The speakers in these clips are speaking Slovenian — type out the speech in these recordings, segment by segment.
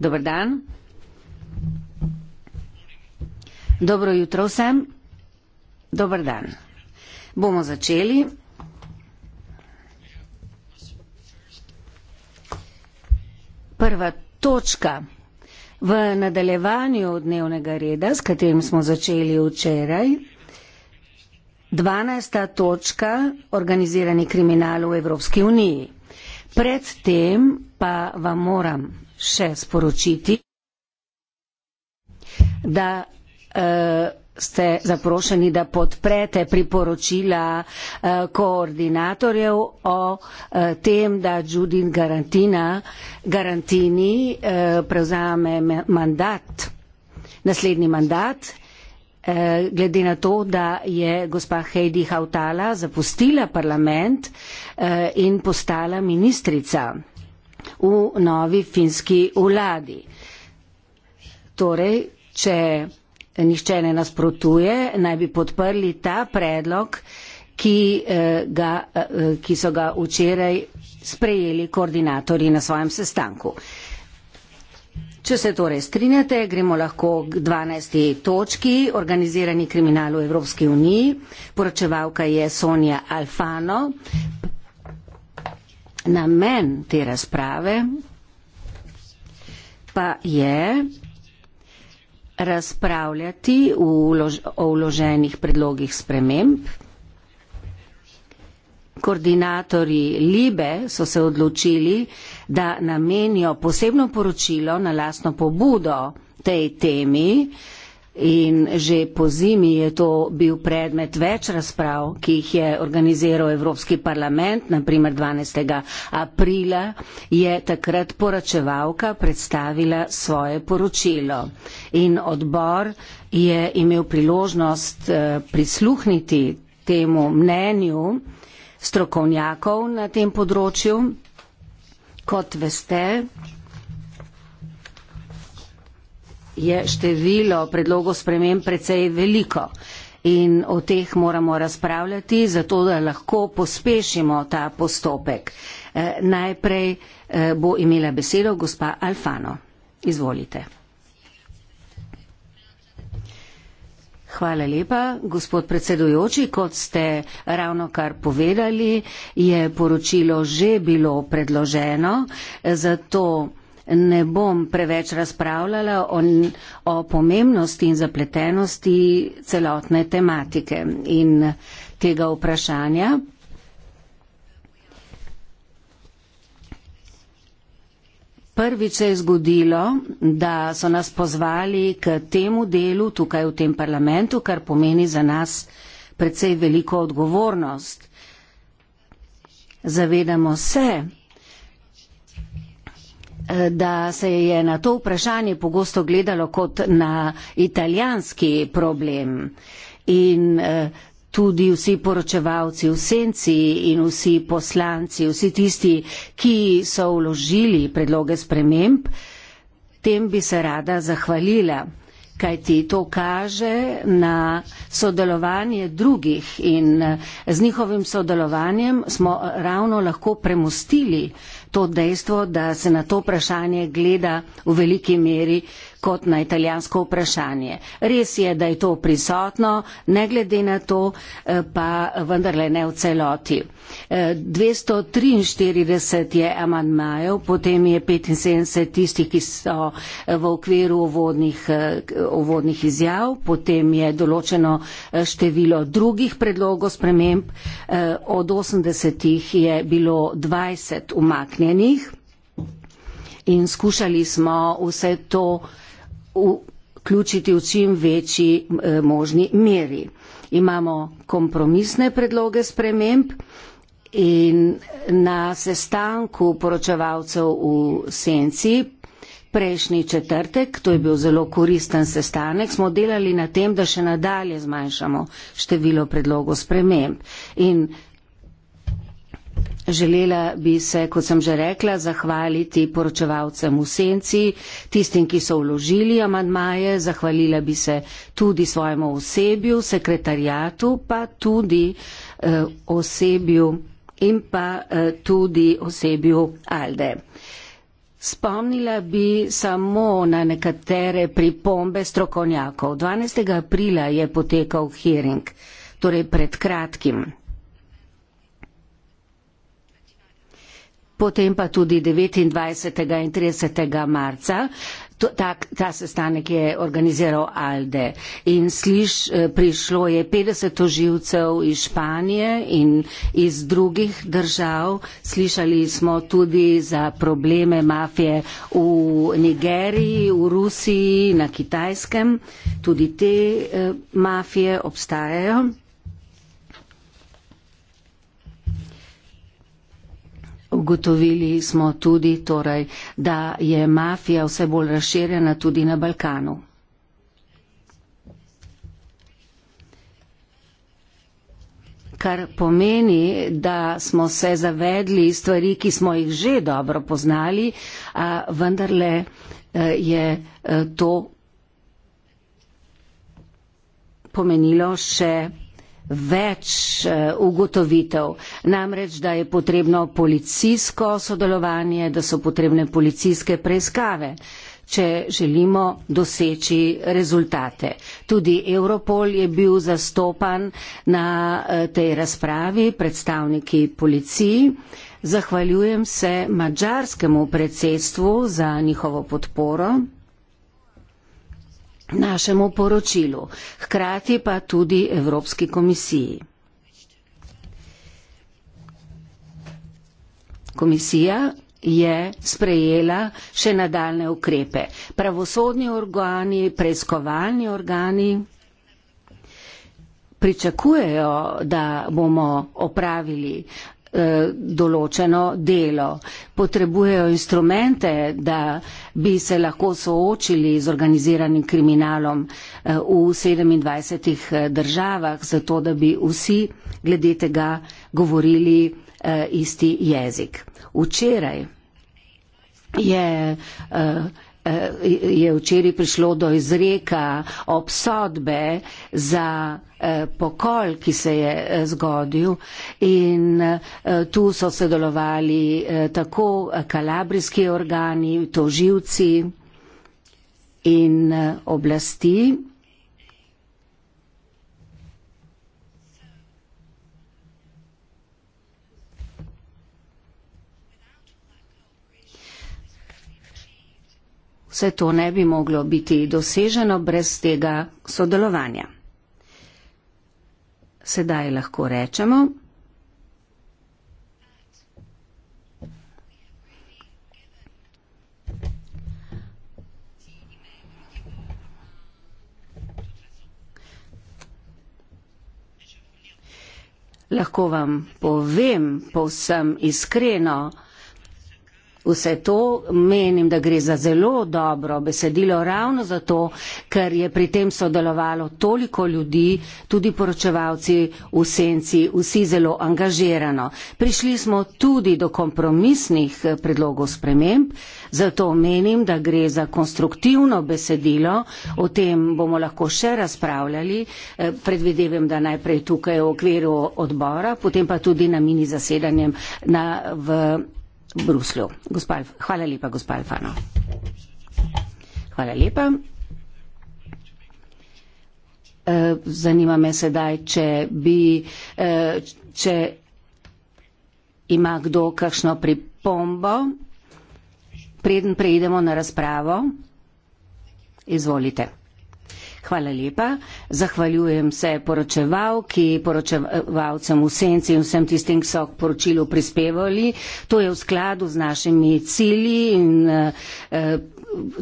Dobar dan. Dobro jutro vsem. Dobar dan. Bomo začeli. Prva točka v nadaljevanju dnevnega reda, s katerim smo začeli včeraj. 12. točka organizirani kriminal v Evropski uniji. Predtem pa vam moram še sporočiti, da uh, ste zaprošeni, da podprete priporočila uh, koordinatorjev o uh, tem, da Judin Garantina, Garantini uh, prevzame mandat, naslednji mandat. Eh, glede na to, da je gospa Heidi Hautala zapustila parlament eh, in postala ministrica v novi finski vladi. Torej, če nišče ne nasprotuje, naj bi podprli ta predlog, ki, eh, ga, ki so ga včeraj sprejeli koordinatorji na svojem sestanku. Če se torej strinjate, gremo lahko k 12. točki, organizirani kriminal v Evropski uniji. Poročevalka je Sonja Alfano. Namen te razprave pa je razpravljati o vloženih predlogih sprememb. Koordinatori Libe so se odločili, da namenijo posebno poročilo na lastno pobudo tej temi. In že po zimi je to bil predmet več razprav, ki jih je organiziral Evropski parlament, naprimer 12. aprila je takrat poročevalka predstavila svoje poročilo. In odbor je imel priložnost eh, prisluhniti temu mnenju strokovnjakov na tem področju. Kot veste, je število predlogov sprememb precej veliko in o teh moramo razpravljati, zato da lahko pospešimo ta postopek. Eh, najprej eh, bo imela besedo gospa Alfano. Izvolite. Hvala lepa, gospod predsedujoči. Kot ste ravno kar povedali, je poročilo že bilo predloženo, zato ne bom preveč razpravljala o, o pomembnosti in zapletenosti celotne tematike in tega vprašanja. Prvič se je zgodilo, da so nas pozvali k temu delu tukaj v tem parlamentu, kar pomeni za nas precej veliko odgovornost. Zavedamo se, da se je na to vprašanje pogosto gledalo kot na italijanski problem. In eh, tudi vsi poročevalci v senci in vsi poslanci, vsi tisti, ki so vložili predloge sprememb, tem bi se rada zahvalila, kajti to kaže na sodelovanje drugih in eh, z njihovim sodelovanjem smo eh, ravno lahko premustili to dejstvo, da se na to vprašanje gleda v veliki meri kot na italijansko vprašanje. Res je, da je to prisotno, ne glede na to, eh, pa vendarle ne v celoti. 243 eh, je amandmajev, potem je 75 tistih, ki so eh, v okviru uvodnih, uvodnih izjav, potem je določeno število drugih predlogov sprememb, od 80 je bilo 20 umaknjenih. In skušali smo vse to uh, vključiti v čim večji eh, možni meri. Imamo kompromisne predloge sprememb in na sestanku poročevalcev v senci prejšnji četrtek, to je bil zelo koristen sestanek, smo delali na tem, da še nadalje zmanjšamo število predlogov sprememb. In Želela bi se, kot sem že rekla, zahvaliti poročevalcem v senci, tistim, ki so vložili amadmaje, zahvalila bi se tudi svojemu osebju, sekretarjatu, pa tudi eh, osebju in pa eh, tudi osebju Alde. Spomnila bi samo na nekatere pripombe strokovnjakov. 12. aprila je potekal hearing, torej pred kratkim. potem pa tudi 29. in 30. marca. Ta, ta sestanek je organiziral Alde in sliš, eh, prišlo je 50 oživcev iz Španije in iz drugih držav. Slišali smo tudi za probleme mafije v Nigeriji, v Rusiji, na Kitajskem. Tudi te eh, mafije obstajajo. ugotovili smo tudi, torej, da je mafija vse bolj razširjena tudi na Balkanu. kar pomeni, da smo se zavedli stvari, ki smo jih že dobro poznali, a vendarle eh, je eh, to pomenilo še več eh, ugotovitev. Namreč, da je potrebno policijsko sodelovanje, da so potrebne policijske preiskave če želimo doseči rezultate. Tudi Europol je bil zastopan na eh, tej razpravi predstavniki policiji. Zahvaljujem se mađarskemu predsedstvu za njihovo podporo našemu poročilu, hkrati pa tudi Evropski komisiji. Komisija je sprejela še nadaljne ukrepe. Pravosodni organi, preiskovalni organi pričakujejo, da bomo opravili Eh, določeno delo. Potrebujejo instrumente, da bi se lahko soočili z organiziranim kriminalom eh, v 27 eh, državah, zato da bi vsi glede tega govorili isti jezik. Včeraj je uh, je včeraj prišlo do izreka obsodbe za eh, pokol, ki se je eh, zgodil in eh, tu so sodelovali tako kalabrijski organi, toživci in oblasti. Vse to ne bi moglo biti doseženo brez tega sodelovanja. Sedaj lahko rečemo, Lahko vam povem povsem iskreno, Vse to menim, da gre za zelo dobro besedilo, ravno zato, ker je pri tem sodelovalo toliko ljudi, tudi poročevalci v senci, vsi zelo angažirano. Prišli smo tudi do kompromisnih eh, predlogov sprememb, zato menim, da gre za konstruktivno besedilo, o tem bomo lahko še razpravljali, eh, predvidevam, da najprej tukaj v okviru odbora, potem pa tudi na mini zasedanjem na, v Bruslju. Gospod, hvala lepa, gospod Alfano. Hvala lepa. E, zanima me sedaj, če bi, e, če ima kdo kakšno pripombo, preden preidemo na razpravo. Izvolite. Hvala lepa. Zahvaljujem se poročevalki, poročevalcem v senci in vsem tistim, ki so k poročilu prispevali. To je v skladu z našimi cilji in eh,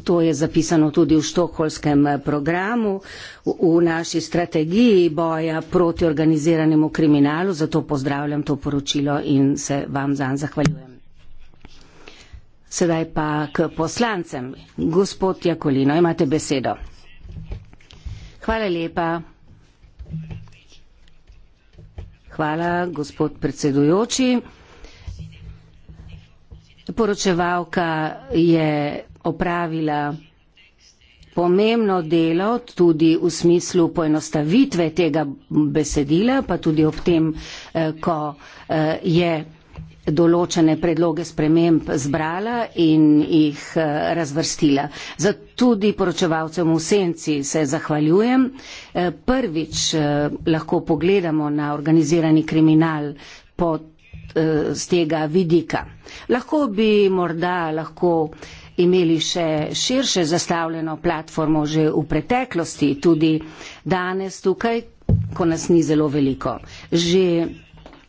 to je zapisano tudi v štokholskem eh, programu, v naši strategiji boja proti organiziranemu kriminalu. Zato pozdravljam to poročilo in se vam zanj zahvaljujem. Sedaj pa k poslancem. Gospod Jakolino, imate besedo. Hvala lepa. Hvala, gospod predsedujoči. Poročevalka je opravila pomembno delo tudi v smislu poenostavitve tega besedila, pa tudi ob tem, eh, ko eh, je določene predloge sprememb zbrala in jih eh, razvrstila. Za tudi poročevalcem v senci se zahvaljujem. Eh, prvič eh, lahko pogledamo na organizirani kriminal pod, z tega vidika. Lahko bi morda lahko imeli še širše zastavljeno platformo že v preteklosti, tudi danes tukaj, ko nas ni zelo veliko. Že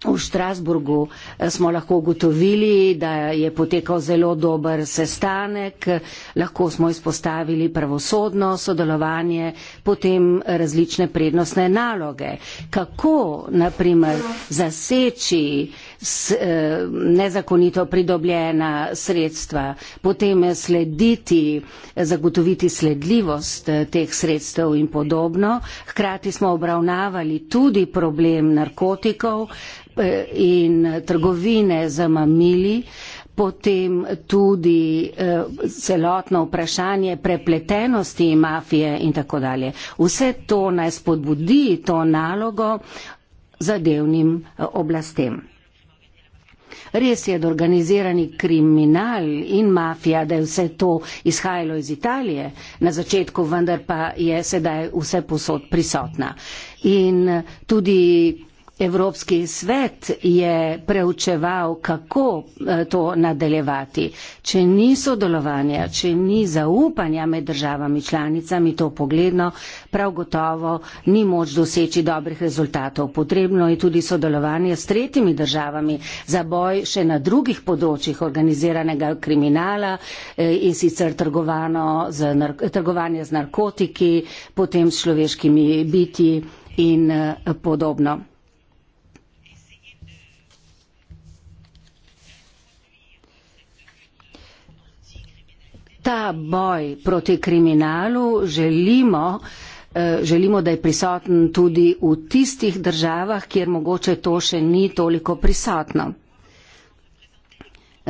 V Štrasburgu eh, smo lahko ugotovili, da je potekal zelo dober sestanek, lahko smo izpostavili pravosodno sodelovanje, potem različne prednostne naloge. Kako, naprimer, zaseči Eh, nezakonito pridobljena sredstva, potem slediti, zagotoviti sledljivost eh, teh sredstev in podobno. Hkrati smo obravnavali tudi problem narkotikov eh, in trgovine za mamili, potem tudi celotno vprašanje prepletenosti mafije in tako dalje. Vse to naj spodbudi to nalogo zadevnim oblastem. Res je, da organizirani kriminal in mafija, da je vse to izhajalo iz Italije na začetku, vendar pa je sedaj vse posod prisotna. In tudi Evropski svet je preučeval, kako eh, to nadaljevati. Če ni sodelovanja, če ni zaupanja med državami članicami, to pogledno, prav gotovo ni moč doseči dobrih rezultatov. Potrebno je tudi sodelovanje s tretjimi državami za boj še na drugih področjih organiziranega kriminala eh, in sicer z trgovanje z narkotiki, potem s človeškimi biti in eh, podobno. ta boj proti kriminalu želimo, eh, želimo, da je prisoten tudi v tistih državah, kjer mogoče to še ni toliko prisotno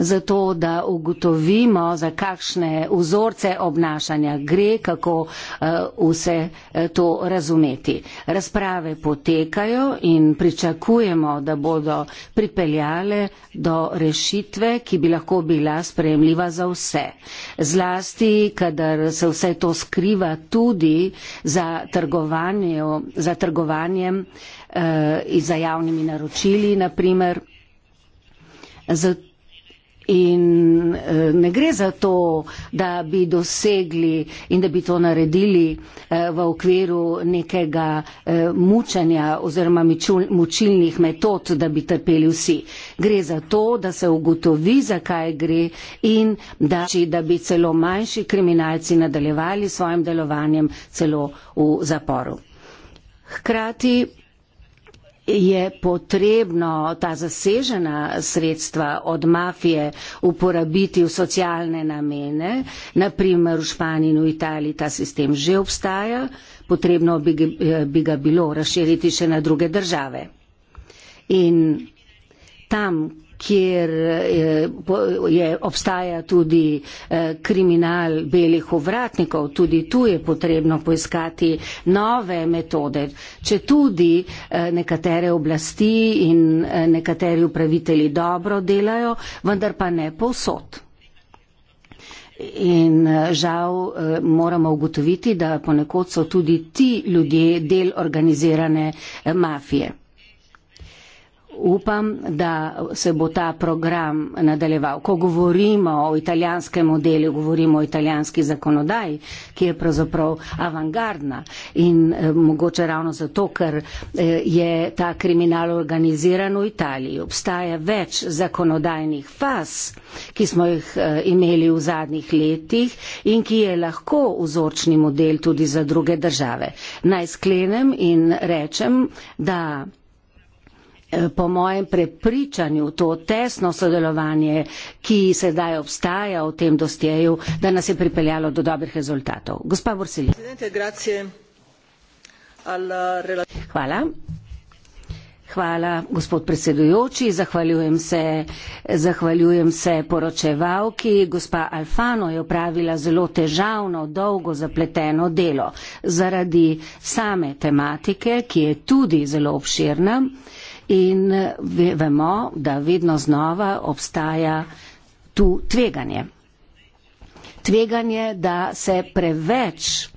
zato da ugotovimo, za kakšne vzorce obnašanja gre, kako eh, vse eh, to razumeti. Razprave potekajo in pričakujemo, da bodo pripeljale do rešitve, ki bi lahko bila sprejemljiva za vse. Zlasti, kadar se vse to skriva tudi za, za trgovanjem eh, in za javnimi naročili, naprimer. Zato In uh, ne gre za to, da bi dosegli in da bi to naredili uh, v okviru nekega uh, mučenja oziroma mičul, mučilnih metod, da bi trpeli vsi. Gre za to, da se ugotovi, zakaj gre in da, či, da bi celo manjši kriminalci nadaljevali svojim delovanjem celo v zaporu. Hkrati je potrebno ta zasežena sredstva od mafije uporabiti v socialne namene. Naprimer v Španiji in v Italiji ta sistem že obstaja, potrebno bi, bi ga bilo razširiti še na druge države. In tam, kjer eh, je, obstaja tudi eh, kriminal belih uvratnikov, tudi tu je potrebno poiskati nove metode. Če tudi eh, nekatere oblasti in nekateri upravitelji dobro delajo, vendar pa ne povsod. In žal moramo ugotoviti, da ponekod so tudi ti ljudje del organizirane mafije upam, da se bo ta program nadaljeval. Ko govorimo o italijanskem modelu, govorimo o italijanski zakonodaji, ki je pravzaprav avangardna in eh, mogoče ravno zato, ker eh, je ta kriminal organiziran v Italiji. Obstaja več zakonodajnih faz, ki smo jih eh, imeli v zadnjih letih in ki je lahko vzorčni model tudi za druge države. Naj sklenem in rečem, da Eh, po mojem prepričanju to tesno sodelovanje, ki sedaj obstaja v tem dostjeju, da nas je pripeljalo do dobrih rezultatov. Gospa Borsili. Hvala. Hvala, gospod predsedujoči. Zahvaljujem se, zahvaljujem se poročevalki. Gospa Alfano je opravila zelo težavno, dolgo zapleteno delo zaradi same tematike, ki je tudi zelo obširna in vemo, da vedno znova obstaja tu tveganje. Tveganje, da se preveč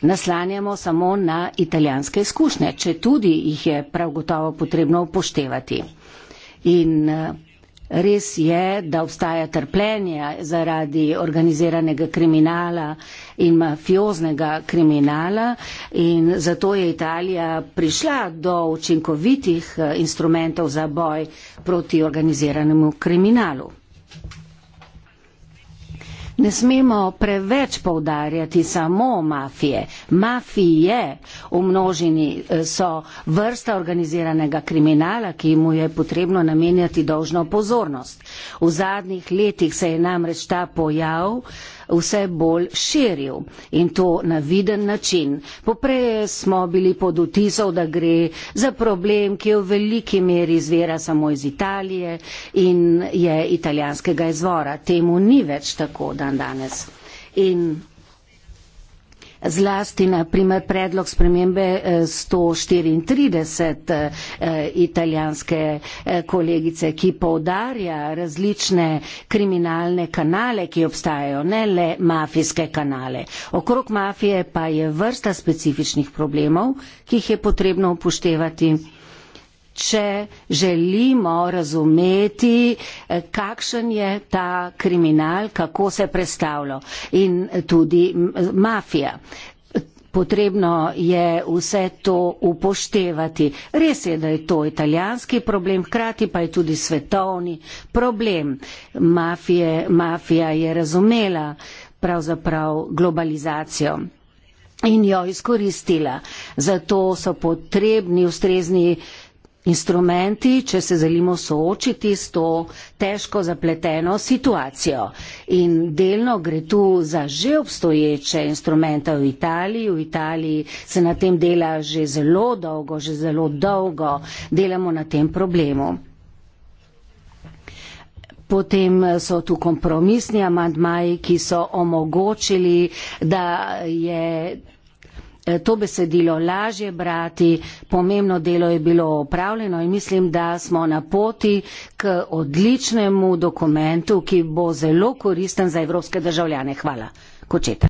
naslanjamo samo na italijanske izkušnje, če tudi jih je prav gotovo potrebno upoštevati. In Res je, da obstaja trpljenje zaradi organiziranega kriminala in mafioznega kriminala in zato je Italija prišla do učinkovitih eh, instrumentov za boj proti organiziranemu kriminalu. Ne smemo preveč povdarjati samo mafije. Mafije v množini eh, so vrsta organiziranega kriminala, ki mu je potrebno namenjati dolžno pozornost. V zadnjih letih se je namreč ta pojav uh, vse bolj širil in to na viden način. Poprej smo bili pod vtisom, da gre za problem, ki v veliki meri izvira samo iz Italije in je italijanskega izvora. Temu ni več tako dan danes. In zlasti na primer predlog spremembe 134 eh, eh, eh, italijanske kolegice, ki povdarja različne kriminalne kanale, ki obstajajo, ne le mafijske kanale. Okrog mafije pa je vrsta specifičnih problemov, ki jih je potrebno upoštevati če želimo razumeti, eh, kakšen je ta kriminal, kako se je predstavljal in tudi mafija. Potrebno je vse to upoštevati. Res je, da je to italijanski problem, hkrati pa je tudi svetovni problem. Mafije, mafija je razumela pravzaprav globalizacijo in jo izkoristila. Zato so potrebni ustrezni eh, instrumenti, če se želimo soočiti s to težko zapleteno situacijo. In delno gre tu za že obstoječe instrumente v Italiji. V Italiji se na tem dela že zelo dolgo, že zelo dolgo delamo na tem problemu. Potem so tu kompromisni amandmaji, ki so omogočili, da je Eh, to besedilo lažje brati, pomembno delo je bilo opravljeno in mislim, da smo na poti k odličnemu dokumentu, ki bo zelo koristen za evropske državljane. Hvala. Kočeta.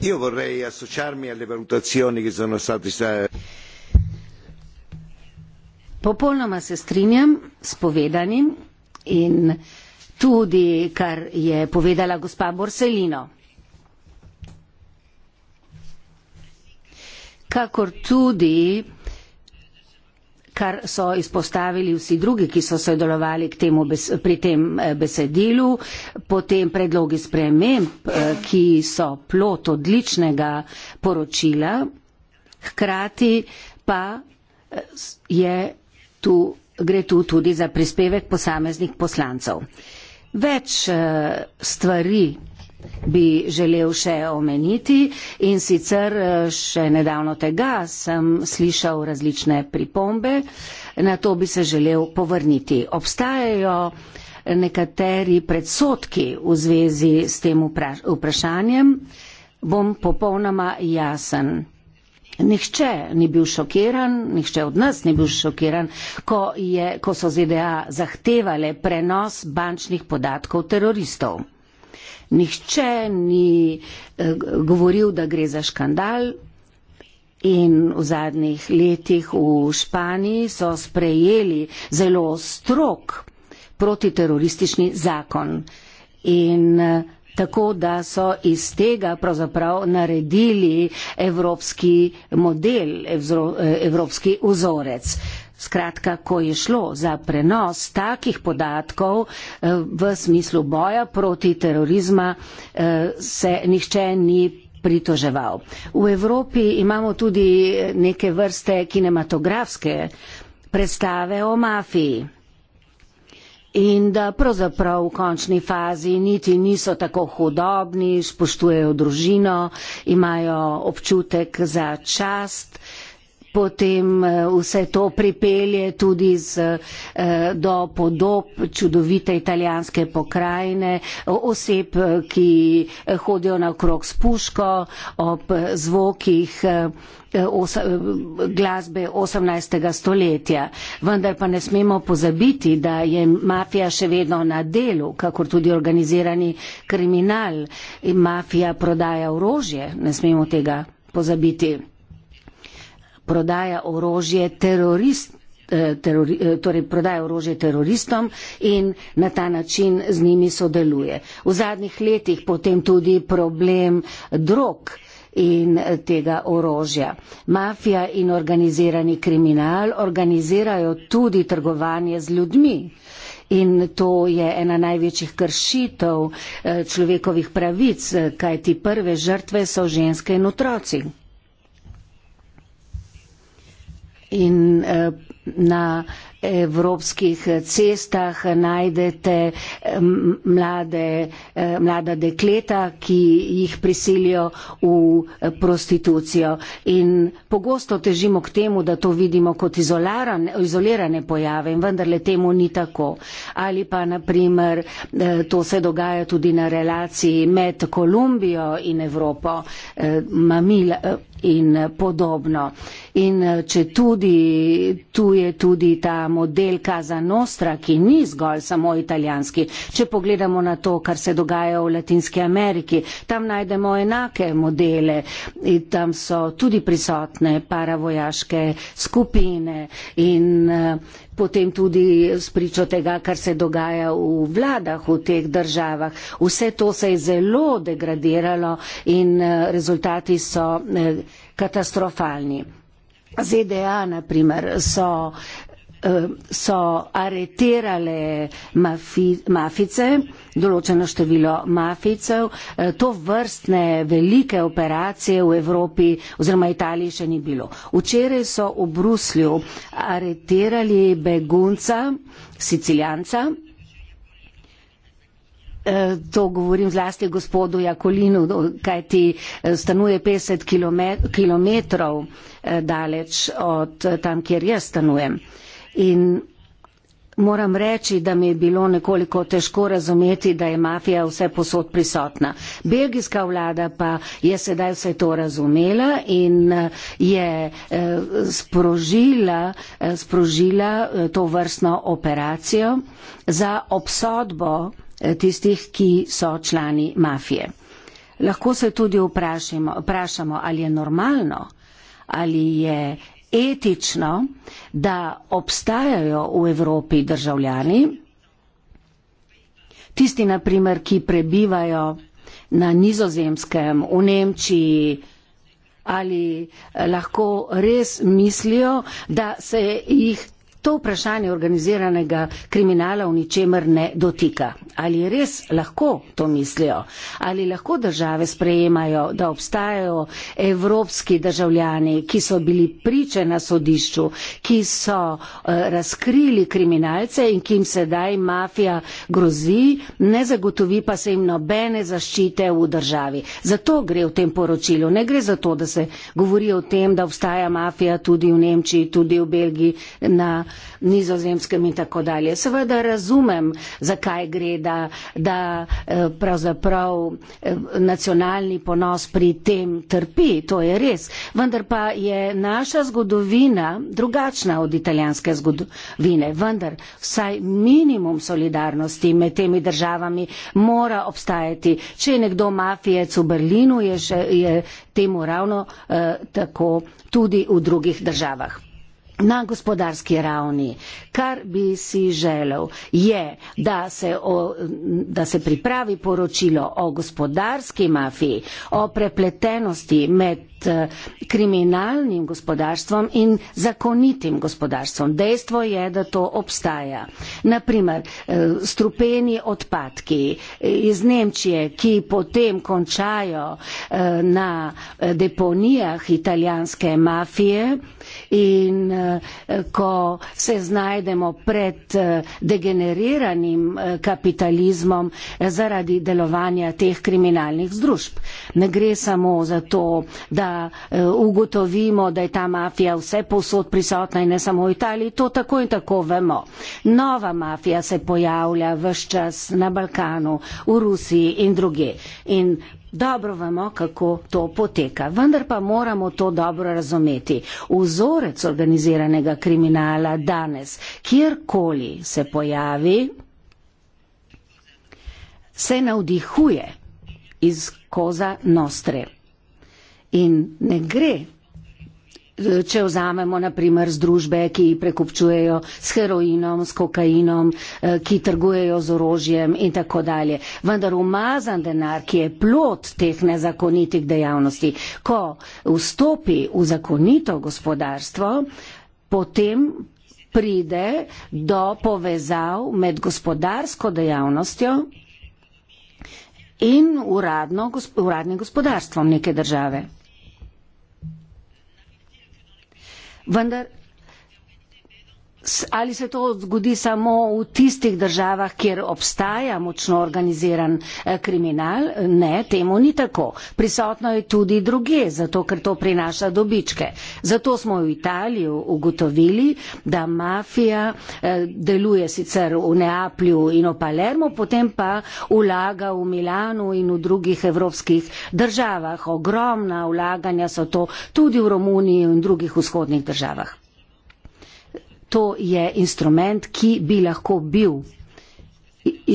Io vorrei associarmi alle valutazioni che sono state Popolnoma se strinjam s povedanim in tudi kar je povedala gospa Borselino. kakor tudi, kar so izpostavili vsi drugi, ki so sodelovali pri tem eh, besedilu, potem predlogi sprememb, eh, ki so plot odličnega poročila, hkrati pa eh, je tu, gre tu tudi za prispevek posameznih poslancev. Več stvari bi želel še omeniti in sicer eh, še nedavno tega sem slišal različne pripombe, na to bi se želel povrniti. Obstajajo nekateri predsotki v zvezi s tem vprašanjem, bom popolnoma jasen. Nihče ni bil šokiran, nihče od nas ni bil šokiran, ko, je, ko so ZDA zahtevale prenos bančnih podatkov teroristov. Nihče ni eh, govoril, da gre za škandal. In v zadnjih letih v Španiji so sprejeli zelo strok protiteroristični zakon. In eh, tako, da so iz tega pravzaprav naredili evropski model, eh, evropski vzorec. Uh, Skratka, ko je šlo za prenos takih podatkov eh, v smislu boja proti terorizma, eh, se nihče ni pritoževal. V Evropi imamo tudi neke vrste kinematografske predstave o mafiji. In da pravzaprav v končni fazi niti niso tako hudobni, spoštujejo družino, imajo občutek za čast, uh, potem eh, vse to pripelje tudi z, eh, do podob čudovite italijanske pokrajine, oseb, eh, ki hodijo na krok s puško ob zvokih glasbe 18. stoletja. Vendar pa ne smemo pozabiti, da je mafija še vedno na delu, kakor tudi organizirani kriminal. In mafija prodaja orožje, ne smemo tega pozabiti prodaja orožje terorist. Eh, Teror, eh, torej prodaja orožje teroristom in na ta način z njimi sodeluje. V zadnjih letih potem tudi problem drog in eh, tega orožja. Mafija in organizirani kriminal organizirajo tudi trgovanje z ljudmi. In to je ena največjih kršitev človekovih pravic, kajti prve žrtve so ženske in otroci in eh, na evropskih cestah najdete eh, mlade, eh, mlada dekleta, ki jih prisilijo v prostitucijo. In pogosto težimo k temu, da to vidimo kot izolirane pojave in vendarle temu ni tako. Ali pa, naprimer, to se dogaja tudi na relaciji med Kolumbijo in Evropo, mamila in podobno. In eh, če tudi tu je tudi ta model Kaza Nostra, ki ni zgolj samo italijanski, če pogledamo na to, kar se dogaja v Latinski Ameriki, tam najdemo enake modele in tam so tudi prisotne paravojaške skupine in eh, potem tudi spričo tega, kar se dogaja v vladah v teh državah. Vse to se je zelo degradiralo in eh, rezultati so katastrofalni. ZDA naprimer so, eh, so areterale mafi, mafice, določeno število maficev. Eh, to vrstne velike operacije v Evropi oziroma Italiji še ni bilo. Včeraj so v Bruslju areterali begunca, sicilijanca, Eh, to govorim zlasti gospodu Jakolinu, kaj ti eh, stanuje 50 km eh, daleč od tam, kjer jaz stanujem. In moram reči, da mi je bilo nekoliko težko razumeti, da je mafija vse posod prisotna. Belgijska vlada pa je sedaj vse to razumela in je sprožila, sprožila to vrstno operacijo za obsodbo Eh, tistih, ki so člani mafije. Lahko se tudi vprašamo, vprašamo ali je normalno, ali je etično, da obstajajo v Evropi državljani, tisti naprimer, ki prebivajo na nizozemskem, v Nemčiji, ali lahko res mislijo, da se jih to vprašanje organiziranega kriminala v ničemer ne dotika. Ali res lahko to mislijo? Ali lahko države sprejemajo, da obstajajo evropski državljani, ki so bili priče na sodišču, ki so uh, razkrili kriminalce in ki jim sedaj mafija grozi, ne zagotovi pa se jim nobene zaščite v državi. Zato gre v tem poročilu. Ne gre za to, da se govori o tem, da obstaja mafija tudi v Nemčiji, tudi v Belgiji. Na nizozemskem in tako dalje. Seveda razumem, zakaj gre, da, da eh, pravzaprav eh, nacionalni ponos pri tem trpi, to je res. Vendar pa je naša zgodovina drugačna od italijanske zgodovine. Vendar vsaj minimum solidarnosti med temi državami mora obstajati. Če je nekdo mafijec v Berlinu, je, še, je temu ravno eh, tako tudi v drugih državah na gospodarski ravni. Kar bi si želel je, da se, o, da se pripravi poročilo o gospodarski mafiji, o prepletenosti med eh, kriminalnim gospodarstvom in zakonitim gospodarstvom. Dejstvo je, da to obstaja. Naprimer, eh, strupeni odpadki eh, iz Nemčije, ki potem končajo na deponijah italijanske mafije, in eh, ko se znajdemo pred eh, degeneriranim eh, kapitalizmom zaradi delovanja teh kriminalnih združb. Ne gre samo za to, da ugotovimo, da je ta mafija vse posod prisotna in ne samo v Italiji, to tako in tako vemo. Nova mafija se pojavlja vse čas na Balkanu, v Rusiji in druge. In Dobro vemo, kako to poteka, vendar pa moramo to dobro razumeti. Vzorec organiziranega kriminala danes, kjerkoli se pojavi, se navdihuje iz koza nostre. In ne gre če vzamemo naprimer združbe, ki prekupčujejo s heroinom, s kokainom, eh, ki trgujejo z orožjem in tako dalje. Vendar umazan denar, ki je plot teh nezakonitih dejavnosti, ko vstopi v zakonito gospodarstvo, potem pride do povezav med gospodarsko dejavnostjo in uradno, uradnim gospodarstvom neke države. vendar Ali se to zgodi samo v tistih državah, kjer obstaja močno organiziran eh, kriminal? Ne, temu ni tako. Prisotno je tudi druge, zato ker to prinaša dobičke. Zato smo v Italiji ugotovili, da mafija eh, deluje sicer v Neaplju in v Palermo, potem pa vlaga v Milanu in v drugih evropskih državah. Ogromna vlaganja so to tudi v Romuniji in drugih vzhodnih državah to je instrument, ki bi lahko bil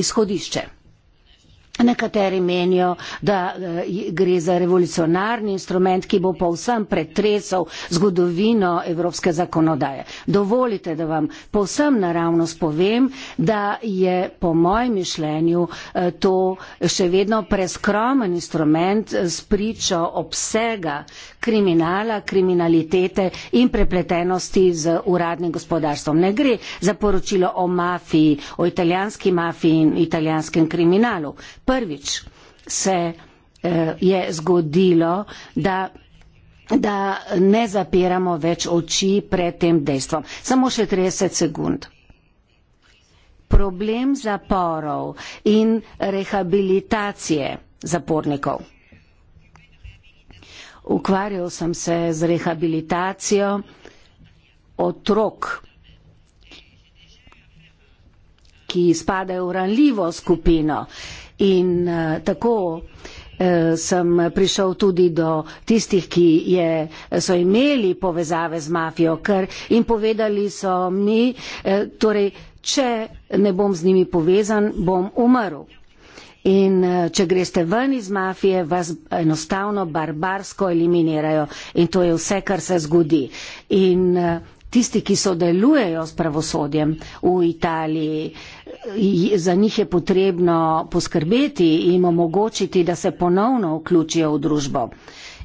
izhodišče. Nekateri menijo, da eh, gre za revolucionarni instrument, ki bo povsem pretresal zgodovino evropske zakonodaje. Dovolite, da vam povsem naravno spovem, da je po mojem mišljenju eh, to še vedno preskromen instrument eh, s pričo obsega kriminala, kriminalitete in prepletenosti z uradnim gospodarstvom. Ne gre za poročilo o mafiji, o italijanski mafiji in italijanskem kriminalu prvič se eh, je zgodilo, da da ne zapiramo več oči pred tem dejstvom. Samo še 30 sekund. Problem zaporov in rehabilitacije zapornikov. Ukvarjal sem se z rehabilitacijo otrok, ki spadajo v ranljivo skupino In uh, tako eh, sem prišel tudi do tistih, ki je, so imeli povezave z mafijo, ker jim povedali so mi, eh, torej, če ne bom z njimi povezan, bom umrl. In če greste ven iz mafije, vas enostavno barbarsko eliminirajo. In to je vse, kar se zgodi. In, tisti, ki sodelujejo s pravosodjem v Italiji, eh, za njih je potrebno poskrbeti in omogočiti, da se ponovno vključijo v družbo.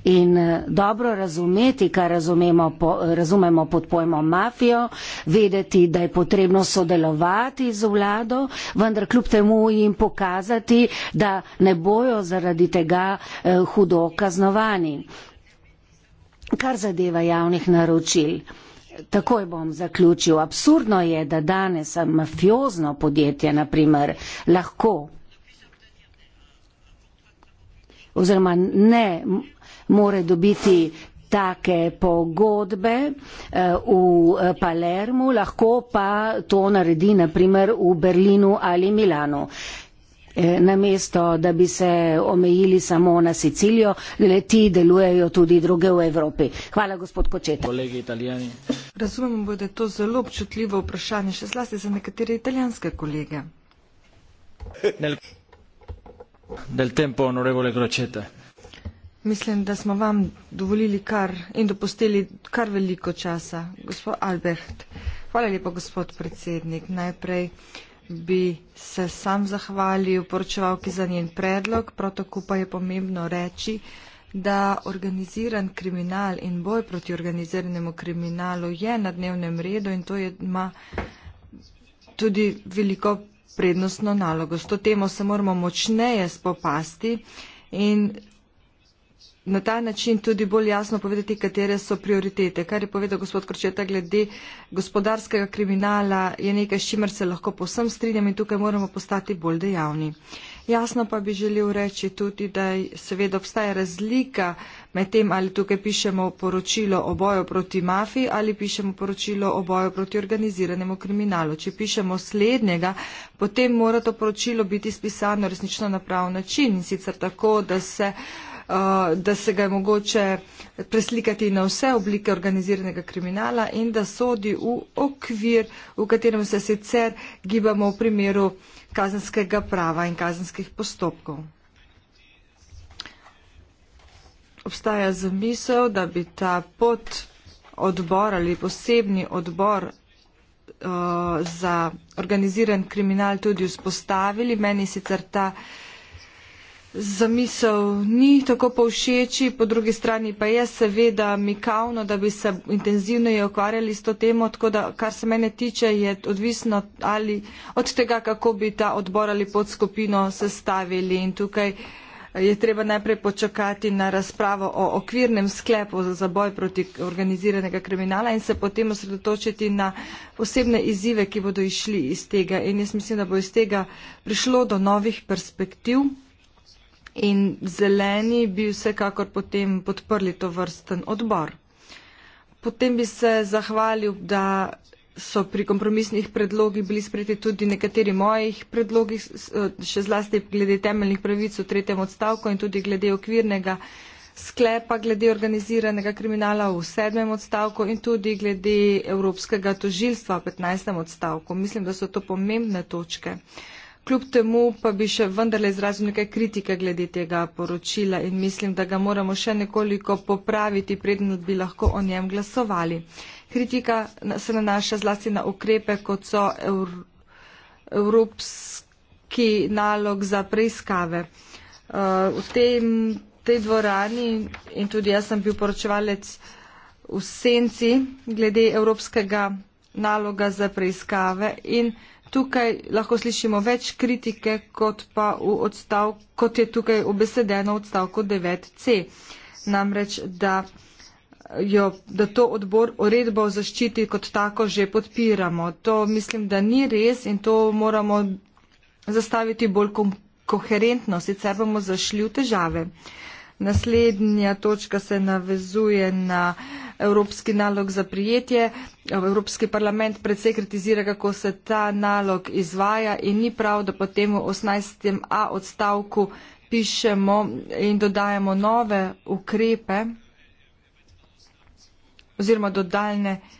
In eh, dobro razumeti, kar razumemo, po, eh, razumemo pod pojmom mafijo, vedeti, da je potrebno sodelovati z vlado, vendar kljub temu jim pokazati, da ne bojo zaradi tega eh, hudo kaznovani. Kar zadeva javnih naročil. Takoj bom zaključil. Absurdno je, da danes mafiozno podjetje naprimer lahko oziroma ne more dobiti take pogodbe eh, v eh, Palermu, lahko pa to naredi naprimer v Berlinu ali Milanu. Eh, namesto da bi se omejili samo na Sicilijo, le ti delujejo tudi druge v Evropi. Hvala, gospod Kočeta. Kolegi italijani. Razumemo, da je to zelo občutljivo vprašanje, še zlasti za nekatere italijanske kolege. Del tempo, onorevole Kočeta. Mislim, da smo vam dovolili kar in dopustili kar veliko časa. Gospod Albert, hvala lepa, gospod predsednik. Najprej. Uh, bi se sam zahvalil poročevalki za njen predlog, prav tako pa je pomembno reči, da organiziran kriminal in boj proti organiziranemu kriminalu je na dnevnem redu in to je, ima tudi veliko prednostno nalogo. S to temo se moramo močneje spopasti in na ta način tudi bolj jasno povedati, katere so prioritete. Kar je povedal gospod Kročeta glede gospodarskega kriminala, je nekaj, s čimer se lahko povsem strinjam in tukaj moramo postati bolj dejavni. Jasno pa bi želel reči tudi, da seveda obstaja razlika med tem, ali tukaj pišemo poročilo o boju proti mafiji ali pišemo poročilo o boju proti organiziranemu kriminalu. Če pišemo slednjega, potem mora to poročilo biti spisano resnično na prav način in sicer tako, da se uh, Eh, da se ga je mogoče preslikati na vse oblike organiziranega kriminala in da sodi v okvir, v katerem se sicer gibamo v primeru kazenskega prava in kazenskih postopkov. Obstaja zamisel, da bi ta pot odbor ali posebni odbor uh, za organiziran kriminal tudi vzpostavili. Meni sicer ta uh, zamisel ni tako povšeči, po drugi strani pa je seveda mikavno, da bi se intenzivneje ukvarjali s to temo, tako da kar se mene tiče je odvisno ali od tega, kako bi ta odbor ali podskupino sestavili in tukaj eh, je treba najprej počakati na razpravo o okvirnem sklepu za zaboj proti organiziranega kriminala in se potem osredotočiti na posebne izzive, ki bodo išli iz tega. In jaz mislim, da bo iz tega prišlo do novih perspektiv. In zeleni bi vsekakor potem podprli to vrsten odbor. Potem bi se zahvalil, da so pri kompromisnih predlogih bili sprejeti tudi nekateri mojih predlogi, še zlasti glede temeljnih pravic v tretjem odstavku in tudi glede okvirnega sklepa glede organiziranega kriminala v sedmem odstavku in tudi glede Evropskega tožilstva v 15. odstavku. Mislim, da so to pomembne točke. Uh, Kljub temu pa bi še vendarle izrazil nekaj kritike glede tega poročila in mislim, da ga moramo še nekoliko popraviti, preden bi lahko o njem glasovali. Kritika se nanaša zlasti na ukrepe, kot so Evr evropski nalog za preiskave. Uh, v tem, tej dvorani in tudi jaz sem bil poročevalec v senci glede evropskega naloga za preiskave in preiskave. Tukaj lahko slišimo več kritike, kot, odstav, kot je tukaj obesedeno v odstavku 9c. Namreč, da, jo, da to odbor uredbo zaščiti kot tako že podpiramo. To mislim, da ni res in to moramo zastaviti bolj koherentno, sicer bomo zašli v težave. Naslednja točka se navezuje na. Uh, evropski nalog za prijetje. Evropski parlament predvsej kritizira, kako se ta nalog izvaja in ni prav, da potem v 18.a odstavku pišemo in dodajemo nove ukrepe oziroma dodaljne ukrepe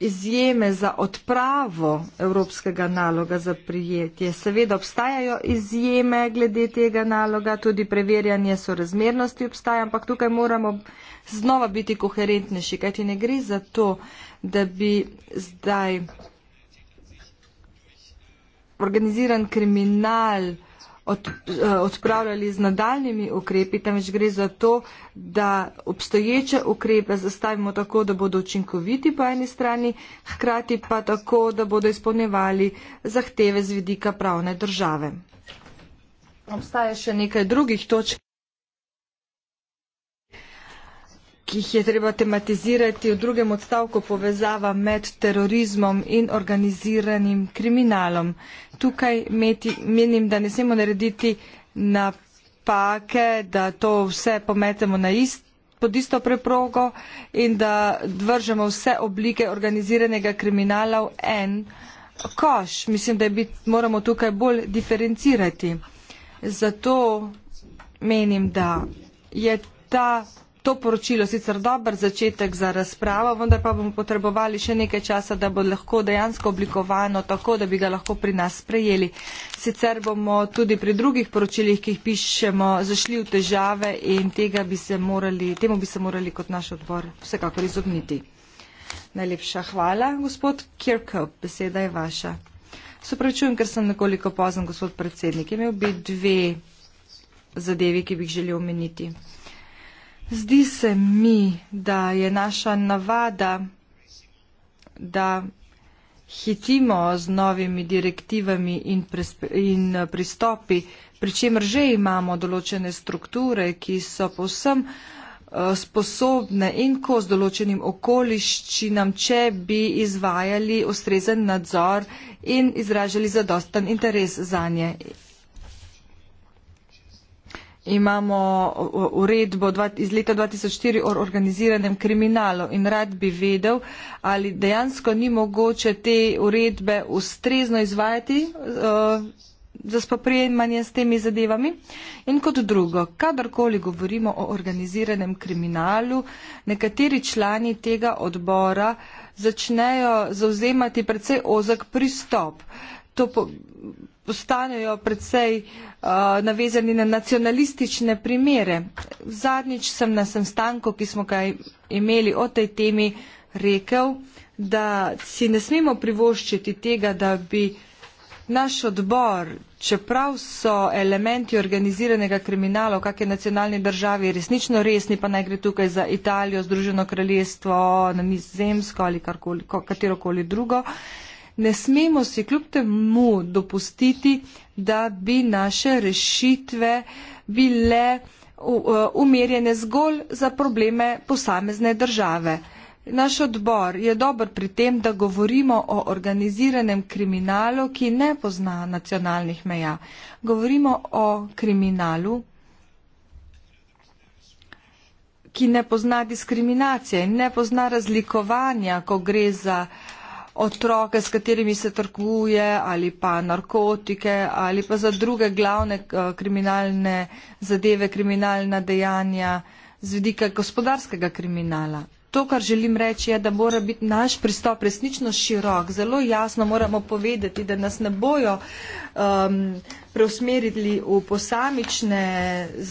izjeme za odpravo evropskega naloga za prijetje. Seveda obstajajo izjeme glede tega naloga, tudi preverjanje sorazmernosti obstaja, ampak tukaj moramo znova biti koherentnejši, kajti ne gre za to, da bi zdaj organiziran kriminal, od, eh, odpravljali z nadaljnimi ukrepi, temveč gre za to, da obstoječe ukrepe zastavimo tako, da bodo učinkoviti po eni strani, hkrati pa tako, da bodo izpolnjevali zahteve z vidika pravne države. Obstaja še nekaj drugih točk. ki jih je treba tematizirati v drugem odstavku povezava med terorizmom in organiziranim kriminalom. Tukaj meti, menim, da ne smemo narediti napake, da to vse pometemo na ist, pod isto preprogo in da vržemo vse oblike organiziranega kriminala v en koš. Mislim, da bi, moramo tukaj bolj diferencirati. Zato menim, da je ta to poročilo sicer dober začetek za razpravo, vendar pa bomo potrebovali še nekaj časa, da bo lahko dejansko oblikovano tako, da bi ga lahko pri nas sprejeli. Sicer bomo tudi pri drugih poročilih, ki jih pišemo, zašli v težave in bi morali, temu bi se morali kot naš odbor vsekakor izogniti. Najlepša hvala, gospod Kirkhope, beseda je vaša. Sopravičujem, ker sem nekoliko pozen, gospod predsednik. Imel bi dve zadevi, ki bi jih želel omeniti. Zdi se mi, da je naša navada, da hitimo z novimi direktivami in, in eh, pristopi, pri čemer že imamo določene strukture, ki so povsem eh, sposobne in ko z določenim okoliščinam, če bi izvajali ustrezen nadzor in izražali zadostan interes za nje imamo uredbo iz leta 2004 o organiziranem kriminalu in rad bi vedel, ali dejansko ni mogoče te uredbe ustrezno izvajati za spoprijemanje s temi zadevami. In kot drugo, kadarkoli govorimo o organiziranem kriminalu, nekateri člani tega odbora začnejo zauzemati predvsej ozek pristop. To po, postanejo predvsej uh, navezani na nacionalistične primere. Zadnjič sem na sestanku, ki smo ga imeli o tej temi, rekel, da si ne smemo privoščiti tega, da bi naš odbor, čeprav so elementi organiziranega kriminala v kakšni nacionalni državi resnično resni, pa naj gre tukaj za Italijo, Združeno kraljestvo, na Nizozemsko ali karkoli, katerokoli drugo, uh, ne smemo si kljub temu dopustiti, da bi naše rešitve bile e, umerjene zgolj za probleme posamezne države. Naš odbor je dober pri tem, da govorimo o organiziranem kriminalu, ki ne pozna nacionalnih meja. Govorimo o kriminalu, ki ne pozna diskriminacije in ne pozna razlikovanja, ko gre za uh, otroke, s katerimi se trguje, ali pa narkotike, ali pa za druge glavne kriminalne zadeve, kriminalna dejanja z vidika gospodarskega kriminala. To, kar želim reči, je, da mora biti naš pristop resnično širok. Zelo jasno moramo povedati, da nas ne bojo um, preusmerili v posamične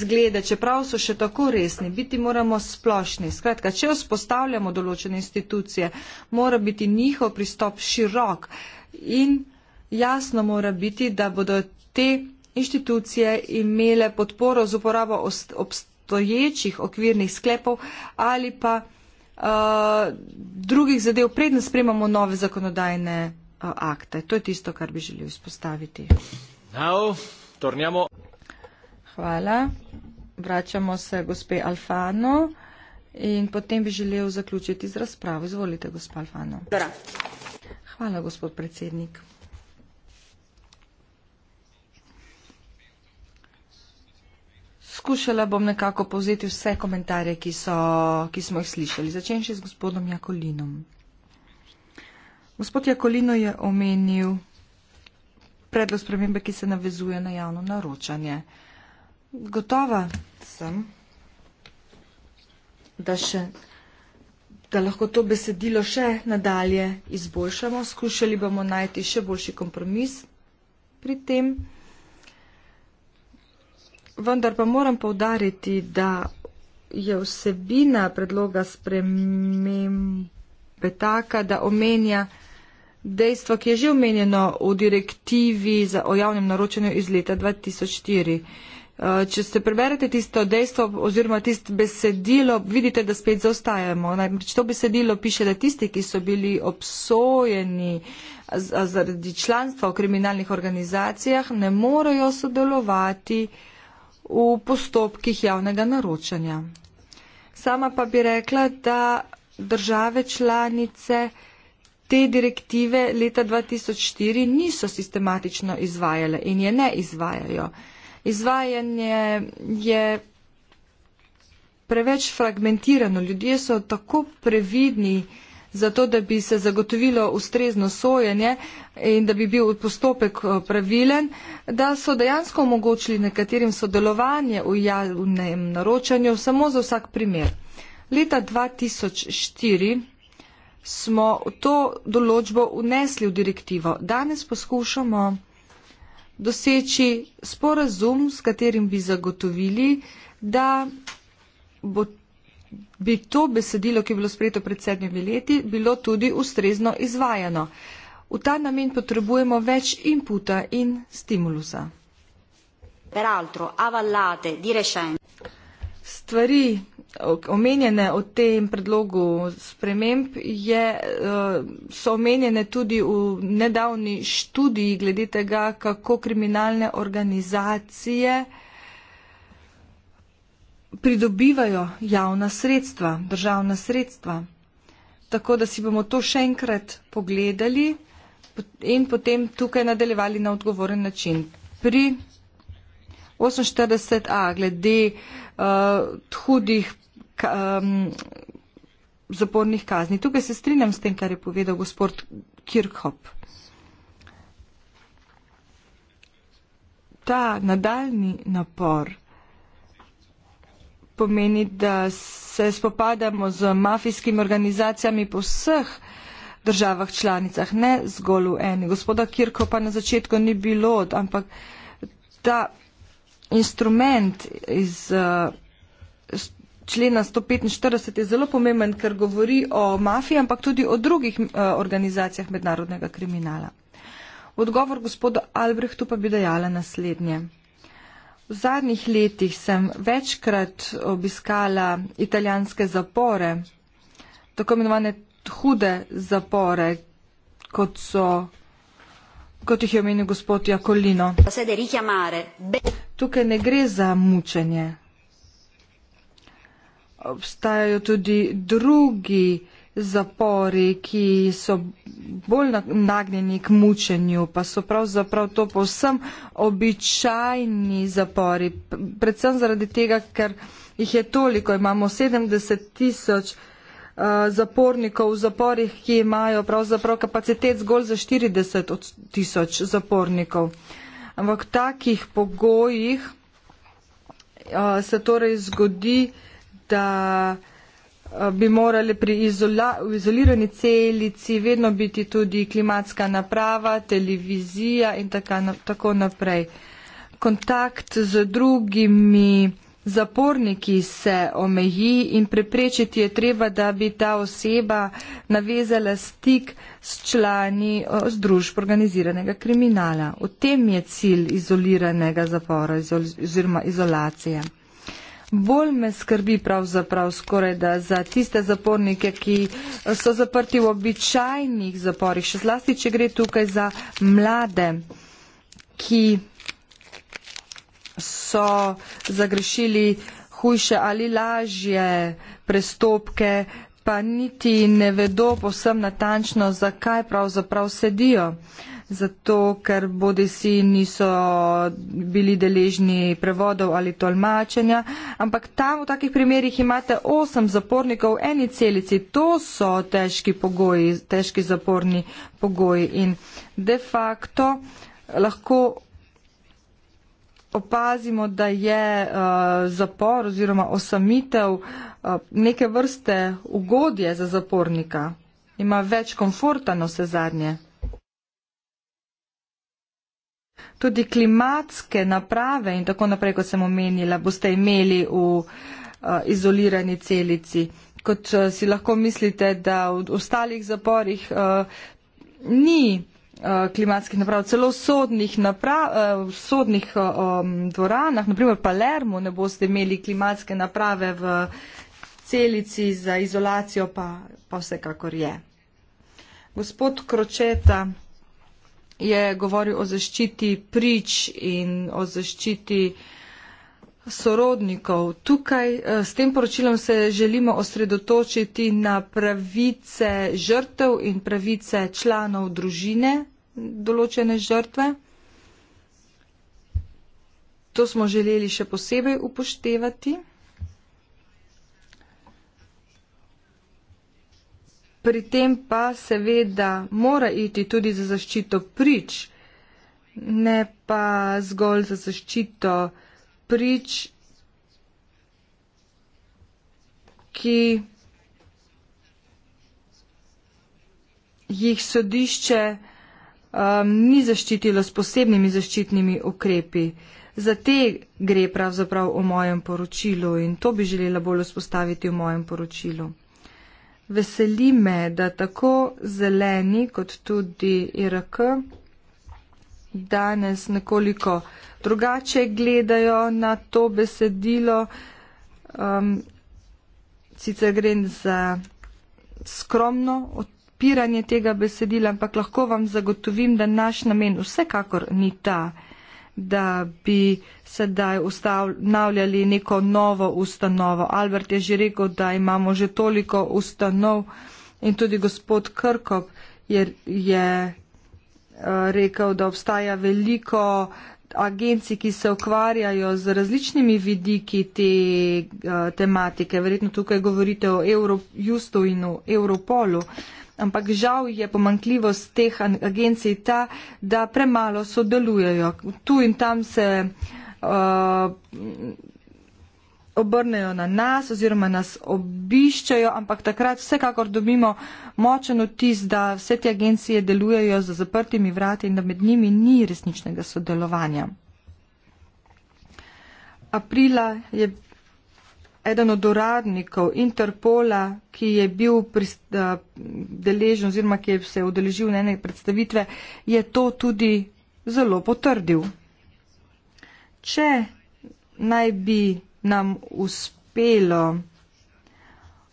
zglede, čeprav so še tako resni. Biti moramo splošni. Skratka, če vzpostavljamo določene institucije, mora biti njihov pristop širok in jasno mora biti, da bodo te inštitucije imele podporo z uporabo obstoječih okvirnih sklepov ali pa. Eh, drugih zadev, predn spremamo nove zakonodajne uh, akte. To je tisto, kar bi želel izpostaviti. Now, torniamo. Hvala. Vračamo se gospe Alfano in potem bi želel zaključiti z razpravo. Izvolite, gospa Alfano. Hvala, gospod predsednik. Skušala bom nekako povzeti vse komentarje, ki, so, ki smo jih slišali. Začenj še z gospodom Jakolinom. Gospod Jakolino je omenil predlog spremembe, ki se navezuje na javno naročanje. Gotova sem, da, še, da lahko to besedilo še nadalje izboljšamo. Skušali bomo najti še boljši kompromis pri tem vendar pa moram povdariti, da je vsebina predloga spremembe taka, da omenja dejstvo, ki je že omenjeno v direktivi za o javnem naročanju iz leta 2004. Eh, če se preberete tisto dejstvo oziroma tisto besedilo, vidite, da spet zaostajamo. Namreč to besedilo piše, da tisti, ki so bili obsojeni zaradi članstva v kriminalnih organizacijah, ne morejo sodelovati v postopkih javnega naročanja. Sama pa bi rekla, da države članice te direktive leta 2004 niso sistematično izvajale in je ne izvajajo. Izvajanje je preveč fragmentirano, ljudje so tako previdni, zato da bi se zagotovilo ustrezno sojenje in da bi bil postopek eh, pravilen, da so dejansko omogočili nekaterim sodelovanje v javnem naročanju samo za vsak primer. Leta 2004 smo to določbo unesli v direktivo. Danes poskušamo doseči sporazum, s katerim bi zagotovili, da bo bi to besedilo, ki je bilo sprejeto pred sedmimi leti, bilo tudi ustrezno izvajano. V ta namen potrebujemo več inputa in stimulusa. Peraltro, avallate, direšen. Stvari omenjene v tem predlogu sprememb je, eh, so omenjene tudi v nedavni študiji glede tega, kako kriminalne organizacije pridobivajo javna sredstva, državna sredstva. Tako da si bomo to še enkrat pogledali in potem tukaj nadaljevali na odgovoren način. Pri 48a glede uh, hudih um, zapornih kazni. Tukaj se strinjam s tem, kar je povedal gospod Kirkhop. Ta nadaljni napor pomeni, da se spopadamo z mafijskimi organizacijami po vseh državah članicah, ne zgolj v eni. Gospoda Kirko pa na začetku ni bilo, ampak ta instrument iz eh, člena 145 je zelo pomemben, ker govori o mafiji, ampak tudi o drugih eh, organizacijah mednarodnega kriminala. Odgovor gospodu Albrehtu pa bi dejala naslednje. V zadnjih letih sem večkrat obiskala italijanske zapore, tako imenovane hude zapore, kot so kot jih je omenil gospod Jakolino. Tukaj ne gre za mučenje. Obstajajo tudi drugi uh, zapori, ki so bolj nagnjeni k mučenju, pa so pravzaprav to povsem običajni zapori, predvsem zaradi tega, ker jih je toliko, imamo 70 tisoč eh, zapornikov v zaporih, ki imajo pravzaprav kapacitet zgolj za 40 tisoč zapornikov. Ampak v takih pogojih uh, se torej zgodi, da uh, Eh, bi morale pri izola, izolirani celici vedno biti tudi klimatska naprava, televizija in tako, tako naprej. Kontakt z drugimi zaporniki se omeji in preprečiti je treba, da bi ta oseba navezala stik s člani eh, združb organiziranega kriminala. V tem je cilj izoliranega zapora izol, oziroma izolacije. Bolj me skrbi pravzaprav skoraj, da za tiste zapornike, ki so zaprti v običajnih zaporih, še zlasti, če gre tukaj za mlade, ki so zagrešili hujše ali lažje prestopke, pa niti ne vedo posebno natančno, zakaj pravzaprav sedijo. Uh, zato ker bodi si niso bili deležni prevodov ali tolmačenja, ampak tam v takih primerjih imate osem zapornikov v eni celici. To so težki pogoji, težki zaporni pogoji in de facto lahko opazimo, da je uh, zapor oziroma osamitev uh, neke vrste ugodje za zapornika. Ima več komforta na vse zadnje. Tudi klimatske naprave in tako naprej, kot sem omenila, boste imeli v uh, izolirani celici. Kot uh, si lahko mislite, da v ostalih zaporih uh, ni klimatskih naprav, celo v sodnih, naprav, sodnih um, dvoranah, naprimer Palermo, ne boste imeli klimatske naprave v celici za izolacijo, pa, pa vsekakor je. Gospod Kročeta je govoril o zaščiti prič in o zaščiti sorodnikov. Tukaj eh, s tem poročilom se želimo osredotočiti na pravice žrtev in pravice članov družine določene žrtve. To smo želeli še posebej upoštevati. pri tem pa seveda mora iti tudi za zaščito prič, ne pa zgolj za zaščito prič, ki jih sodišče um, ni zaščitilo s posebnimi zaščitnimi ukrepi. Za te gre pravzaprav v mojem poročilu in to bi želela bolj vzpostaviti v mojem poročilu. Veseli me, da tako zeleni kot tudi IRK danes nekoliko drugače gledajo na to besedilo. Um, sicer gre za skromno odpiranje tega besedila, ampak lahko vam zagotovim, da naš namen vsekakor ni ta da bi sedaj ustanavljali neko novo ustanovo. Albert je že rekel, da imamo že toliko ustanov in tudi gospod Krkop je, je eh, rekel, da obstaja veliko agencij, ki se ukvarjajo z različnimi vidiki te uh, tematike. Verjetno tukaj govorite o Eurojustu in o Europolu. Uh, ampak žal je pomankljivost teh agencij ta, da premalo sodelujejo. Tu in tam se uh, obrnejo na nas oziroma nas obiščajo, ampak takrat vsekakor dobimo močen vtis, da vse te agencije delujejo za zaprtimi vrati in da med njimi ni resničnega sodelovanja. Aprila je eden od uradnikov Interpola, ki je bil eh, deležen oziroma ki je se udeležil na ene predstavitve, je to tudi zelo potrdil. Če naj bi nam uspelo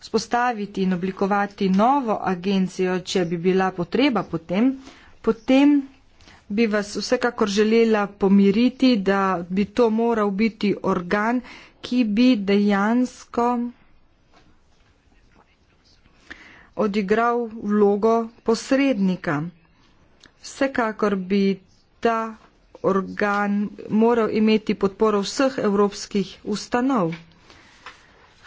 spostaviti in oblikovati novo agencijo, če bi bila potreba potem, potem bi vas vsekakor želela pomiriti, da bi to moral biti organ, ki bi dejansko odigral vlogo posrednika. Vsekakor bi ta organ moral imeti podporo vseh evropskih ustanov,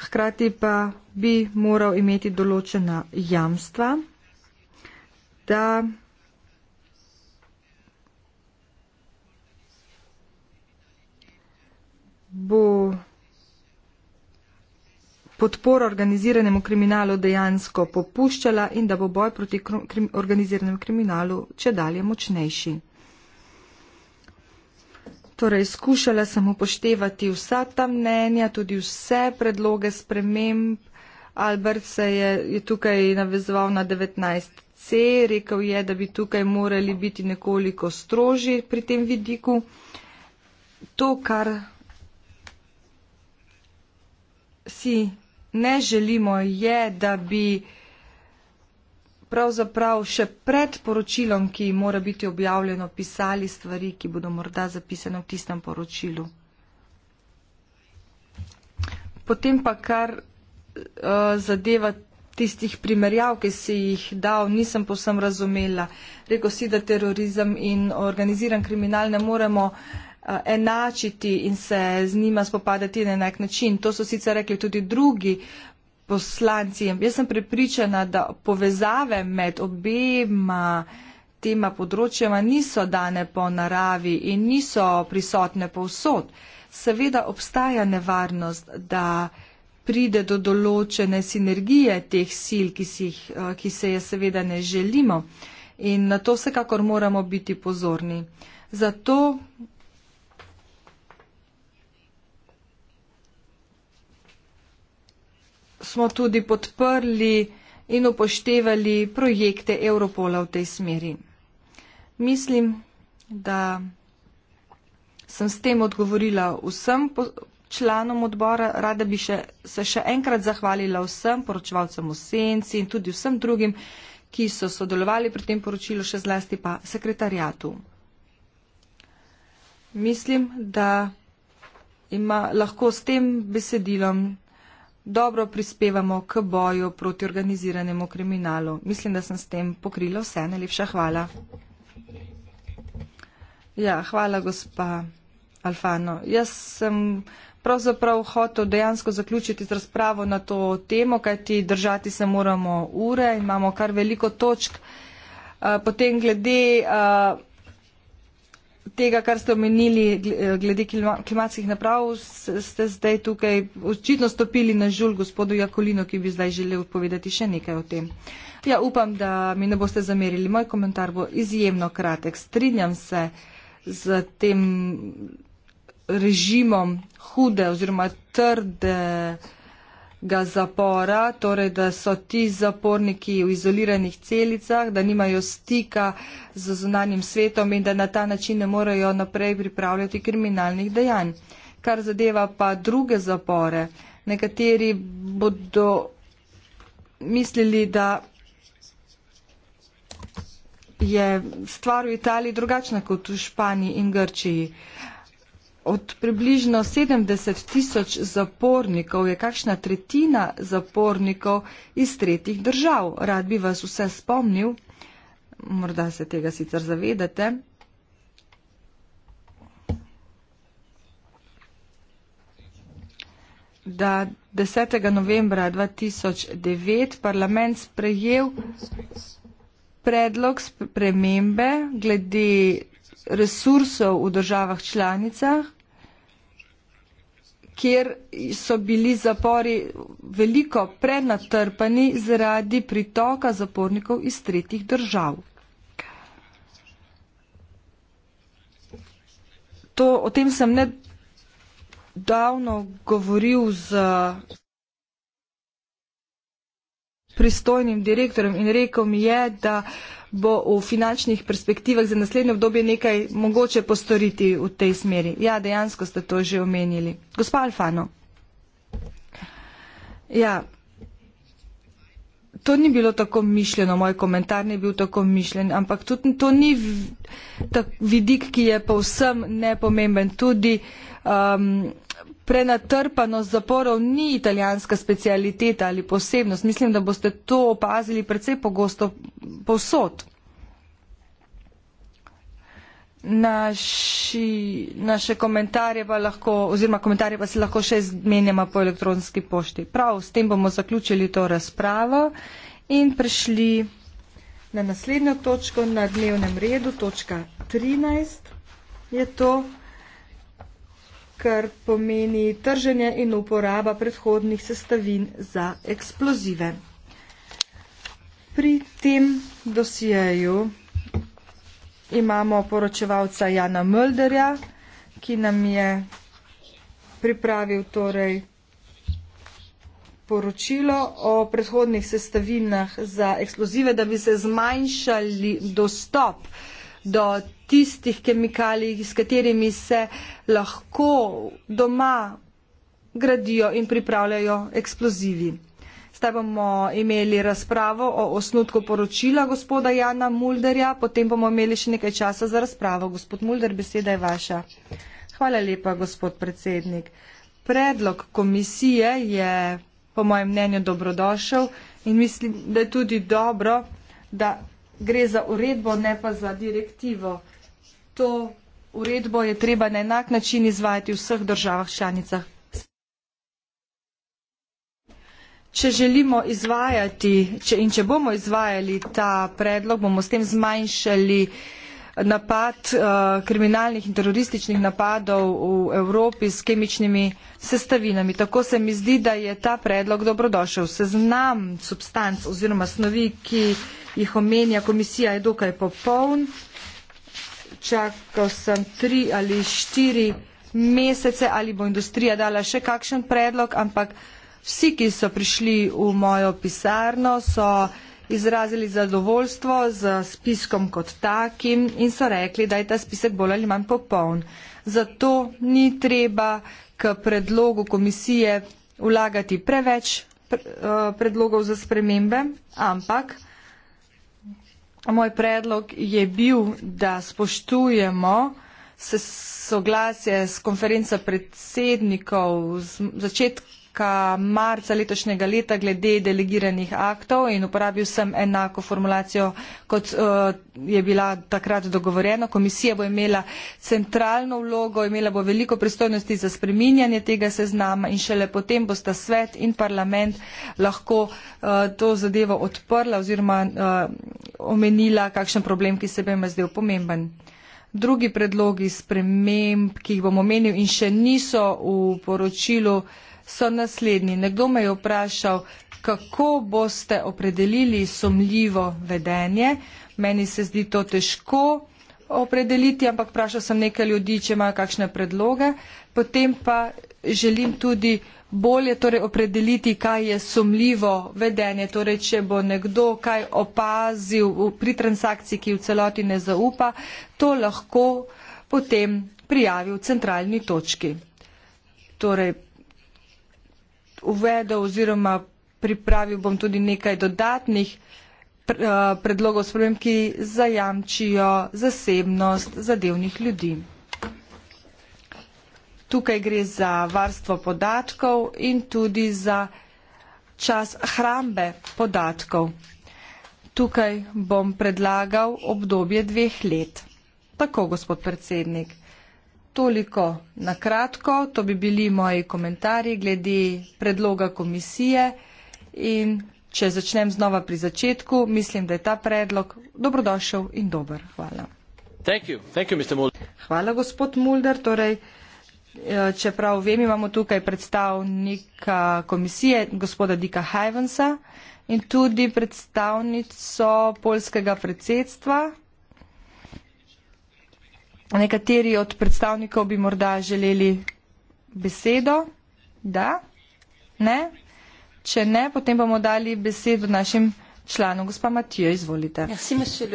hkrati pa bi moral imeti določena jamstva, da bo podporo organiziranemu kriminalu dejansko popuščala in da bo boj proti krim, organiziranemu kriminalu če dalje močnejši. Torej, skušala sem upoštevati vsa ta mnenja, tudi vse predloge sprememb. Albert se je, je tukaj navezoval na 19c, rekel je, da bi tukaj morali biti nekoliko stroži pri tem vidiku. To, kar si ne želimo, je, da bi pravzaprav še pred poročilom, ki mora biti objavljeno, pisali stvari, ki bodo morda zapisane v tistem poročilu. Potem pa kar uh, zadeva tistih primerjav, ki si jih dal, nisem posem razumela. Rekl si, da terorizem in organiziran kriminal ne moremo. Uh, enačiti in se z njima spopadati na enak način. To so sicer rekli tudi drugi poslanci. Jaz sem prepričana, da povezave med obema tema področjama niso dane po naravi in niso prisotne povsod. Seveda obstaja nevarnost, da pride do določene sinergije teh sil, ki, si jih, ki se je seveda ne želimo. In na to vsekakor moramo biti pozorni. Zato smo tudi podprli in upoštevali projekte Europola v tej smeri. Mislim, da sem s tem odgovorila vsem članom odbora. Rada bi še, se še enkrat zahvalila vsem poročevalcem v Senci in tudi vsem drugim, ki so sodelovali pri tem poročilu, še zlasti pa sekretarjatu. Mislim, da ima lahko s tem besedilom dobro prispevamo k boju proti organiziranemu kriminalu. Mislim, da sem s tem pokrila vse. Najlepša hvala. Ja, hvala, gospa Alfano. Jaz sem pravzaprav hotel dejansko zaključiti z razpravo na to temo, kajti držati se moramo ure, imamo kar veliko točk. Eh, potem glede. Eh, tega, kar ste omenili eh, glede klimatskih naprav, ste zdaj tukaj očitno stopili na žul gospodu Jakolino, ki bi zdaj želel povedati še nekaj o tem. Ja, upam, da mi ne boste zamerili. Moj komentar bo izjemno kratek. Strinjam se z tem režimom hude oziroma trde ga zapora, torej da so ti zaporniki v izoliranih celicah, da nimajo stika z zunanjim svetom in da na ta način ne morejo naprej pripravljati kriminalnih dejanj. Kar zadeva pa druge zapore, nekateri bodo mislili, da je stvar v Italiji drugačna kot v Španiji in Grčiji. Uh, od približno 70 tisoč zapornikov je kakšna tretjina zapornikov iz tretjih držav. Rad bi vas vse spomnil, morda se tega sicer zavedate. da 10. novembra 2009 parlament sprejel predlog spremembe glede resursov v državah članicah, kjer so bili zapori veliko prenatrpani zaradi pritoka zapornikov iz tretjih držav. To, o tem sem nedavno govoril z pristojnim direktorjem in rekel mi je, da bo v finančnih perspektivah za naslednje obdobje nekaj mogoče postoriti v tej smeri. Ja, dejansko ste to že omenili. Gospa Alfano. Ja, to ni bilo tako mišljeno, moj komentar ni bil tako mišljen, ampak tudi to ni vidik, ki je povsem nepomemben. Tudi um, prenatrpanost zaporov ni italijanska specialiteta ali posebnost. Mislim, da boste to opazili predvsej pogosto povsod. Naši, naše komentarje pa lahko, oziroma komentarje pa se lahko še izmenjamo po elektronski pošti. Prav, s tem bomo zaključili to razpravo in prišli na naslednjo točko na dnevnem redu, točka 13 je to kar pomeni trženje in uporaba predhodnih sestavin za eksplozive. Pri tem dosijeju imamo poročevalca Jana Mölderja, ki nam je pripravil torej poročilo o predhodnih sestavinah za eksplozive, da bi se zmanjšali dostop do tistih kemikalij, s katerimi se lahko doma gradijo in pripravljajo eksplozivi. Zdaj bomo imeli razpravo o osnutku poročila gospoda Jana Mulderja, potem bomo imeli še nekaj časa za razpravo. Gospod Mulder, beseda je vaša. Hvala lepa, gospod predsednik. Predlog komisije je, po mojem mnenju, dobrodošel in mislim, da je tudi dobro, da gre za uredbo, ne pa za direktivo. To uredbo je treba na enak način izvajati v vseh državah članicah Če želimo izvajati če in če bomo izvajali ta predlog, bomo s tem zmanjšali napad eh, kriminalnih in terorističnih napadov v Evropi s kemičnimi sestavinami. Tako se mi zdi, da je ta predlog dobrodošel. Seznam substanc oziroma snovi, ki jih omenja komisija, je dokaj popoln. Čakal sem tri ali štiri mesece, ali bo industrija dala še kakšen predlog, ampak Vsi, ki so prišli v mojo pisarno, so izrazili zadovoljstvo z spiskom kot takim in so rekli, da je ta spisek bolj ali manj popoln. Zato ni treba k predlogu komisije vlagati preveč eh, predlogov za spremembe, ampak moj predlog je bil, da spoštujemo soglasje z konferenca predsednikov z začetka čaka marca letošnjega leta glede delegiranih aktov in uporabil sem enako formulacijo, kot eh, je bila takrat dogovorjena. Komisija bo imela centralno vlogo, imela bo veliko pristojnosti za spreminjanje tega seznama in šele potem bosta svet in parlament lahko eh, to zadevo odprla oziroma eh, omenila, kakšen problem, ki se bi ima zdaj pomemben. Drugi predlogi sprememb, ki jih bom omenil in še niso v poročilu uh, so naslednji. Nekdo me je vprašal, kako boste opredelili sumljivo vedenje. Meni se zdi to težko opredeliti, ampak vprašal sem nekaj ljudi, če imajo kakšne predloge. Potem pa želim tudi bolje torej opredeliti, kaj je sumljivo vedenje. Torej, če bo nekdo kaj opazil pri transakciji, ki v celoti ne zaupa, to lahko potem prijavil centralni točki. Torej, uvedel oziroma pripravil bom tudi nekaj dodatnih eh, predlogov sprememb, ki zajamčijo zasebnost zadevnih ljudi. Tukaj gre za varstvo podatkov in tudi za čas hrambe podatkov. Tukaj bom predlagal obdobje dveh let. Tako, gospod predsednik toliko na kratko, to bi bili moji komentarji glede predloga komisije in če začnem znova pri začetku, mislim, da je ta predlog dobrodošel in dober. Hvala. Thank you. Thank you, Hvala, gospod Mulder. Torej, eh, čeprav vem, imamo tukaj predstavnika komisije, gospoda Dika Hajvensa in tudi predstavnico polskega predsedstva, Nekateri od predstavnikov bi morda želeli besedo, da, ne. Če ne, potem bomo dali besedo našim članom. Gospa Matijo, izvolite. Merci,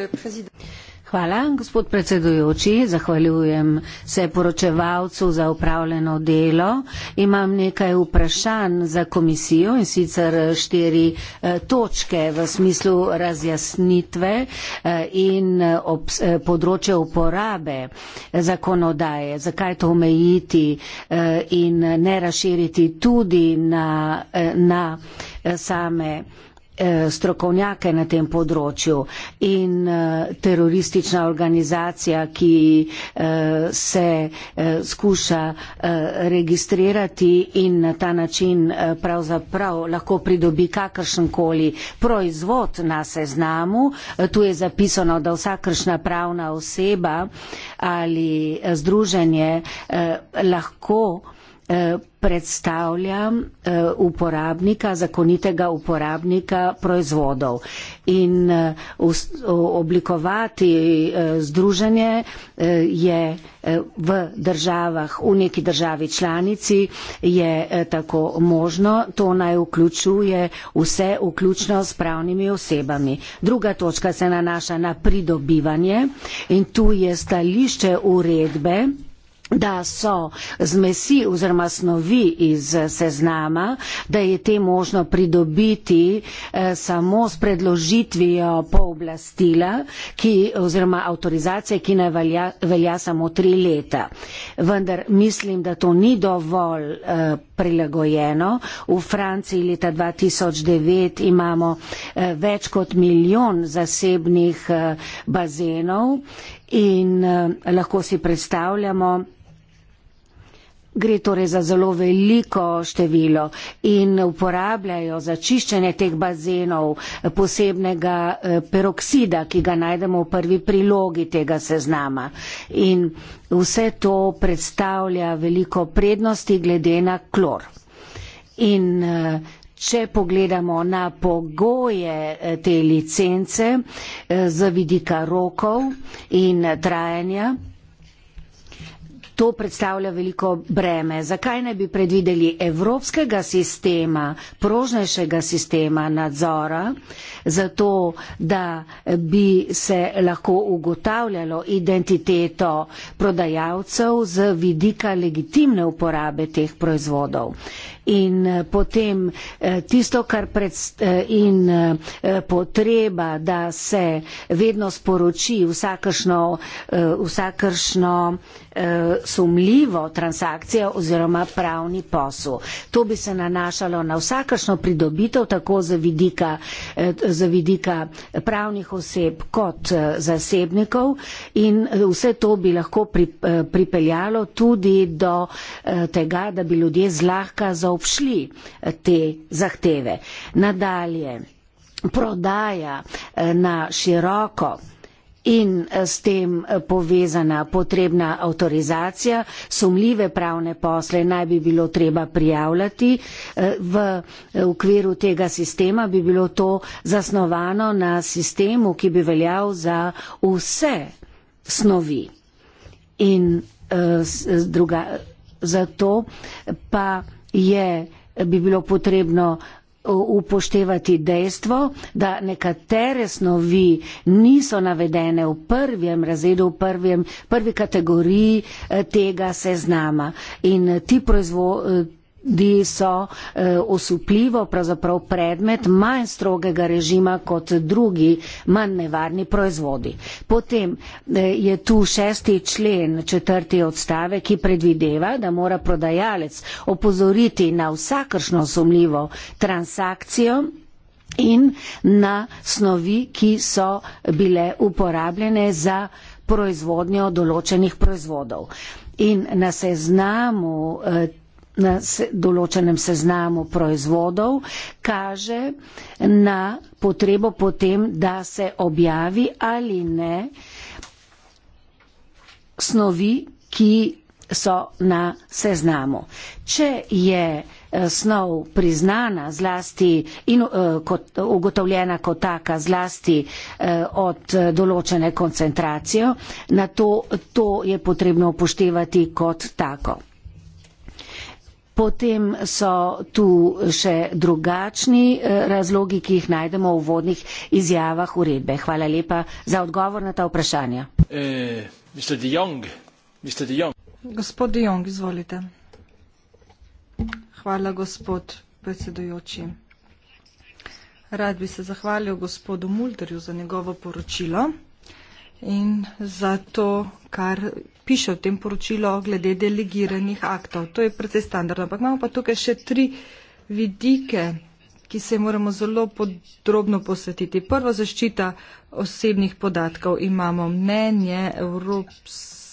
Hvala, gospod predsedujoči. Zahvaljujem se poročevalcu za upravljeno delo. Imam nekaj vprašanj za komisijo in sicer štiri eh, točke v smislu razjasnitve eh, in eh, področje uporabe zakonodaje. Zakaj to omejiti in ne razširiti tudi na, na same Eh, strokovnjake na tem področju in eh, teroristična organizacija, ki eh, se skuša registrirati in na ta način pravzaprav lahko pridobi kakršenkoli proizvod na seznamu. Tu je zapisano, da vsakršna pravna oseba ali združenje lahko Eh, predstavlja eh, uporabnika, zakonitega uporabnika proizvodov. In eh, oblikovati združenje je v državah, v neki državi članici je tako možno, to naj vključuje vse vključno s pravnimi osebami. Druga točka se nanaša na pridobivanje in tu je stališče uredbe, da so zmesi oziroma snovi iz eh, seznama, da je te možno pridobiti eh, samo s predložitvijo pooblastila ki, oziroma avtorizacije, ki ne velja, velja samo tri leta. Vendar mislim, da to ni dovolj eh, prilagojeno. V Franciji leta 2009 imamo eh, več kot milijon zasebnih eh, bazenov in eh, lahko si predstavljamo, Gre torej za zelo veliko število in uporabljajo za čiščenje teh bazenov posebnega eh, peroksida, ki ga najdemo v prvi prilogi tega seznama. In vse to predstavlja veliko prednosti glede na klor. In eh, če pogledamo na pogoje eh, te licence z vidika rokov in trajanja, to predstavlja veliko breme. Zakaj ne bi predvideli evropskega sistema, prožnejšega sistema nadzora, zato da bi se lahko ugotavljalo identiteto prodajalcev z vidika legitimne uporabe teh proizvodov. In eh, potem eh, tisto, kar eh, in potreba, da se vedno sporoči vsakršno, vsakršno Eh, sumljivo transakcijo oziroma pravni posel. To bi se nanašalo na vsakašno pridobitev tako za vidika, eh, za vidika pravnih oseb kot eh, zasebnikov in vse to bi lahko pripeljalo tudi do tega, da bi ljudje zlahka zaobšli te zahteve. Nadalje, prodaja na široko in eh, s tem eh, povezana potrebna avtorizacija. Sumljive pravne posle naj bi bilo treba prijavljati. Eh, v okviru tega sistema bi bilo to zasnovano na sistemu, ki bi veljal za vse snovi. In druga, zato pa je, bi bilo potrebno upoštevati dejstvo, da nekatere snovi niso navedene v prvem razredu, v prvem, prvi kategoriji eh, tega seznama. In ti proizvodi, eh, Ljudje so eh, osupljivo predmet manj strogega režima kot drugi manj nevarni proizvodi. Potem eh, je tu šesti člen četrti odstave, ki predvideva, da mora prodajalec opozoriti na vsakršno sumljivo transakcijo in na snovi, ki so bile uporabljene za proizvodnjo določenih proizvodov. In na seznamu eh, na določenem seznamu proizvodov, kaže na potrebo potem, da se objavi ali ne snovi, ki so na seznamu. Če je eh, snov priznana zlasti in eh, kot, ugotovljena kot taka zlasti eh, od določene koncentracije, na to, to je potrebno upoštevati kot tako. Potem so tu še drugačni eh, razlogi, ki jih najdemo v vodnih izjavah uredbe. Hvala lepa za odgovor na ta vprašanja. Eh, gospod De Jong, izvolite. Hvala, gospod predsedujoči. Rad bi se zahvalil gospodu Mulderju za njegovo poročilo in za to, kar piše v tem poročilu glede delegiranih aktov. To je precej standardno. Ampak imamo pa tukaj še tri vidike, ki se moramo zelo podrobno posvetiti. Prvo zaščita osebnih podatkov. Imamo mnenje Evropske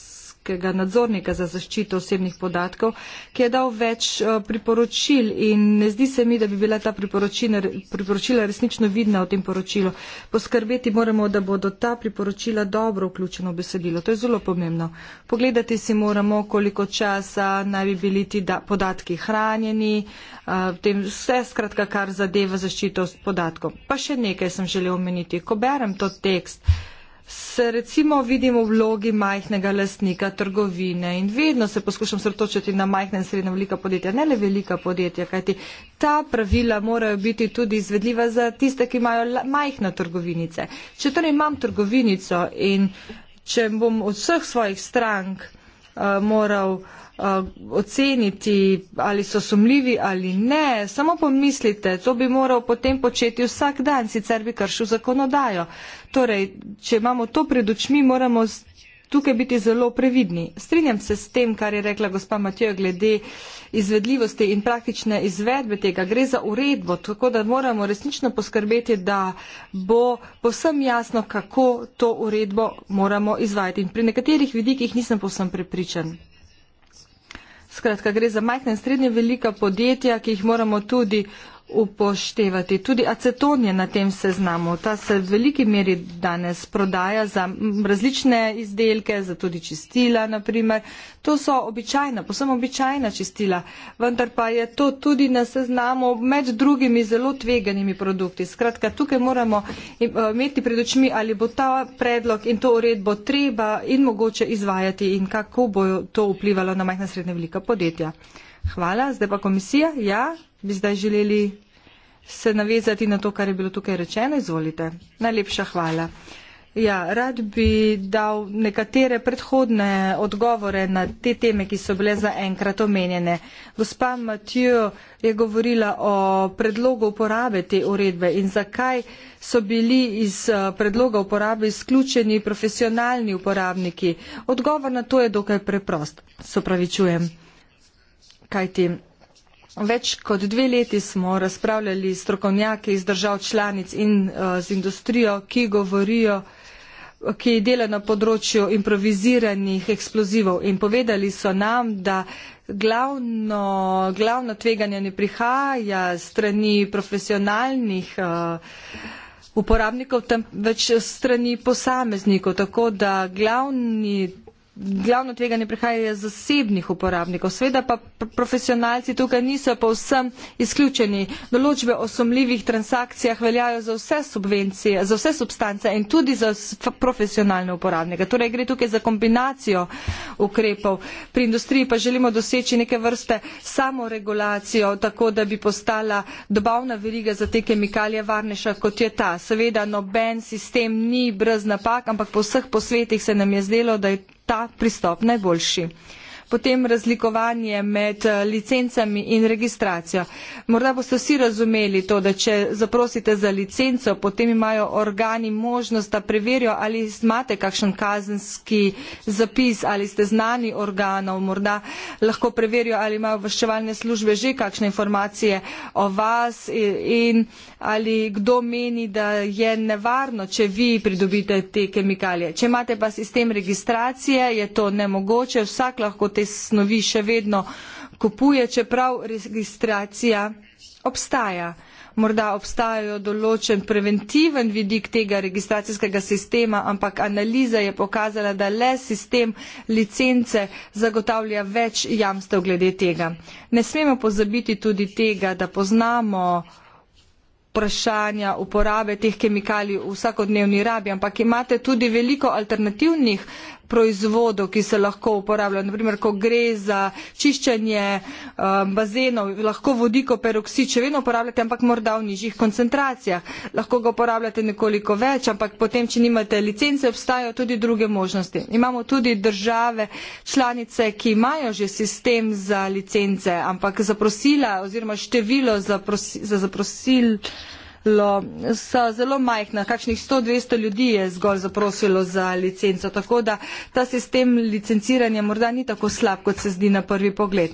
evropskega nadzornika za zaščito osebnih podatkov, ki je dal več eh, priporočil in ne zdi se mi, da bi bila ta priporočila resnično vidna v tem poročilu. Poskrbeti moramo, da bodo ta priporočila dobro vključena v besedilo. To je zelo pomembno. Pogledati si moramo, koliko časa naj bi bili ti podatki hranjeni, eh, vse skratka, kar zadeva zaščito podatkov. Pa še nekaj sem želel omeniti. Ko berem to tekst, se recimo vidim v vlogi majhnega lastnika trgovine in vedno se poskušam srtočiti na majhne in srednje velika podjetja, ne le velika podjetja, kajti ta pravila morajo biti tudi izvedljiva za tiste, ki imajo majhne trgovinice. Če torej imam trgovinico in če bom od vseh svojih strank uh, moral uh, Eh, oceniti, ali so sumljivi ali ne. Samo pomislite, to bi moral potem početi vsak dan, sicer bi kršil zakonodajo. Torej, če imamo to pred očmi, moramo tukaj biti zelo previdni. Strinjam se s tem, kar je rekla gospa Matija glede izvedljivosti in praktične izvedbe tega. Gre za uredbo, tako da moramo resnično poskrbeti, da bo posem jasno, kako to uredbo moramo izvajati. In pri nekaterih vidikih nisem posem prepričan. Skratka, gre za majhna in srednje velika podjetja, ki jih moramo tudi upoštevati. Tudi aceton je na tem seznamu. Ta se v veliki meri danes prodaja za različne izdelke, za tudi čistila, naprimer. To so običajna, posem običajna čistila, vendar pa je to tudi na seznamu med drugimi zelo tveganimi produkti. Skratka, tukaj moramo eh, imeti pred očmi, ali bo ta predlog in to uredbo treba in mogoče izvajati in kako bo to vplivalo na majhna srednja velika podjetja. Hvala. Zdaj pa komisija. Ja, bi zdaj želeli se navezati na to, kar je bilo tukaj rečeno. Izvolite. Najlepša hvala. Ja, rad bi dal nekatere predhodne odgovore na te teme, ki so bile zaenkrat omenjene. Gospa Matijo je govorila o predlogu uporabe te uredbe in zakaj so bili iz eh, predloga uporabe izključeni profesionalni uporabniki. Odgovor na to je dokaj preprost. Sopravičujem kajti več kot dve leti smo razpravljali s strokovnjaki iz držav članic in eh, z industrijo, ki govorijo, ki dela na področju improviziranih eksplozivov in povedali so nam, da glavno, glavno tveganje ne prihaja strani profesionalnih eh, uporabnikov, več strani posameznikov, tako da glavni glavno tvega ne prihaja iz zasebnih uporabnikov. Sveda pa profesionalci tukaj niso povsem izključeni. Določbe o somljivih transakcijah veljajo za vse subvencije, za vse substance in tudi za profesionalne uporabnike. Torej gre tukaj za kombinacijo ukrepov. Pri industriji pa želimo doseči neke vrste samoregulacijo, tako da bi postala dobavna veriga za te kemikalije varnejša, kot je ta. Seveda noben sistem ni brez napak, ampak po vseh posvetih se nam je zdelo, da je ta pristop najboljši potem razlikovanje med eh, licencami in registracijo. Morda boste vsi razumeli to, da če zaprosite za licenco, potem imajo organi možnost, da preverijo, ali imate kakšen kazenski zapis, ali ste znani organov, morda lahko preverijo, ali imajo vaščevalne službe že kakšne informacije o vas in ali kdo meni, da je nevarno, če vi pridobite te kemikalije. Če imate pa sistem registracije, je to nemogoče, vsak lahko te te snovi še vedno kupuje, čeprav registracija obstaja. Morda obstajajo določen preventiven vidik tega registracijskega sistema, ampak analiza je pokazala, da le sistem licence zagotavlja več jamstev glede tega. Ne smemo pozabiti tudi tega, da poznamo vprašanja uporabe teh kemikalij v vsakodnevni rabi, ampak imate tudi veliko alternativnih proizvodov, ki se lahko uporabljajo. Naprimer, ko gre za čiščenje um, bazenov, lahko vodiko peroksid še vedno uporabljate, ampak morda v nižjih koncentracijah. Lahko ga uporabljate nekoliko več, ampak potem, če nimate licence, obstajajo tudi druge možnosti. Imamo tudi države, članice, ki imajo že sistem za licence, ampak zaprosila oziroma število za, prosi, za zaprosil zaprosilo, so zelo majhna, kakšnih 100-200 ljudi je zgolj zaprosilo za licenco, tako da ta sistem licenciranja morda ni tako slab, kot se zdi na prvi pogled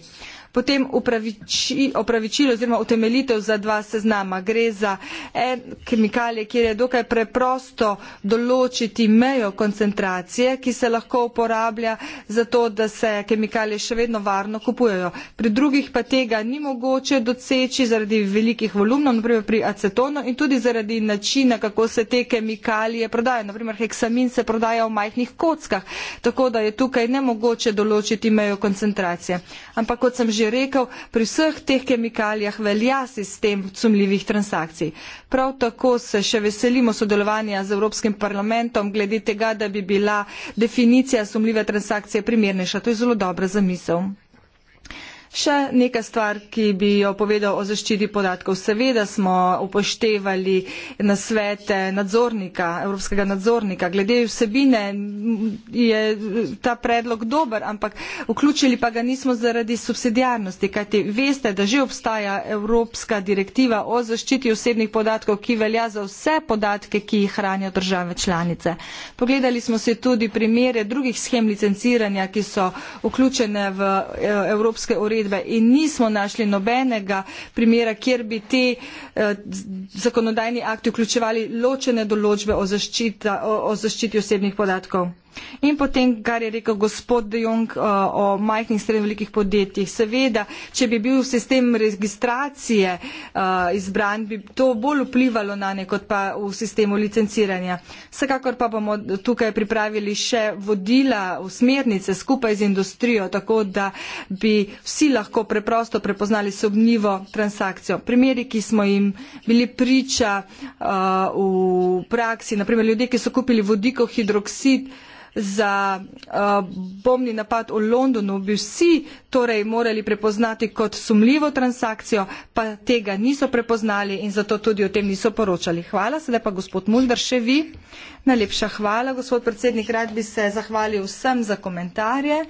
potem opravičilo upraviči, oziroma utemelitev za dva seznama. Gre za en kemikalije, kjer je dokaj preprosto določiti mejo koncentracije, ki se lahko uporablja za to, da se kemikalije še vedno varno kupujejo. Pri drugih pa tega ni mogoče doseči zaradi velikih volumnov, naprimer pri acetonu in tudi zaradi načina, kako se te kemikalije prodajo. Naprimer, heksamin se prodaja v majhnih kockah, tako da je tukaj nemogoče določiti mejo koncentracije. Ampak kot sem že rekel, pri vseh teh kemikalijah velja sistem sumljivih transakcij. Prav tako se še veselimo sodelovanja z Evropskim parlamentom glede tega, da bi bila definicija sumljive transakcije primernejša. To je zelo dobra zamisel. Še neka stvar, ki bi jo povedal o zaščiti podatkov. Seveda smo upoštevali nasvete nadzornika, evropskega nadzornika. Glede vsebine je ta predlog dober, ampak vključili pa ga nismo zaradi subsidijarnosti, kajti veste, da že obstaja evropska direktiva o zaščiti osebnih podatkov, ki velja za vse podatke, ki jih hranijo države članice. Pogledali smo se tudi primere drugih schem licenciranja, ki so vključene v eh, evropske urede direktive in nismo našli nobenega primera, kjer bi te eh, zakonodajni akti vključevali ločene določbe o, zaščita, o, o zaščiti osebnih podatkov. In potem, kar je rekel gospod De Jong eh, o majhnih srednjih velikih podjetjih. Seveda, če bi bil sistem registracije eh, izbran, bi to bolj vplivalo na ne kot pa v sistemu licenciranja. Vsekakor pa bomo tukaj pripravili še vodila, usmernice skupaj z industrijo, tako da bi vsi lahko preprosto prepoznali sobnivo transakcijo. Primeri, ki smo jim bili priča eh, v praksi, naprimer ljudje, ki so kupili vodikov hidroksid, za uh, bombni napad v Londonu bi vsi torej morali prepoznati kot sumljivo transakcijo, pa tega niso prepoznali in zato tudi o tem niso poročali. Hvala, sedaj pa gospod Mulder, še vi. Najlepša hvala, gospod predsednik, rad bi se zahvalil vsem za komentarje.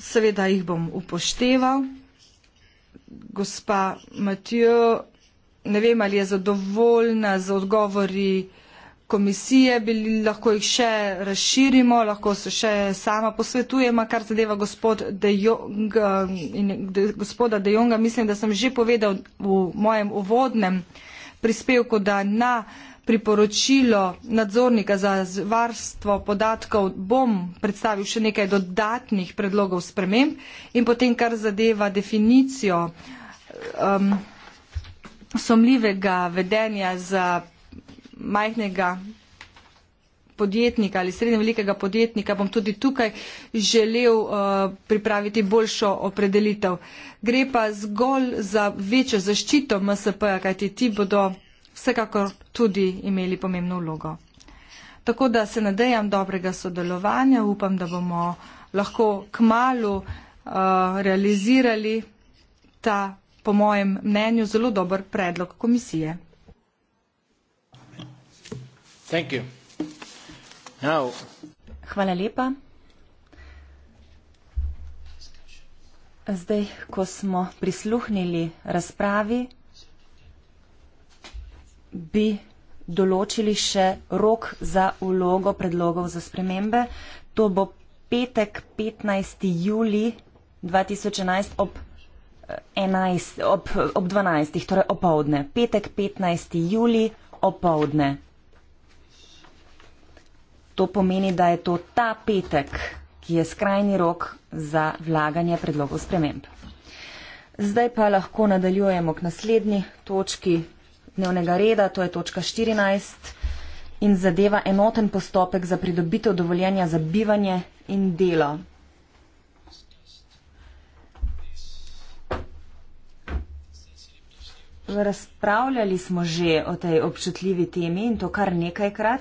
Seveda jih bom upošteval. Gospa Matijo, ne vem, ali je zadovoljna z odgovori komisije, bili, lahko jih še razširimo, lahko se še sama posvetujemo, kar zadeva gospod De Jong, eh, in de, gospoda De Jonga. Mislim, da sem že povedal v mojem uvodnem prispevku, da na priporočilo nadzornika za varstvo podatkov bom predstavil še nekaj dodatnih predlogov sprememb in potem, kar zadeva definicijo um, ehm, somljivega vedenja za majhnega podjetnika ali srednje velikega podjetnika, bom tudi tukaj želel uh, pripraviti boljšo opredelitev. Gre pa zgolj za večjo zaščito MSP-ja, kajti ti bodo vsekakor tudi imeli pomembno vlogo. Tako da se nadejam dobrega sodelovanja, upam, da bomo lahko k malu uh, realizirali ta, po mojem mnenju, zelo dober predlog komisije. Hvala lepa. Zdaj, ko smo prisluhnili razpravi, bi določili še rok za vlogo predlogov za spremembe. To bo petek 15. juli 2011 ob, 11, eh, ob, ob 12. torej opovdne. Petek 15. juli opovdne. To pomeni, da je to ta petek, ki je skrajni rok za vlaganje predlogov sprememb. Zdaj pa lahko nadaljujemo k naslednji točki dnevnega reda, to je točka 14 in zadeva enoten postopek za pridobitev dovoljenja za bivanje in delo. Razpravljali smo že o tej občutljivi temi in to kar nekajkrat.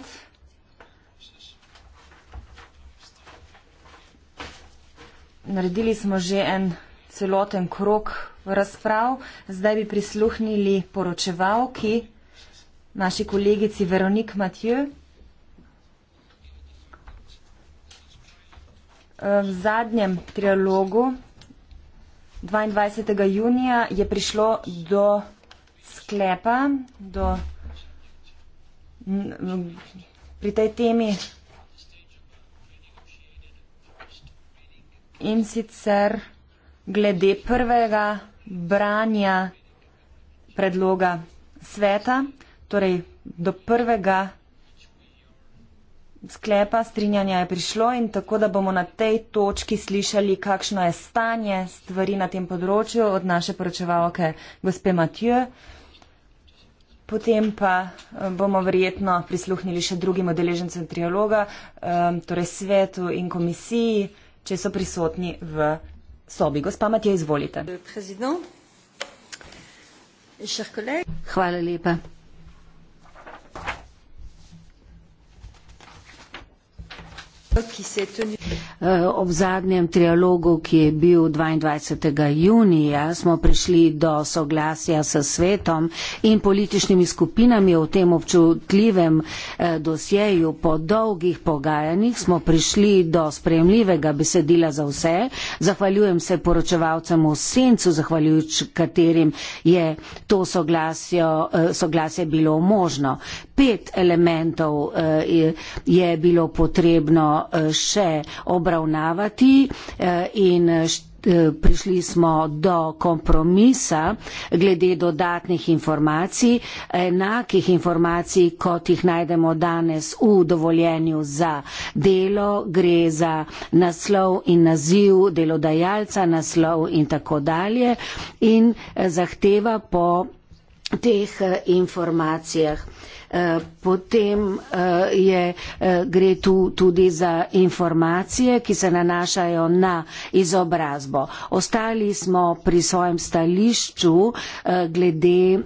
naredili smo že en celoten krok razprav. Zdaj bi prisluhnili poročevalki, naši kolegici Veronik Matjö. V zadnjem trialogu 22. junija je prišlo do sklepa, do pri tej temi in sicer glede prvega branja predloga sveta, torej do prvega sklepa strinjanja je prišlo in tako, da bomo na tej točki slišali, kakšno je stanje stvari na tem področju od naše poročevalke gospe Matjo. Potem pa eh, bomo verjetno prisluhnili še drugim odeležencem trialoga, eh, torej svetu in komisiji če so prisotni v sobi. Gospa Matija, izvolite. Hvala lepa. ki se je tudi. Ob zadnjem trialogu, ki je bil 22. junija, smo prišli do soglasja s svetom in političnimi skupinami o tem občutljivem eh, dosjeju. Po dolgih pogajanjih smo prišli do sprejemljivega besedila za vse. Zahvaljujem se poročevalcem v sencu, zahvaljujoč katerim je to soglasjo, eh, soglasje bilo možno. Pet elementov eh, je bilo potrebno Eh, še obravnavati eh, in eh, prišli smo do kompromisa glede dodatnih informacij, enakih informacij, kot jih najdemo danes v dovoljenju za delo, gre za naslov in naziv delodajalca, naslov in tako dalje in zahteva po teh eh, informacijah. Eh, potem eh, je, gre tu tudi za informacije, ki se nanašajo na izobrazbo. Ostali smo pri svojem stališču glede,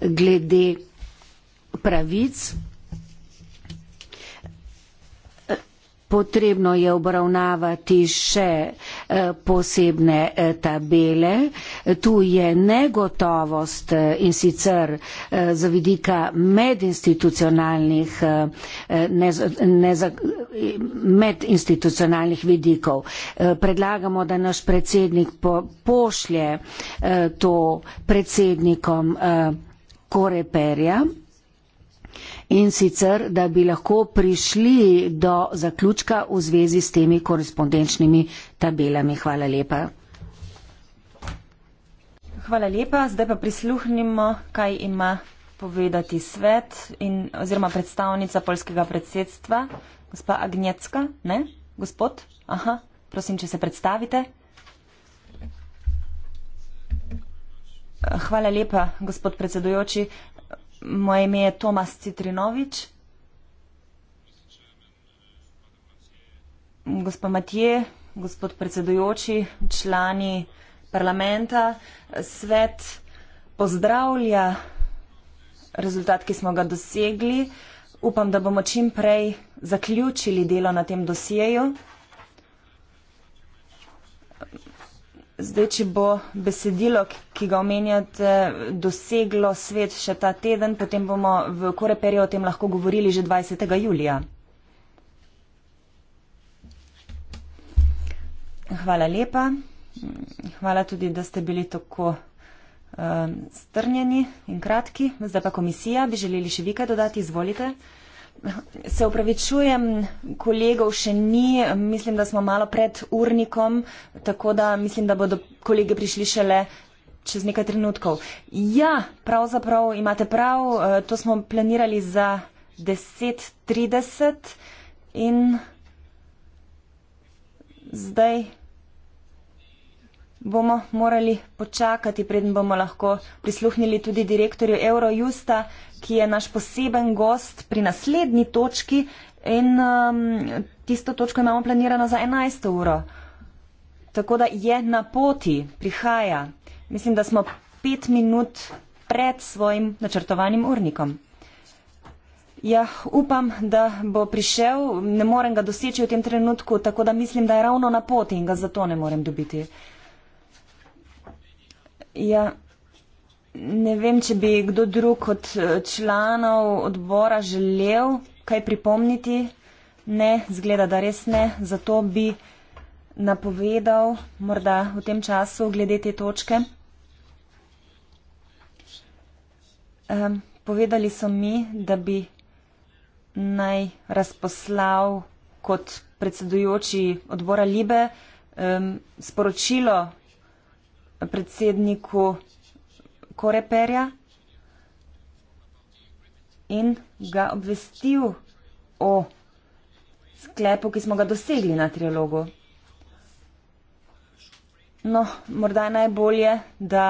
glede pravic potrebno je obravnavati še eh, posebne eh, tabele. Tu je negotovost eh, in sicer za vidika medinstitucionalnih, medinstitucionalnih vidikov. Predlagamo, da naš predsednik pošlje to predsednikom koreperja in sicer, da bi lahko prišli do zaključka v zvezi s temi korespondenčnimi tabelami. Hvala lepa. Hvala lepa. Zdaj pa prisluhnimo, kaj ima povedati svet in, oziroma predstavnica polskega predsedstva, gospa Agnetska, ne? Gospod? Aha, prosim, če se predstavite. Hvala lepa, gospod predsedujoči. Moje ime je Tomas Citrinovič. Gospa Matije, gospod predsedujoči, člani parlamenta, svet pozdravlja rezultat, ki smo ga dosegli. Upam, da bomo čim prej zaključili delo na tem dosjeju. Zdaj, če bo besedilo, ki ga omenjate, doseglo svet še ta teden, potem bomo v Koreperju o tem lahko govorili že 20. julija. Hvala lepa. Hvala tudi, da ste bili tako um, strnjeni in kratki. Zdaj pa komisija, bi želeli še vi kaj dodati, izvolite. Se upravičujem, kolegov še ni. Mislim, da smo malo pred urnikom, tako da mislim, da bodo kolege prišli šele čez nekaj trenutkov. Ja, pravzaprav imate prav, eh, to smo planirali za 10.30 in zdaj bomo morali počakati, preden bomo lahko prisluhnili tudi direktorju Eurojusta, ki je naš poseben gost pri naslednji točki in um, tisto točko imamo planirano za 11. uro. Tako da je na poti, prihaja. Mislim, da smo pet minut pred svojim načrtovanim urnikom. Ja, upam, da bo prišel, ne morem ga doseči v tem trenutku, tako da mislim, da je ravno na poti in ga zato ne morem dobiti. Ja ne vem, če bi kdo drug od eh, članov odbora želel kaj pripomniti. Ne, zgleda, da res ne. Zato bi napovedal morda v tem času glede te točke. Um, povedali so mi, da bi naj razposlal kot predsedujoči odbora Libe um, sporočilo predsedniku Koreperja in ga obvestil o sklepu, ki smo ga dosegli na trilogu. No, morda je najbolje, da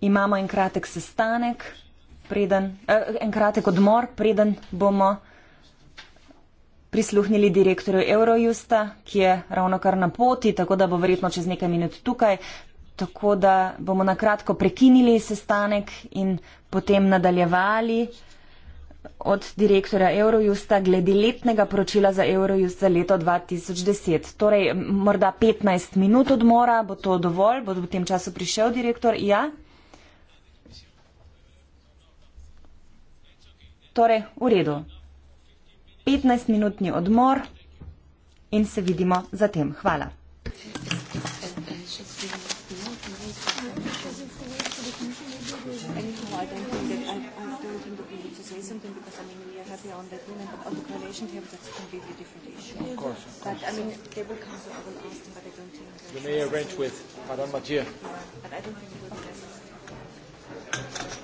imamo en kratek sestanek, preden, eh, en kratek odmor, preden bomo prisluhnili direktorju Eurojusta, ki je ravno kar na poti, tako da bo verjetno čez nekaj minut tukaj tako da bomo na kratko prekinili sestanek in potem nadaljevali od direktorja Eurojusta glede letnega poročila za Eurojust za leto 2010. Torej, morda 15 minut odmora, bo to dovolj, bo v tem času prišel direktor? Ja? Torej, v redu. 15-minutni odmor in se vidimo zatem. Hvala. Thank you. Television here, but that's a completely different issue. Of course. Of course. But I mean, they will come, so I will ask them, but I don't think. You may arrange with Madame Mathieu. Yeah, but I don't think it would be necessary.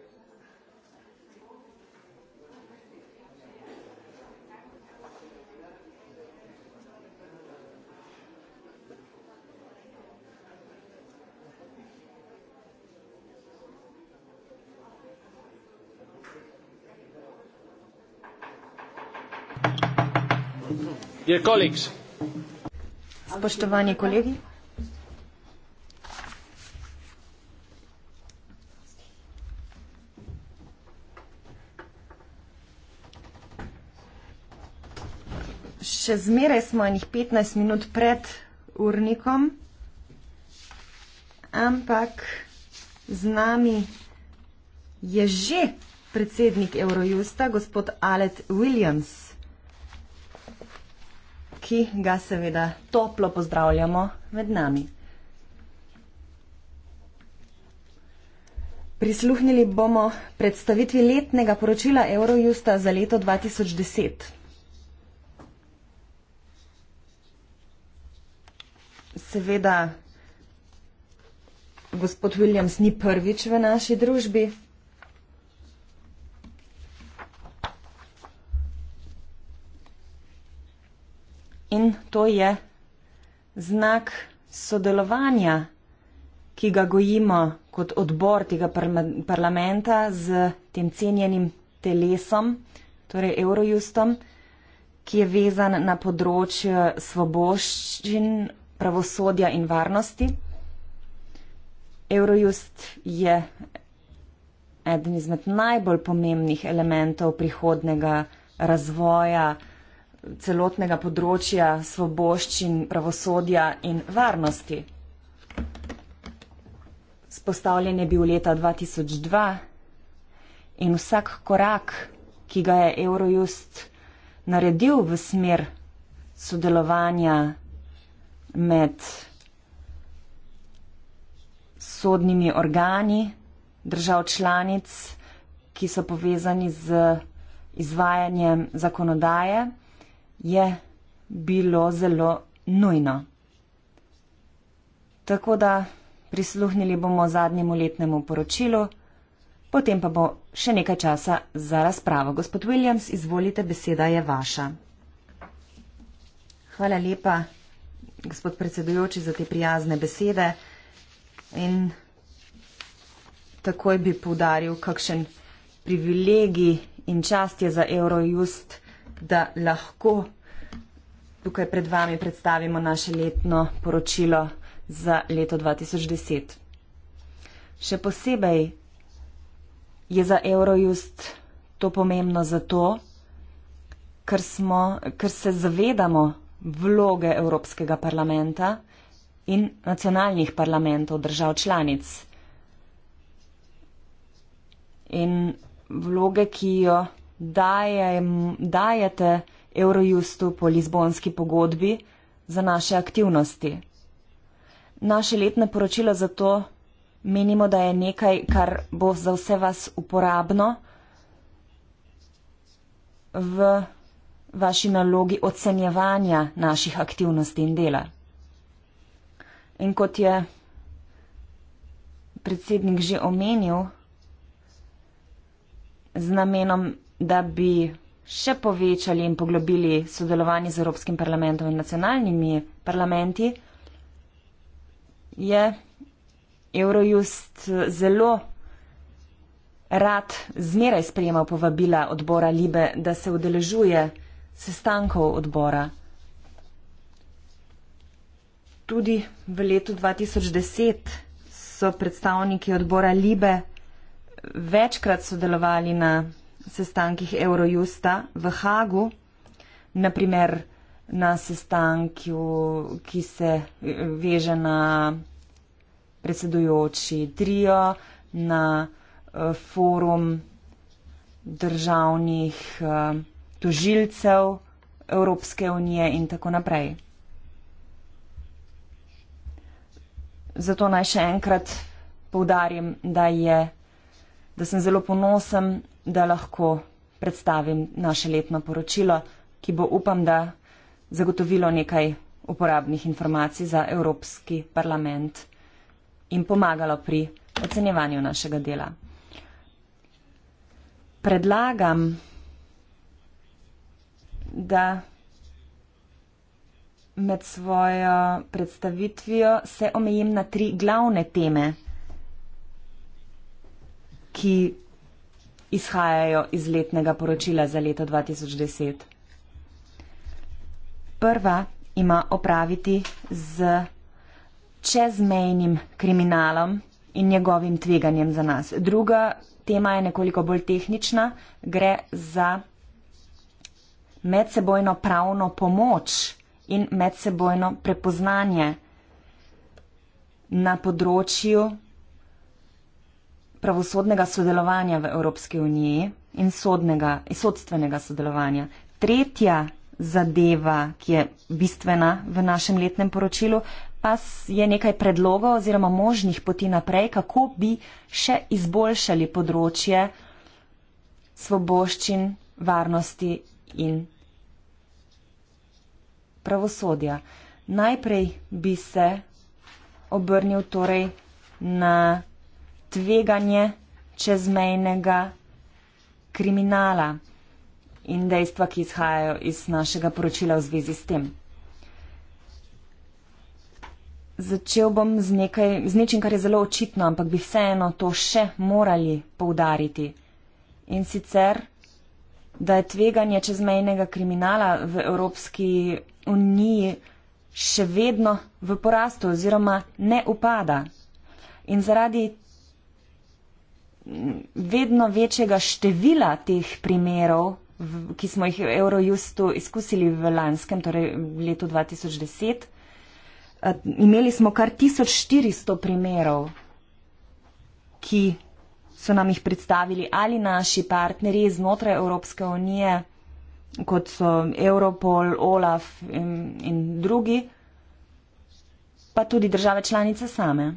Spoštovani kolegi. Še zmeraj smo enih 15 minut pred urnikom, ampak z nami je že predsednik Eurojusta, gospod Alet Williams ki ga seveda toplo pozdravljamo med nami. Prisluhnili bomo predstavitvi letnega poročila Eurojusta za leto 2010. Seveda, gospod Williams ni prvič v naši družbi. in to je znak sodelovanja, ki ga gojimo kot odbor tega parlamenta z tem cenjenim telesom, torej Eurojustom, ki je vezan na področje svoboščin, pravosodja in varnosti. Eurojust je eden izmed najbolj pomembnih elementov prihodnega razvoja celotnega področja svoboščin, pravosodja in varnosti. Spostavljen je bil leta 2002 in vsak korak, ki ga je Eurojust naredil v smer sodelovanja med sodnimi organi držav članic, ki so povezani z izvajanjem zakonodaje, je bilo zelo nujno. Tako da prisluhnili bomo zadnjemu letnemu poročilu, potem pa bo še nekaj časa za razpravo. Gospod Williams, izvolite, beseda je vaša. Hvala lepa, gospod predsedujoči, za te prijazne besede. In takoj bi povdaril, kakšen privilegij in čast je za Eurojust uh, da lahko tukaj pred vami predstavimo naše letno poročilo za leto 2010. Še posebej je za Eurojust to pomembno zato, ker, smo, ker se zavedamo vloge Evropskega parlamenta in nacionalnih parlamentov držav članic. In vloge, ki jo dajete Eurojustu po Lizbonski pogodbi za naše aktivnosti. Naše letne poročilo zato menimo, da je nekaj, kar bo za vse vas uporabno v vaši nalogi ocenjevanja naših aktivnosti in dela. In kot je predsednik že omenil, z namenom da bi še povečali in poglobili sodelovanje z Evropskim parlamentom in nacionalnimi parlamenti, je Eurojust zelo rad zmeraj sprejemal povabila odbora Libe, da se udeležuje sestankov odbora. Tudi v letu 2010 so predstavniki odbora Libe večkrat sodelovali na sestankih Eurojusta v Hagu, naprimer na sestanku, ki se veže na predsedujoči trio, na forum državnih tožilcev Evropske unije in tako naprej. Zato naj še enkrat povdarjam, da, da sem zelo ponosen da lahko predstavim naše letno poročilo, ki bo upam, da zagotovilo nekaj uporabnih informacij za Evropski parlament in pomagalo pri ocenjevanju našega dela. Predlagam, da med svojo predstavitvijo se omejim na tri glavne teme, ki izhajajo iz letnega poročila za leto 2010. Prva ima opraviti z čezmejnim kriminalom in njegovim tveganjem za nas. Druga tema je nekoliko bolj tehnična, gre za medsebojno pravno pomoč in medsebojno prepoznanje na področju pravosodnega sodelovanja v Evropski uniji in sodnega, sodstvenega sodelovanja. Tretja zadeva, ki je bistvena v našem letnem poročilu, pa je nekaj predlogov oziroma možnih poti naprej, kako bi še izboljšali področje svoboščin, varnosti in pravosodja. Najprej bi se obrnil torej na tveganje čezmejnega kriminala in dejstva, ki izhajajo iz našega poročila v zvezi s tem. Začel bom z, nekaj, z nečim, kar je zelo očitno, ampak bi vseeno to še morali poudariti. In sicer, da je tveganje čezmejnega kriminala v Evropski uniji še vedno v porastu oziroma ne upada. In zaradi vedno večjega števila teh primerov, ki smo jih v Eurojustu izkusili v lanskem, torej v letu 2010. Eh, imeli smo kar 1400 primerov, ki so nam jih predstavili ali naši partnerji znotraj Evropske unije, kot so Europol, Olaf in, in drugi, pa tudi države članice same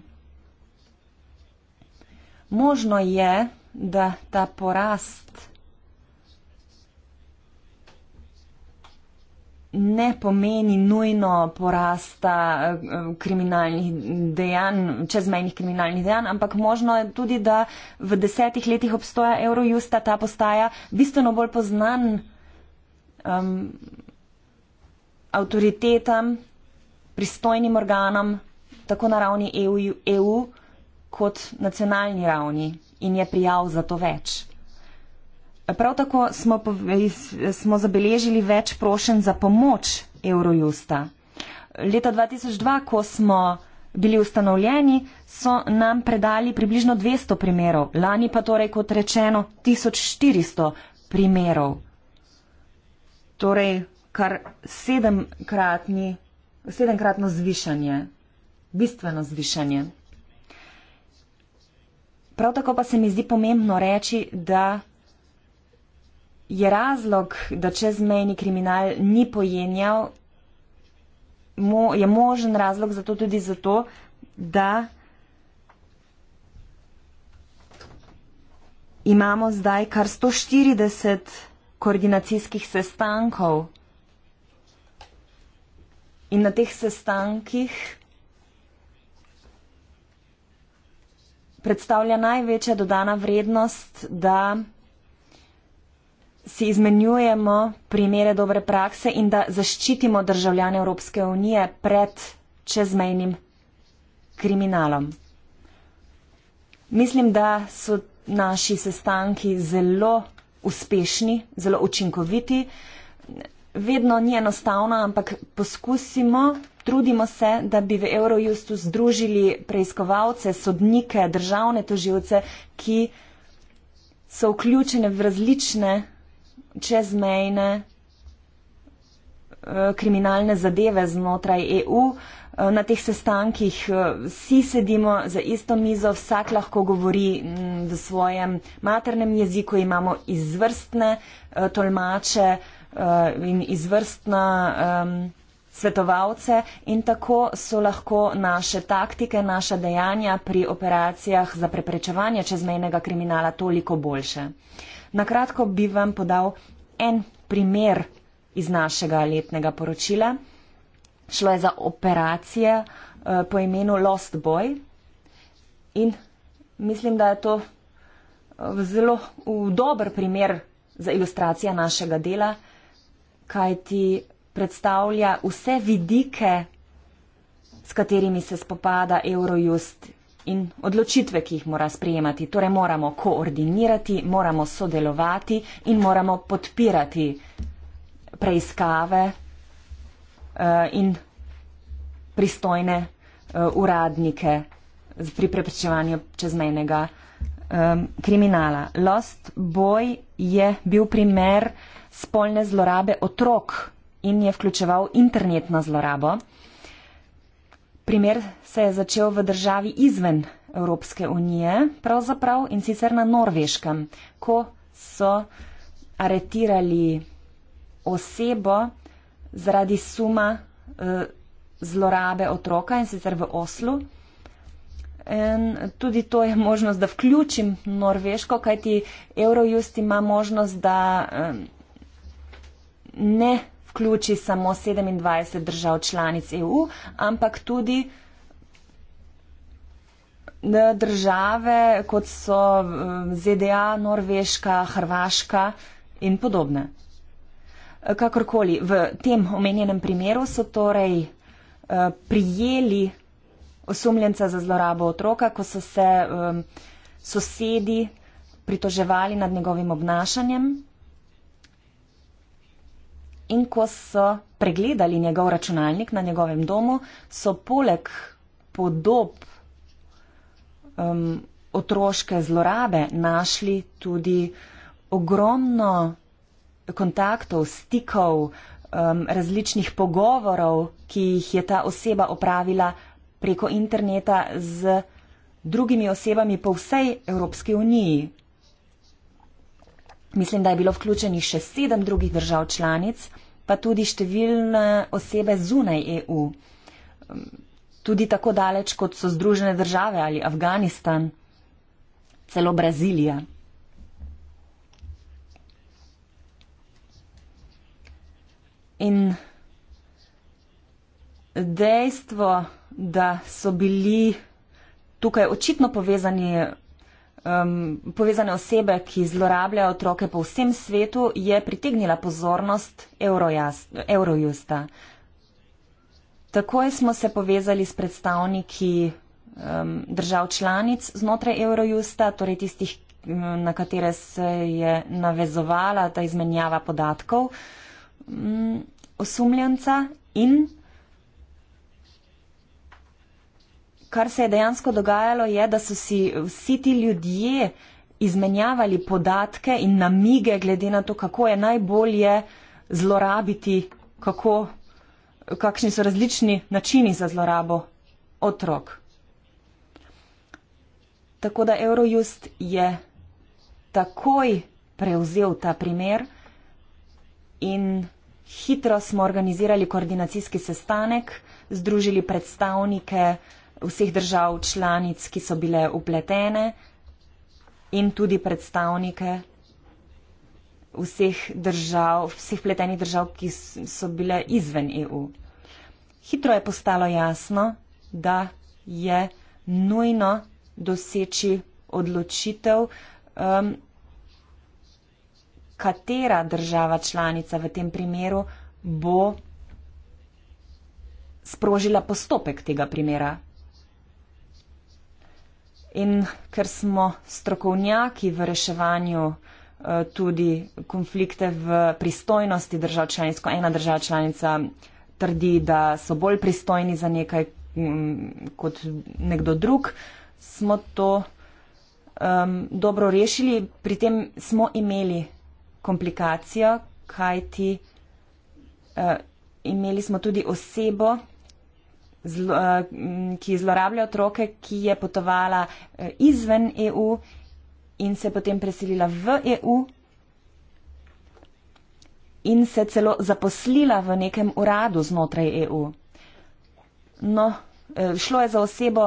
možno je, da ta porast ne pomeni nujno porasta eh, kriminalnih dejanj, čezmejnih kriminalnih dejanj, ampak možno je tudi, da v desetih letih obstoja Eurojusta ta postaja bistveno bolj poznan um, avtoritetam, pristojnim organom, tako na ravni EU, EU kot nacionalni ravni in je prijav za to več. Prav tako smo, smo zabeležili več prošen za pomoč Eurojusta. Leta 2002, ko smo bili ustanovljeni, so nam predali približno 200 primerov, lani pa torej kot rečeno 1400 primerov. Torej kar sedemkratni, sedemkratno zvišanje, bistveno zvišanje. Prav tako pa se mi zdi pomembno reči, da je razlog, da čezmejni kriminal ni pojenjal, mo, je možen razlog za to tudi zato, da imamo zdaj kar 140 koordinacijskih sestankov. In na teh sestankih predstavlja največja dodana vrednost, da si izmenjujemo primere dobre prakse in da zaščitimo državljane Evropske unije pred čezmejnim kriminalom. Mislim, da so naši sestanki zelo uspešni, zelo učinkoviti. Vedno ni enostavno, ampak poskusimo Trudimo se, da bi v Eurojustu združili preiskovalce, sodnike, državne toživce, ki so vključene v različne čezmejne eh, kriminalne zadeve znotraj EU. Eh, na teh sestankih eh, vsi sedimo za isto mizo, vsak lahko govori mm, v svojem maternem jeziku, imamo izvrstne tolmače in izvrstna. Um, svetovalce in tako so lahko naše taktike, naša dejanja pri operacijah za preprečevanje čezmejnega kriminala toliko boljše. Na kratko bi vam podal en primer iz našega letnega poročila. Šlo je za operacije eh, po imenu Lost Boy in mislim, da je to eh, zelo dober primer za ilustracijo našega dela, kajti predstavlja vse vidike, s katerimi se spopada Eurojust in odločitve, ki jih mora sprejemati. Torej moramo koordinirati, moramo sodelovati in moramo podpirati preiskave eh, in pristojne eh, uradnike pri preprečevanju čezmejnega eh, kriminala. Lost Boy je bil primer spolne zlorabe otrok in je vključeval internetno zlorabo. Primer se je začel v državi izven Evropske unije, pravzaprav in sicer na Norveškem, ko so aretirali osebo zaradi suma eh, zlorabe otroka in sicer v Oslu. In tudi to je možnost, da vključim Norveško, kajti Eurojust ima možnost, da eh, ne vključi samo 27 držav članic EU, ampak tudi države, kot so ZDA, Norveška, Hrvaška in podobne. Kakorkoli, v tem omenjenem primeru so torej eh, prijeli osumljenca za zlorabo otroka, ko so se sosedi pritoževali nad njegovim obnašanjem in ko so pregledali njegov računalnik na njegovem domu, so poleg podob um, otroške zlorabe našli tudi ogromno kontaktov, stikov, um, različnih pogovorov, ki jih je ta oseba opravila preko interneta z drugimi osebami po vsej Evropski uniji. Mislim, da je bilo vključenih še sedem drugih držav članic, pa tudi številne osebe zunaj EU, um, tudi tako daleč, kot so Združene države ali Afganistan, celo Brazilija. In dejstvo, da so bili tukaj očitno povezani um, povezane osebe, ki zlorabljajo otroke po vsem svetu, je pritegnila pozornost Eurojusta. Takoj smo se povezali s predstavniki um, držav članic znotraj Eurojusta, torej tistih, um, na katere se je navezovala ta izmenjava podatkov um, osumljenca in. kar se je dejansko dogajalo, je, da so si vsi ti ljudje izmenjavali podatke in namige, glede na to, kako je najbolje zlorabiti, kako, kakšni so različni načini za zlorabo otrok. Tako da Eurojust je takoj prevzel ta primer in hitro smo organizirali koordinacijski sestanek, združili predstavnike, vseh držav članic, ki so bile upletene in tudi predstavnike vseh držav, vseh pletenih držav, ki so bile izven EU. Hitro je postalo jasno, da je nujno doseči odločitev, um, katera država članica v tem primeru bo sprožila postopek tega primera In ker smo strokovnjaki v reševanju eh, tudi konflikte v pristojnosti držav članic, ko ena država članica trdi, da so bolj pristojni za nekaj mm, kot nekdo drug, smo to um, dobro rešili. Pri tem smo imeli komplikacijo, kajti uh, imeli smo tudi osebo, zlo, eh, ki zlorablja otroke, ki je potovala eh, izven EU in se potem preselila v EU in se celo zaposlila v nekem uradu znotraj EU. No, eh, šlo je za osebo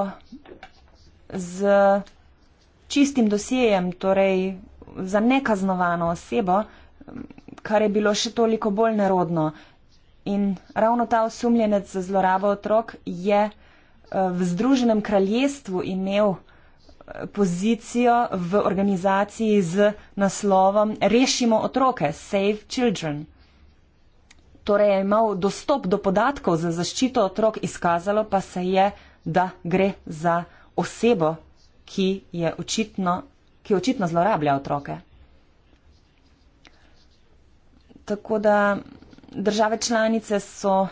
z čistim dosjejem, torej za nekaznovano osebo, kar je bilo še toliko bolj nerodno. In ravno ta osumljenec za zlorabo otrok je eh, v Združenem kraljestvu imel eh, pozicijo v organizaciji z naslovom Rešimo otroke, Save Children. Torej je imel dostop do podatkov za zaščito otrok, izkazalo pa se je, da gre za osebo, ki je očitno, ki očitno zlorablja otroke. Tako da države članice so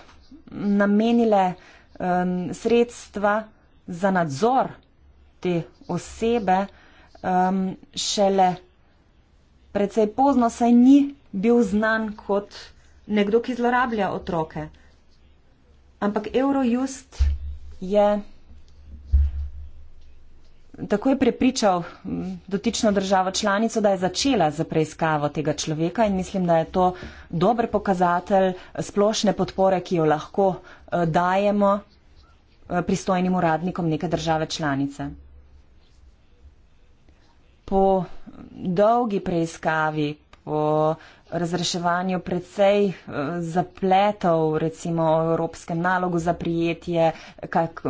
namenile um, sredstva za nadzor te osebe um, šele precej pozno, saj ni bil znan kot nekdo, ki zlorablja otroke. Ampak Eurojust je. Yeah. Tako je prepričal dotično državo članico, da je začela za preiskavo tega človeka in mislim, da je to dober pokazatelj splošne podpore, ki jo lahko eh, dajemo eh, pristojnim uradnikom neke države članice. Po dolgi preiskavi, o razreševanju precej eh, zapletov, recimo o evropskem nalogu za prijetje, kak,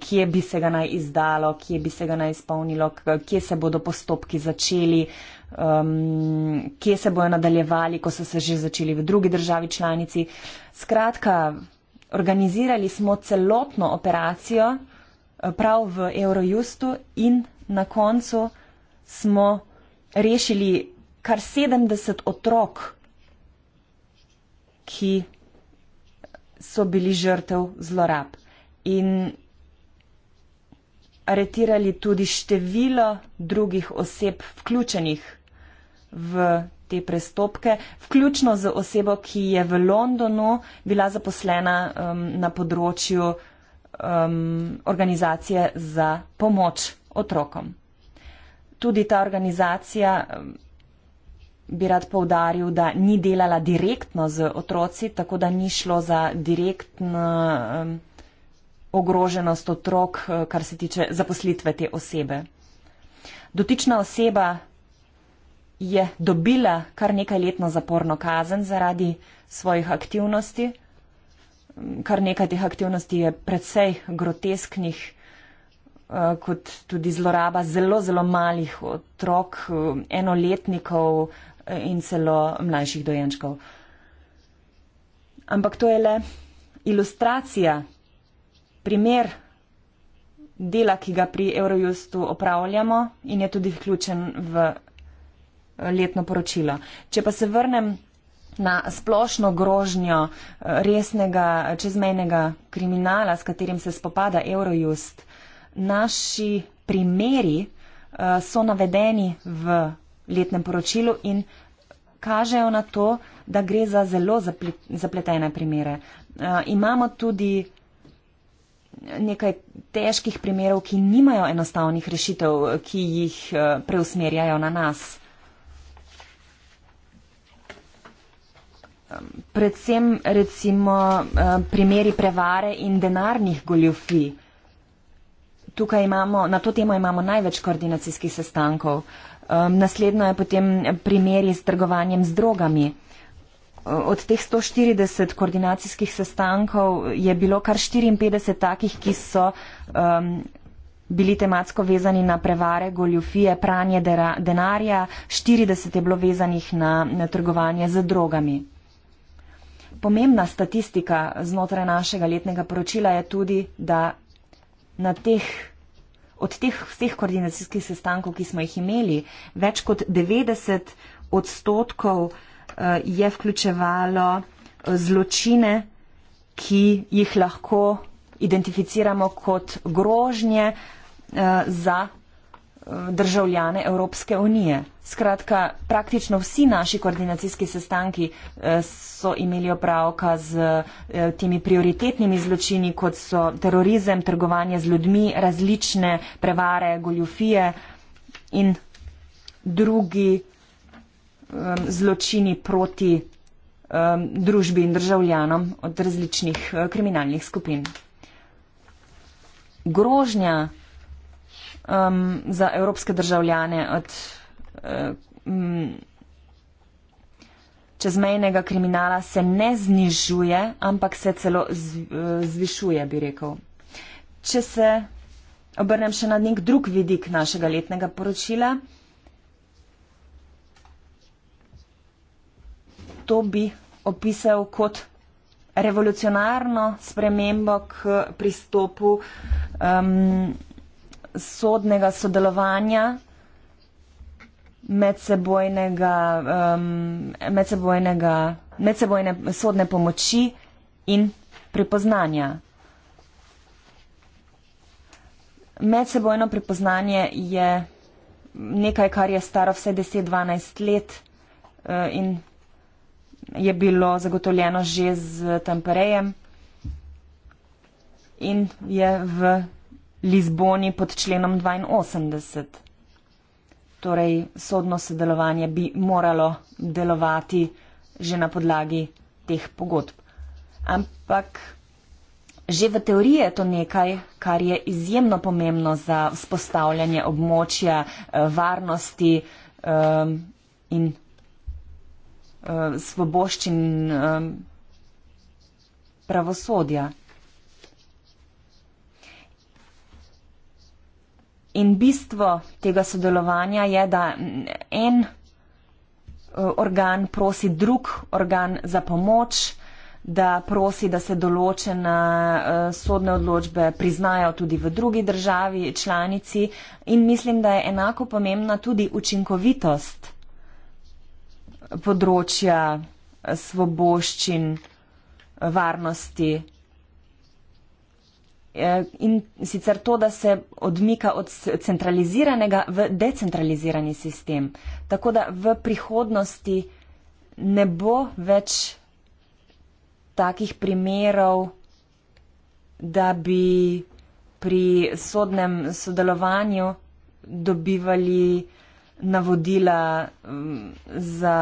kje bi se ga naj izdalo, kje bi se ga naj izpolnilo, kje se bodo postopki začeli, um, kje se bojo nadaljevali, ko so se že začeli v drugi državi članici. Skratka, organizirali smo celotno operacijo eh, prav v Eurojustu in na koncu smo rešili kar 70 otrok, ki so bili žrtev zlorab. In aretirali tudi število drugih oseb vključenih v te prestopke, vključno z osebo, ki je v Londonu bila zaposlena um, na področju um, organizacije za pomoč otrokom. Tudi ta organizacija um, bi rad povdaril, da ni delala direktno z otroci, tako da ni šlo za direktno um, ogroženost otrok, eh, kar se tiče zaposlitve te osebe. Dotična oseba je dobila kar nekaj letno zaporno kazen zaradi svojih aktivnosti. Kar nekaj teh aktivnosti je predvsej grotesknih, eh, kot tudi zloraba zelo, zelo malih otrok, eh, enoletnikov, in celo mlajših dojenčkov. Ampak to je le ilustracija, primer dela, ki ga pri Eurojustu opravljamo in je tudi vključen v eh, letno poročilo. Če pa se vrnem na splošno grožnjo eh, resnega čezmejnega kriminala, s katerim se spopada Eurojust, naši primeri eh, so navedeni v letnem poročilu in kažejo na to, da gre za zelo zapletene primere. Eh, imamo tudi nekaj težkih primerov, ki nimajo enostavnih rešitev, ki jih eh, preusmerjajo na nas. Predvsem recimo eh, primeri prevare in denarnih goljufi. Tukaj imamo, na to temo imamo največ koordinacijskih sestankov. Um, naslednjo je potem primeri s trgovanjem z drogami. Od teh 140 koordinacijskih sestankov je bilo kar 54 takih, ki so um, bili tematsko vezani na prevare, goljufije, pranje dera, denarja, 40 je bilo vezanih na, na trgovanje z drogami. Pomembna statistika znotraj našega letnega poročila je tudi, da na teh od teh vseh koordinacijskih sestankov, ki smo jih imeli, več kot 90 odstotkov eh, je vključevalo eh, zločine, ki jih lahko identificiramo kot grožnje eh, za državljane Evropske unije. Skratka, praktično vsi naši koordinacijski sestanki eh, so imeli opravka z eh, temi prioritetnimi zločini, kot so terorizem, trgovanje z ljudmi, različne prevare, goljufije in drugi zločini proti družbi in državljanom od različnih eh, kriminalnih skupin. Grožnja um, za evropske državljane od um, čezmejnega kriminala se ne znižuje, ampak se celo z, uh, zvišuje, bi rekel. Če se obrnem še na nek drug vidik našega letnega poročila, to bi opisal kot revolucionarno spremembo k pristopu um, sodnega sodelovanja, medsebojnega, um, medsebojnega, medsebojne sodne pomoči in prepoznanja. Medsebojno prepoznanje je nekaj, kar je staro vse 10-12 let eh, in je bilo zagotovljeno že z Tamperejem in je v Lizboni pod členom 82. Torej, sodno sodelovanje bi moralo delovati že na podlagi teh pogodb. Ampak že v teoriji je to nekaj, kar je izjemno pomembno za vzpostavljanje območja eh, varnosti um, in um, svoboščin um, pravosodja. in bistvo tega sodelovanja je, da en e, organ prosi drug organ za pomoč, da prosi, da se določene sodne odločbe priznajo tudi v drugi državi, članici in mislim, da je enako pomembna tudi učinkovitost področja svoboščin, varnosti Eh, in sicer to, da se odmika od centraliziranega v decentralizirani sistem. Tako da v prihodnosti ne bo več takih primerov, da bi pri sodnem sodelovanju dobivali navodila mm, za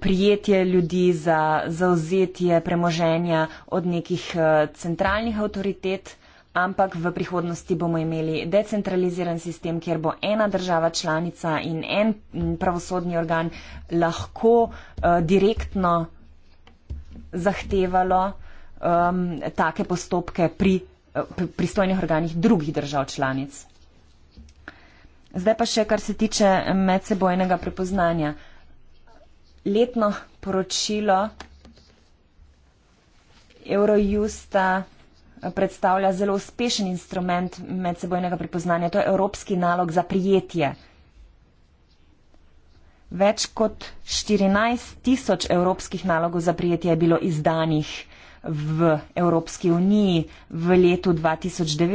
prijetje ljudi, za zauzetje premoženja od nekih eh, centralnih avtoritet, ampak v prihodnosti bomo imeli decentraliziran sistem, kjer bo ena država članica in en mm, pravosodni organ lahko eh, direktno zahtevalo um, take postopke eh, pri pristojnih organih drugih držav članic. Zdaj pa še, kar se tiče medsebojnega prepoznanja letno poročilo Eurojusta predstavlja zelo uspešen instrument medsebojnega prepoznanja. To je evropski nalog za prijetje. Več kot 14 tisoč evropskih nalogov za prijetje je bilo izdanih v Evropski uniji v letu 2009. Um,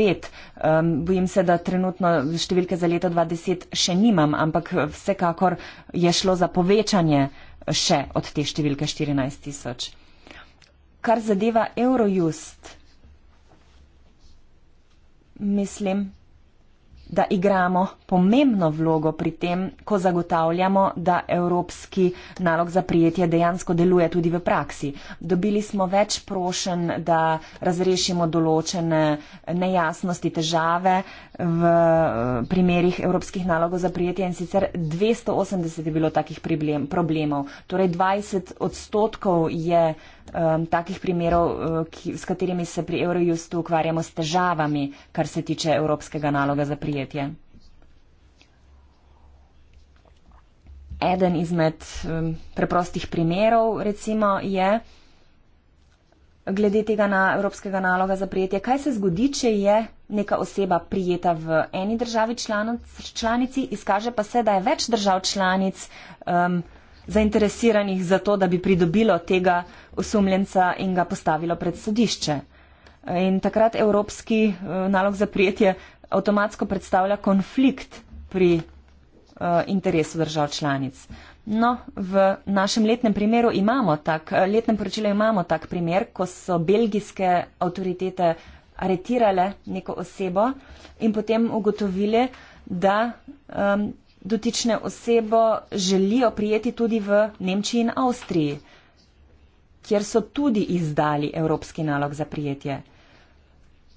ehm, bojim se, da trenutno številke za leto 2010 še nimam, ampak vsekakor je šlo za povečanje uh, še od te številke 14 tisoč. Kar zadeva Eurojust, mislim, da igramo pomembno vlogo pri tem, ko zagotavljamo, da evropski nalog za prijetje dejansko deluje tudi v praksi. Dobili smo več prošen, da razrešimo določene nejasnosti, težave v eh, primerih evropskih nalogov za prijetje in sicer 280 je bilo takih problemov. Torej 20 odstotkov je uh, um, takih primerov, uh, ki, s katerimi se pri Eurojustu ukvarjamo s težavami, kar se tiče evropskega naloga za prijetje. Eden izmed um, preprostih primerov, recimo, je glede tega na evropskega naloga za prijetje. Kaj se zgodi, če je neka oseba prijeta v eni državi članic, članici, izkaže pa se, da je več držav članic. Um, zainteresiranih za to, da bi pridobilo tega osumljenca in ga postavilo pred sodišče. In takrat evropski eh, nalog za prijetje avtomatsko predstavlja konflikt pri eh, interesu držav članic. No, v našem letnem primeru imamo tak, eh, letnem poročilu imamo tak primer, ko so belgijske avtoritete aretirale neko osebo in potem ugotovili, da um, dotične osebo želijo prijeti tudi v Nemčiji in Avstriji, kjer so tudi izdali evropski nalog za prijetje.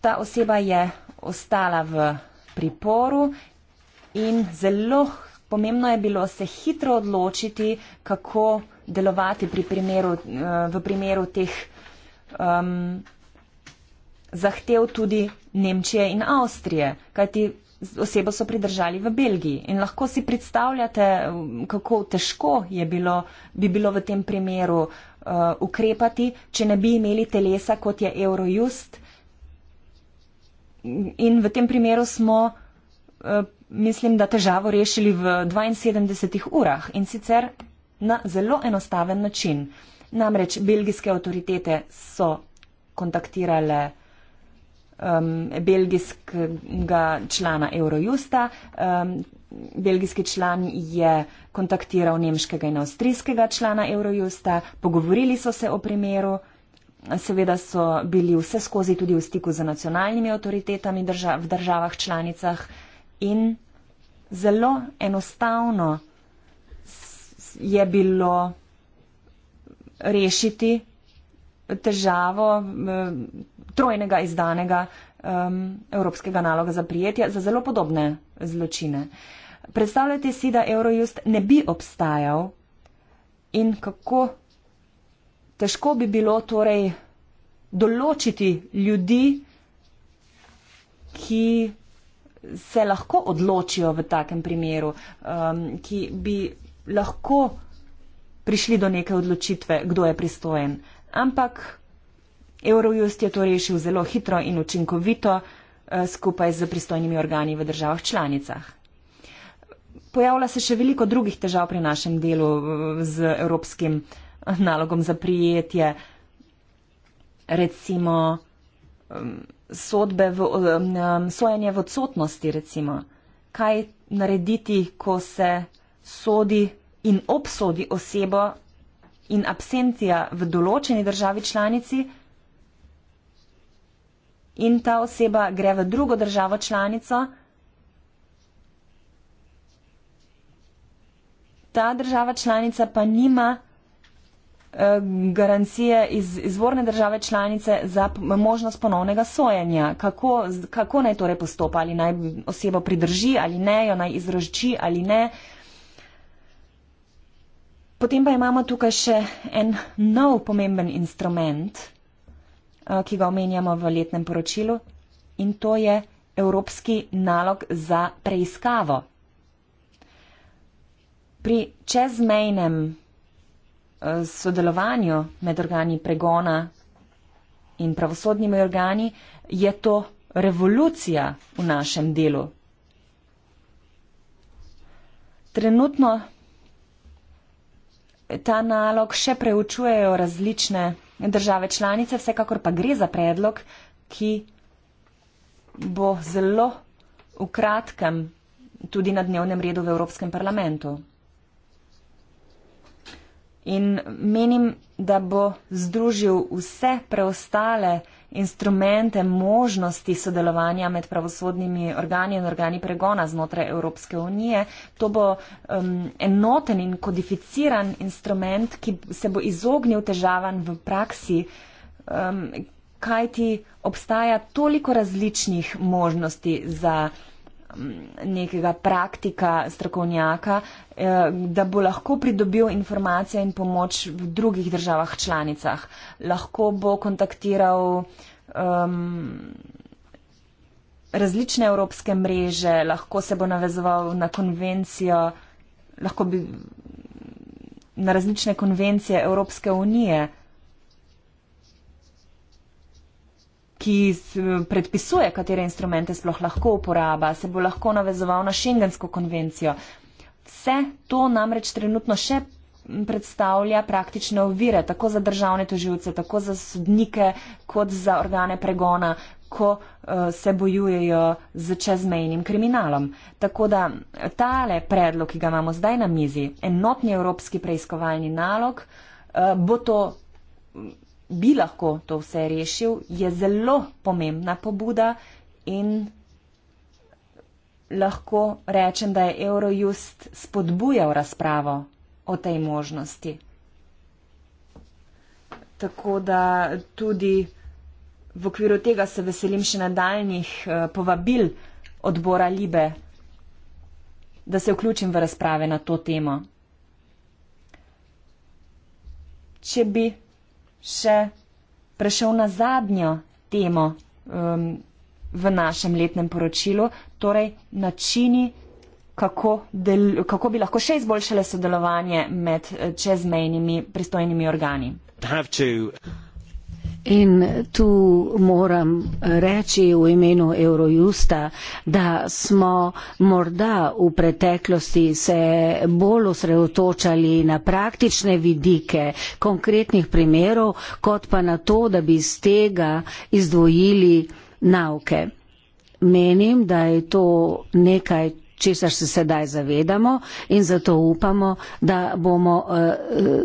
Ta oseba je ostala v priporu in zelo pomembno je bilo se hitro odločiti, kako delovati pri primeru, eh, v primeru teh um, zahtev tudi Nemčije in Avstrije, kajti osebo so pridržali v Belgiji. In lahko si predstavljate, um, kako težko je bilo, bi bilo v tem primeru uh, ukrepati, če ne bi imeli telesa, kot je Eurojust. In v tem primeru smo, uh, mislim, da težavo rešili v 72 urah in sicer na zelo enostaven način. Namreč belgijske avtoritete so kontaktirale um, belgijskega člana Eurojusta. Um, belgijski član je kontaktiral nemškega in avstrijskega člana Eurojusta, pogovorili so se o primeru. Seveda so bili vse skozi tudi v stiku z nacionalnimi avtoritetami v državah članicah in zelo enostavno je bilo rešiti težavo, eh, trojnega izdanega um, evropskega naloga za prijetje za zelo podobne zločine. Predstavljate si, da Eurojust ne bi obstajal in kako težko bi bilo torej določiti ljudi, ki se lahko odločijo v takem primeru, um, ki bi lahko prišli do neke odločitve, kdo je pristojen. Ampak Eurojust je to rešil zelo hitro in učinkovito eh, skupaj z pristojnimi organi v državah članicah. Pojavlja se še veliko drugih težav pri našem delu eh, z evropskim eh, nalogom za prijetje, recimo sodbe, v, sojenje v odsotnosti, recimo. Kaj narediti, ko se sodi in obsodi osebo in absencija v določeni državi članici? in ta oseba gre v drugo državo članico, ta država članica pa nima eh, garancije iz izvorne države članice za možnost ponovnega sojenja. Kako, kako naj torej postopa, ali naj osebo pridrži ali ne, jo naj izroči ali ne. Potem pa imamo tukaj še en nov pomemben instrument, Eh, ki ga omenjamo v letnem poročilu, in to je evropski nalog za preiskavo. Pri čezmejnem eh, sodelovanju med organi pregona in pravosodnimi organi je to revolucija v našem delu. Trenutno ta nalog še preučujejo različne države članice, vsekakor pa gre za predlog, ki bo zelo v kratkem tudi na dnevnem redu v Evropskem parlamentu. In menim, da bo združil vse preostale instrumente, možnosti sodelovanja med pravosodnimi organi in organi pregona znotraj Evropske unije. To bo um, enoten in kodificiran instrument, ki se bo izognil težavam v praksi, um, kajti obstaja toliko različnih možnosti za nekega praktika, strokovnjaka, eh, da bo lahko pridobil informacije in pomoč v drugih državah članicah. Lahko bo kontaktiral um, različne evropske mreže, lahko se bo navezoval na konvencijo, lahko bi na različne konvencije Evropske unije. ki predpisuje, katere instrumente sploh lahko uporaba, se bo lahko navezoval na Šengensko konvencijo. Vse to namreč trenutno še predstavlja praktične ovire, tako za državne toživce, tako za sodnike, kot za organe pregona, ko uh, se bojujejo z čezmejnim kriminalom. Tako da tale predlog, ki ga imamo zdaj na mizi, enotni evropski preiskovalni nalog, uh, bo to bi lahko to vse rešil, je zelo pomembna pobuda in lahko rečem, da je Eurojust spodbujal razpravo o tej možnosti. Tako da tudi v okviru tega se veselim še nadaljnih eh, povabil odbora Libe, da se vključim v razprave na to temo. Če bi še prešel na zadnjo temo um, v našem letnem poročilu, torej načini, kako, del, kako bi lahko še izboljšale sodelovanje med eh, čezmejnimi pristojnimi organi. In tu moram reči v imenu Eurojusta, da smo morda v preteklosti se bolj osredotočali na praktične vidike konkretnih primerov, kot pa na to, da bi iz tega izdvojili nauke. Menim, da je to nekaj česar se sedaj zavedamo in zato upamo, da, bomo, eh,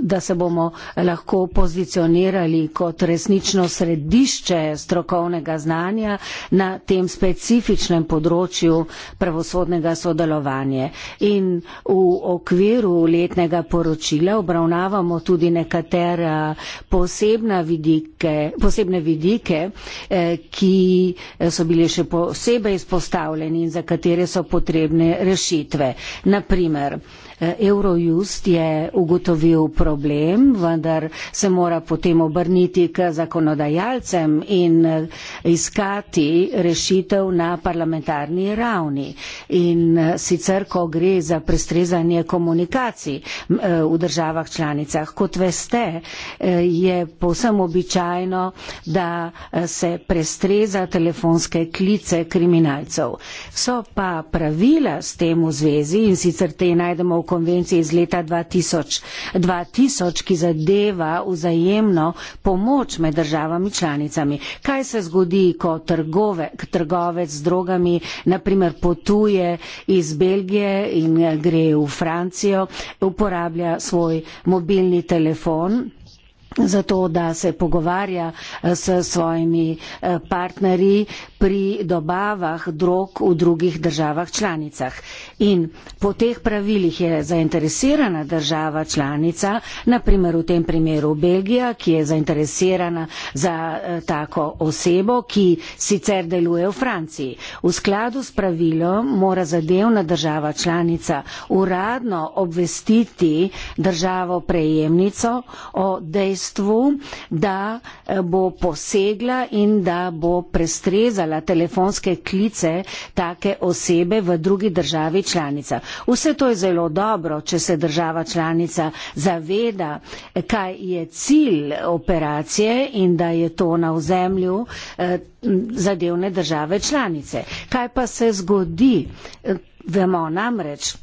da se bomo lahko pozicionirali kot resnično središče strokovnega znanja na tem specifičnem področju pravosodnega sodelovanja. In v okviru letnega poročila obravnavamo tudi nekatera vidike, posebne vidike, eh, ki so bili še posebej izpostavljeni in za katere so potrebne rešitve. Naprimer, Eh, Eurojust je ugotovil problem, vendar se mora potem obrniti k zakonodajalcem in eh, iskati rešitev na parlamentarni ravni. In eh, sicer, ko gre za prestrezanje komunikacij v državah članicah, kot veste, je povsem običajno, da se prestreza telefonske klice kriminalcev. So pa pravila s tem v zvezi in sicer te najdemo v konvencije iz leta 2000. 2000, ki zadeva vzajemno pomoč med državami članicami. Kaj se zgodi, ko trgove, trgovec z drogami naprimer potuje iz Belgije in gre v Francijo, uporablja svoj mobilni telefon? zato, da se pogovarja eh, s svojimi eh, partnerji pri dobavah drog v drugih državah članicah. In po teh pravilih je zainteresirana država članica, naprimer v tem primeru Belgija, ki je zainteresirana za eh, tako osebo, ki sicer deluje v Franciji. V skladu s pravilom mora zadevna država članica uradno obvestiti državo prejemnico o dejstvu, ministrstvu, da eh, bo posegla in da bo prestrezala telefonske klice take osebe v drugi državi članica. Vse to je zelo dobro, če se država članica zaveda, eh, kaj je cilj operacije in da je to na ozemlju eh, zadevne države članice. Kaj pa se zgodi? Vemo namreč,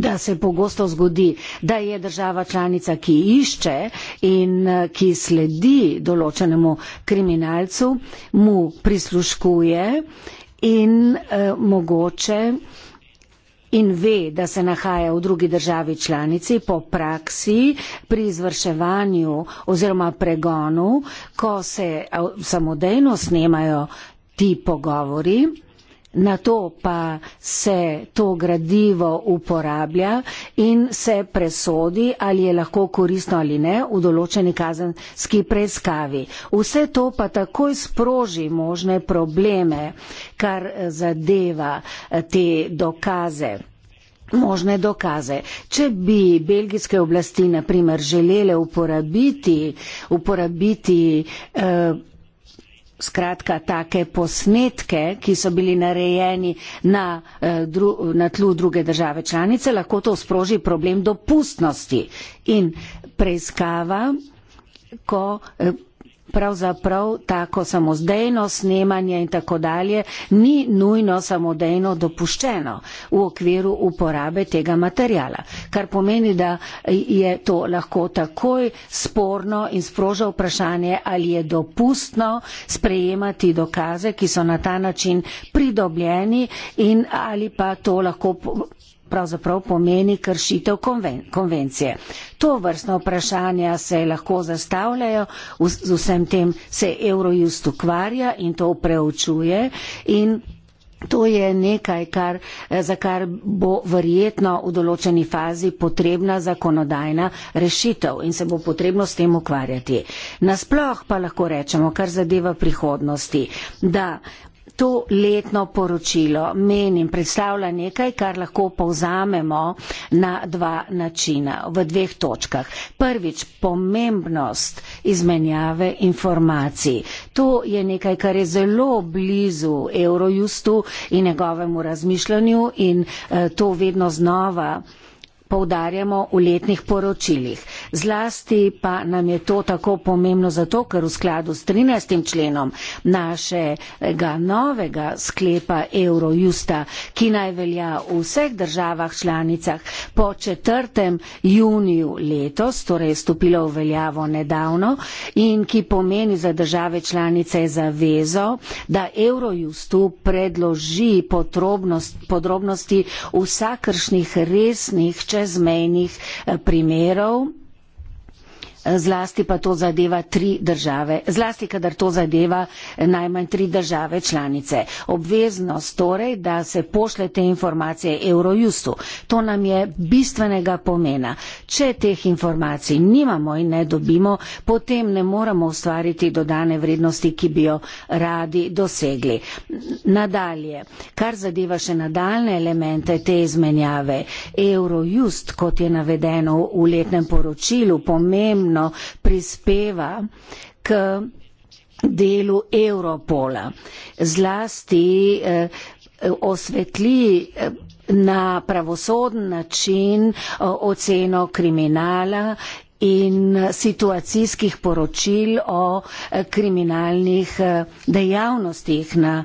da se pogosto zgodi, da je država članica, ki išče in eh, ki sledi določenemu kriminalcu, mu prisluškuje in eh, mogoče in ve, da se nahaja v drugi državi članici po praksi pri izvrševanju oziroma pregonu, ko se eh, samodejno snemajo ti pogovori na to pa se to gradivo uporablja in se presodi, ali je lahko koristno ali ne v določeni kazenski preiskavi. Vse to pa takoj sproži možne probleme, kar zadeva eh, te dokaze. Možne dokaze. Če bi belgijske oblasti, na primer, želele uporabiti, uporabiti eh, skratka take posnetke, ki so bili narejeni na, eh, na tlu druge države članice, lahko to sproži problem dopustnosti in preiskava, ko eh, pravzaprav tako samozdejno snemanje in tako dalje ni nujno samodejno dopuščeno v okviru uporabe tega materijala. Kar pomeni, da je to lahko takoj sporno in sproža vprašanje, ali je dopustno sprejemati dokaze, ki so na ta način pridobljeni in ali pa to lahko pravzaprav pomeni kršitev konven konvencije. To vrstno vprašanja se lahko zastavljajo, z vsem tem se Eurojust ukvarja in to preučuje. In To je nekaj, kar, eh, za kar bo verjetno v določeni fazi potrebna zakonodajna rešitev in se bo potrebno s tem ukvarjati. Nasploh pa lahko rečemo, kar zadeva prihodnosti, da to letno poročilo, menim, predstavlja nekaj, kar lahko povzamemo na dva načina, v dveh točkah. Prvič, pomembnost izmenjave informacij. To je nekaj, kar je zelo blizu Eurojustu in njegovemu razmišljanju in eh, to vedno znova poudarjamo v letnih poročilih. Zlasti pa nam je to tako pomembno zato, ker v skladu s 13. členom našega novega sklepa Eurojusta, ki naj velja v vseh državah članicah, po 4. juniju letos, torej je stopilo v veljavo nedavno in ki pomeni za države članice zavezo, da Eurojustu predloži podrobnosti vsakršnih resnih, če brezmejnih eh, primerov zlasti pa to zadeva tri države, zlasti kadar to zadeva najmanj tri države članice. Obveznost torej, da se pošle te informacije Eurojustu, to nam je bistvenega pomena. Če teh informacij nimamo in ne dobimo, potem ne moramo ustvariti dodane vrednosti, ki bi jo radi dosegli. Nadalje, kar zadeva še nadaljne elemente te izmenjave, Eurojust, kot je navedeno v letnem poročilu, pomembno pomembno prispeva k delu Europola. Zlasti eh, osvetli eh, na pravosoden način eh, oceno kriminala in situacijskih poročil o eh, kriminalnih eh, dejavnostih na,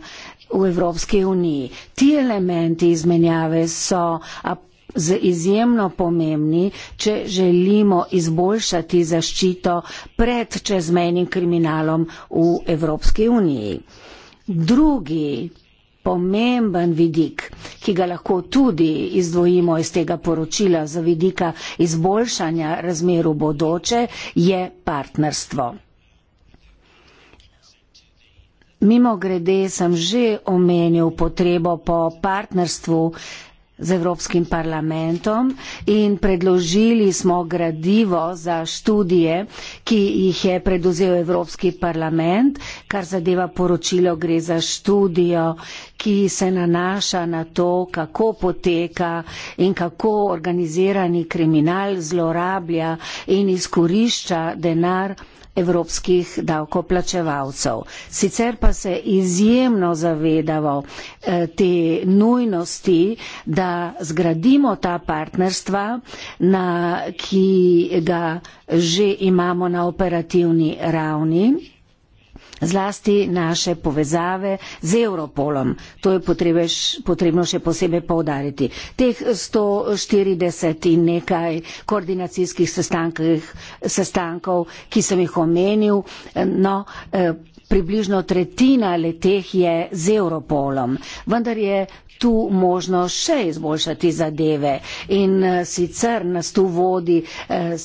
v Evropski uniji. Ti elementi izmenjave so z izjemno pomembni, če želimo izboljšati zaščito pred čezmenim kriminalom v Evropski uniji. Drugi pomemben vidik, ki ga lahko tudi izdvojimo iz tega poročila za vidika izboljšanja razmer v bodoče, je partnerstvo. Mimo grede sem že omenil potrebo po partnerstvu z Evropskim parlamentom in predložili smo gradivo za študije, ki jih je predozel Evropski parlament, kar zadeva poročilo, gre za študijo, ki se nanaša na to, kako poteka in kako organizirani kriminal zlorablja in izkorišča denar evropskih davkoplačevalcev. Sicer pa se izjemno zavedamo eh, te nujnosti, da zgradimo ta partnerstva, na, ki ga že imamo na operativni ravni zlasti naše povezave z Europolom. To je potrebno še posebej povdariti. Teh 140 in nekaj koordinacijskih sestankov, ki sem jih omenil, no, eh, približno tretjina le teh je z Europolom. Vendar je tu možno še izboljšati zadeve in eh, sicer nas tu vodi eh,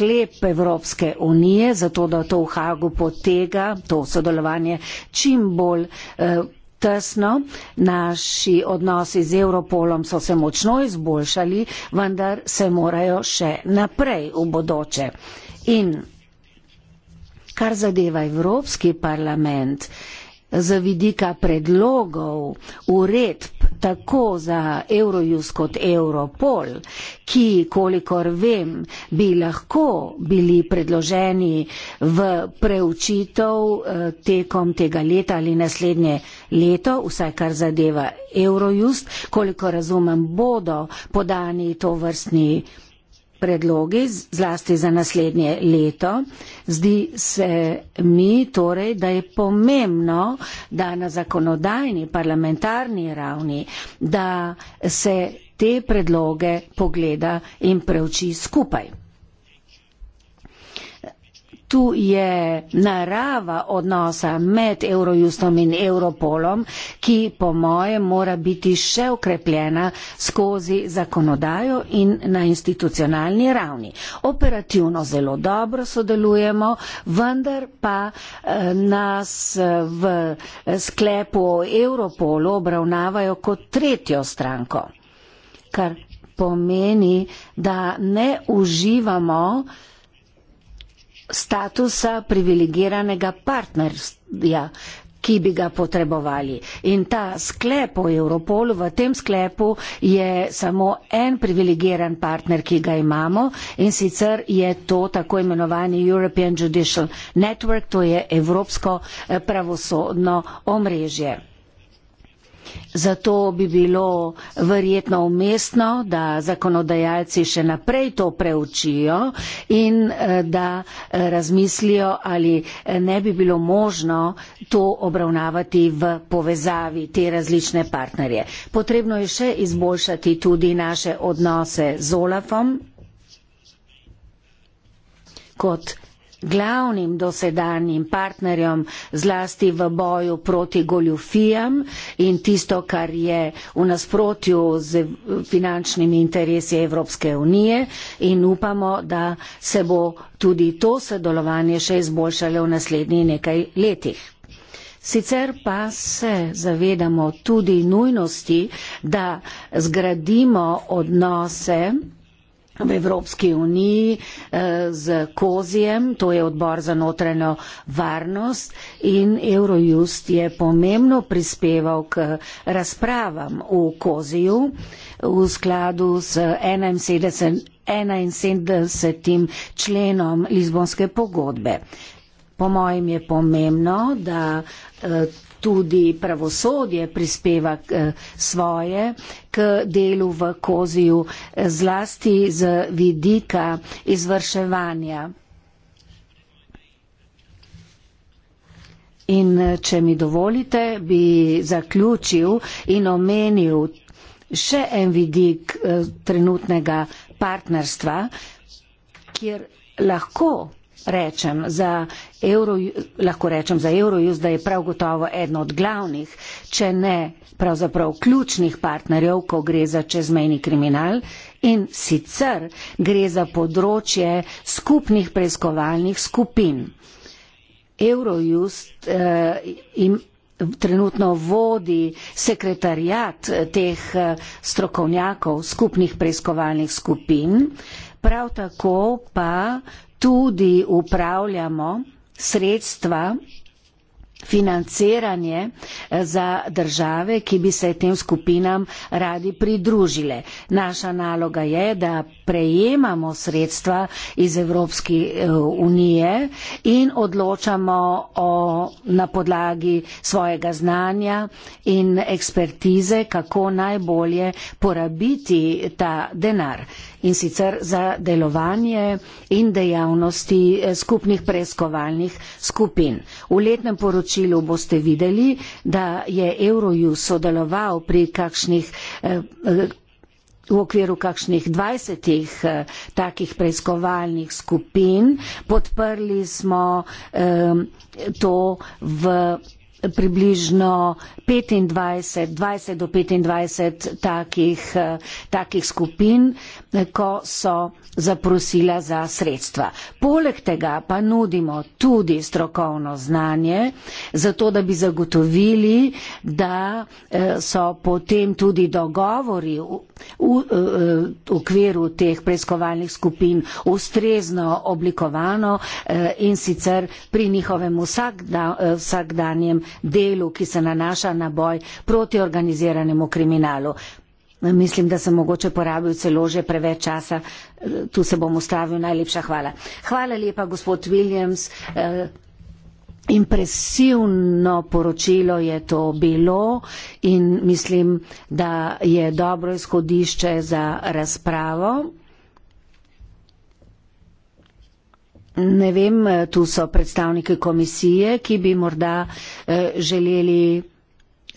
sklep Evropske unije, zato da to v Hagu potega, to sodelovanje čim bolj. Eh, Tesno, naši odnosi z Europolom so se močno izboljšali, vendar se morajo še naprej v bodoče. In kar zadeva Evropski parlament, z vidika predlogov, uredb, tako za Eurojust kot Europol, ki, kolikor vem, bi lahko bili predloženi v preučitev eh, tekom tega leta ali naslednje leto, vsaj kar zadeva Eurojust, koliko razumem, bodo podani to vrstni predlogi, zlasti za naslednje leto. Zdi se mi torej, da je pomembno, da na zakonodajni, parlamentarni ravni, da se te predloge pogleda in preuči skupaj tu je narava odnosa med Eurojustom in Europolom, ki po mojem mora biti še ukrepljena skozi zakonodajo in na institucionalni ravni. Operativno zelo dobro sodelujemo, vendar pa eh, nas v sklepu o Europolu obravnavajo kot tretjo stranko, kar pomeni, da ne uživamo statusa privilegiranega partnerstva, ki bi ga potrebovali. In ta sklep o Europolu, v tem sklepu je samo en privilegiran partner, ki ga imamo in sicer je to tako imenovani European Judicial Network, to je Evropsko eh, pravosodno omrežje. Zato bi bilo verjetno umestno, da zakonodajalci še naprej to preučijo in eh, da eh, razmislijo, ali eh, ne bi bilo možno to obravnavati v povezavi te različne partnerje. Potrebno je še izboljšati tudi naše odnose z Olafom kot glavnim dosedanjim partnerjem, zlasti v boju proti goljufijam in tisto, kar je v nasprotju z finančnimi interesi Evropske unije in upamo, da se bo tudi to sodelovanje še izboljšalo v naslednjih nekaj letih. Sicer pa se zavedamo tudi nujnosti, da zgradimo odnose v Evropski uniji eh, z Kozijem, to je odbor za notranjo varnost in Eurojust je pomembno prispeval k razpravam v Koziju v skladu s 71, 71. členom Lizbonske pogodbe. Po mojem je pomembno, da eh, tudi pravosodje prispeva k, eh, svoje k delu v koziju eh, zlasti z vidika izvrševanja. In eh, če mi dovolite, bi zaključil in omenil še en vidik trenutnega partnerstva, kjer lahko rečem za Euro, lahko rečem za Eurojus, da je prav gotovo eden od glavnih, če ne pravzaprav ključnih partnerjev, ko gre za čezmejni kriminal in sicer gre za področje skupnih preiskovalnih skupin. Eurojust eh, im, trenutno vodi sekretarjat eh, teh eh, strokovnjakov skupnih preiskovalnih skupin, prav tako pa tudi upravljamo sredstva, financiranje eh, za države, ki bi se tem skupinam radi pridružile. Naša naloga je, da prejemamo sredstva iz Evropske eh, unije in odločamo o, na podlagi svojega znanja in ekspertize, kako najbolje porabiti ta denar in sicer za delovanje in dejavnosti eh, skupnih preiskovalnih skupin. V letnem poročilu boste videli, da je Eurojust sodeloval pri kakšnih. Eh, eh, v okviru kakšnih 20 eh, takih preiskovalnih skupin podprli smo eh, to v približno 25, 20 do 25 takih, eh, takih skupin, eh, ko so zaprosila za sredstva. Poleg tega pa nudimo tudi strokovno znanje, zato da bi zagotovili, da eh, so potem tudi dogovori v, v, v okviru teh preiskovalnih skupin ustrezno oblikovano in sicer pri njihovem vsakdanjem da, vsak delu, ki se nanaša na boj proti organiziranemu kriminalu. Mislim, da sem mogoče porabil celo že preveč časa. Tu se bom ustavil. Najlepša hvala. Hvala lepa, gospod Williams. Eh, impresivno poročilo je to bilo in mislim, da je dobro izhodišče za razpravo. Ne vem, tu so predstavniki komisije, ki bi morda eh, želeli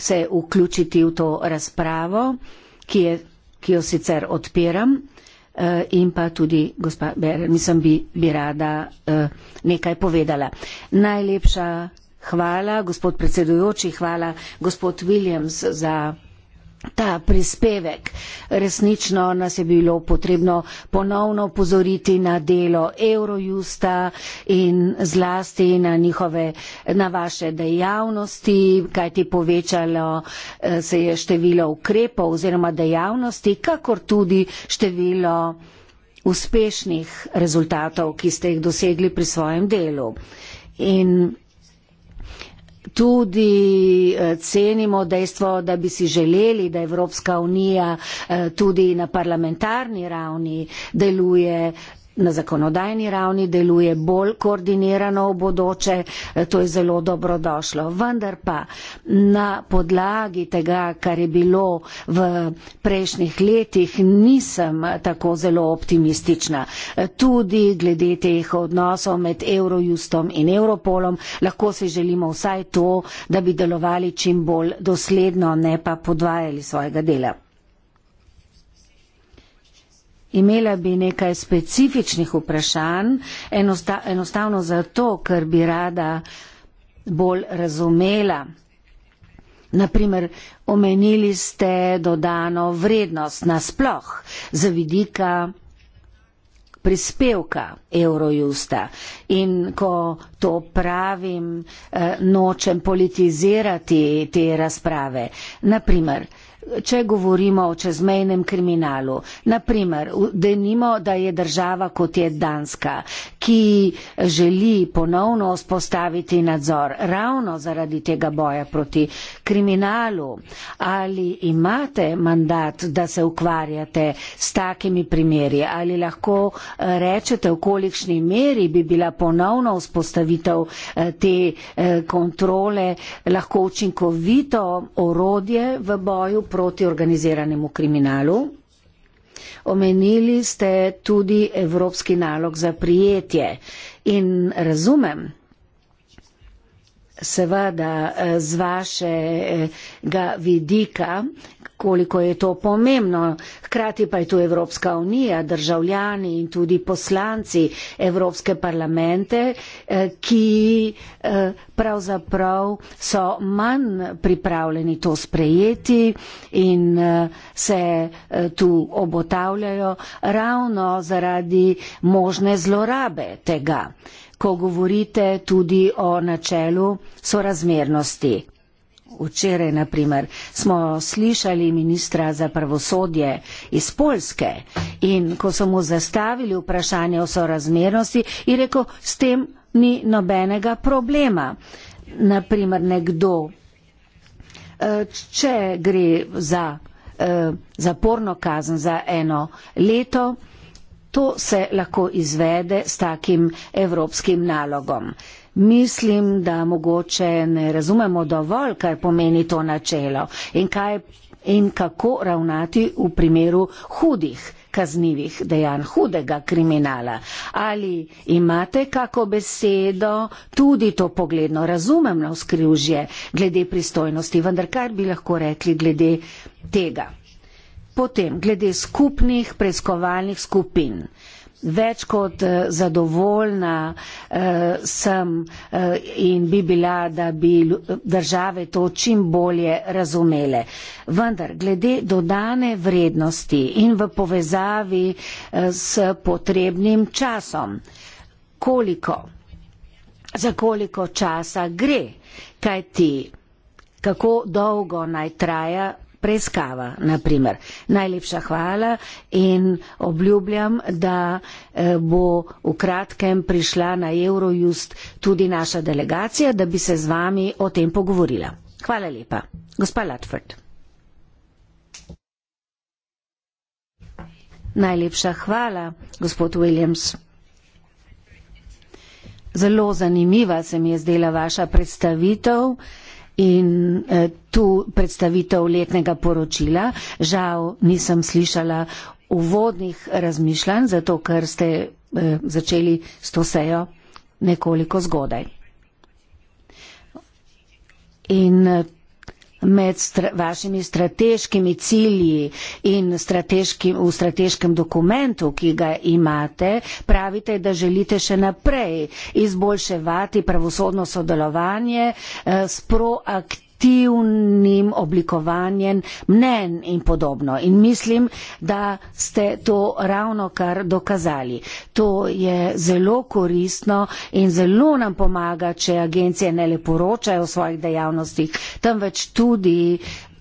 se vključiti v to razpravo, ki, je, ki jo sicer odpiram. Eh, in pa tudi, gospa Berer, mislim, bi, bi rada eh, nekaj povedala. Najlepša hvala, gospod predsedujoči, hvala, gospod Williams, za ta prispevek. Resnično nas je bilo potrebno ponovno pozoriti na delo Eurojusta in zlasti na, njihove, na vaše dejavnosti, kaj ti povečalo eh, se je število ukrepov oziroma dejavnosti, kakor tudi število uspešnih rezultatov, ki ste jih dosegli pri svojem delu. In tudi eh, cenimo dejstvo, da bi si želeli, da Evropska unija eh, tudi na parlamentarni ravni deluje na zakonodajni ravni deluje bolj koordinirano v bodoče, eh, to je zelo dobro došlo. Vendar pa na podlagi tega, kar je bilo v prejšnjih letih, nisem tako zelo optimistična. Eh, tudi glede teh odnosov med Eurojustom in Europolom lahko si želimo vsaj to, da bi delovali čim bolj dosledno, ne pa podvajali svojega dela. Imela bi nekaj specifičnih vprašanj, enosta, enostavno zato, ker bi rada bolj razumela. Naprimer, omenili ste dodano vrednost nasploh za vidika prispevka Eurojusta. In ko to pravim, eh, nočem politizirati te razprave. Naprimer, Če govorimo o čezmejnem kriminalu, naprimer, da nimo, da je država kot je Danska, ki želi ponovno spostaviti nadzor ravno zaradi tega boja proti kriminalu, ali imate mandat, da se ukvarjate s takimi primeri, ali lahko eh, rečete, v kolikšni meri bi bila ponovno spostavitev eh, te eh, kontrole lahko učinkovito orodje v boju proti kriminalu proti organiziranemu kriminalu. Omenili ste tudi evropski nalog za prijetje in razumem seveda z vašega vidika, koliko je to pomembno. Hkrati pa je tu Evropska unija, državljani in tudi poslanci Evropske parlamente, eh, ki eh, pravzaprav so manj pripravljeni to sprejeti in eh, se tu obotavljajo ravno zaradi možne zlorabe tega ko govorite tudi o načelu sorazmernosti. Včeraj, na primer, smo slišali ministra za pravosodje iz Polske in ko so mu zastavili vprašanje o sorazmernosti, je rekel, s tem ni nobenega problema. Naprimer, nekdo, e, če gre za e, zaporno kazen za eno leto, to se lahko izvede s takim evropskim nalogom. Mislim, da mogoče ne razumemo dovolj, kaj pomeni to načelo in, kaj, in kako ravnati v primeru hudih kaznivih dejanj, hudega kriminala. Ali imate kako besedo, tudi to pogledno razumem na vzkrivžje glede pristojnosti, vendar kar bi lahko rekli glede tega. Potem, glede skupnih preiskovalnih skupin. Več kot eh, zadovoljna eh, sem eh, in bi bila, da bi države to čim bolje razumele. Vendar, glede dodane vrednosti in v povezavi eh, s potrebnim časom, koliko, za koliko časa gre, kaj ti, kako dolgo naj traja preiskava, naprimer. Najlepša hvala in obljubljam, da eh, bo v kratkem prišla na Eurojust tudi naša delegacija, da bi se z vami o tem pogovorila. Hvala lepa. Gospa Latford. Najlepša hvala, gospod Williams. Zelo zanimiva se mi je zdela vaša predstavitev in eh, tu predstavitev letnega poročila. Žal nisem slišala uvodnih razmišljanj, zato ker ste eh, začeli s to sejo nekoliko zgodaj. In eh, med str vašimi strateškimi cilji in strateški, v strateškem dokumentu, ki ga imate, pravite, da želite še naprej izboljševati pravosodno sodelovanje eh, s proaktivnostjo subjektivnim oblikovanjem mnen in podobno. In mislim, da ste to ravno kar dokazali. To je zelo koristno in zelo nam pomaga, če agencije ne le poročajo o svojih dejavnostih, temveč tudi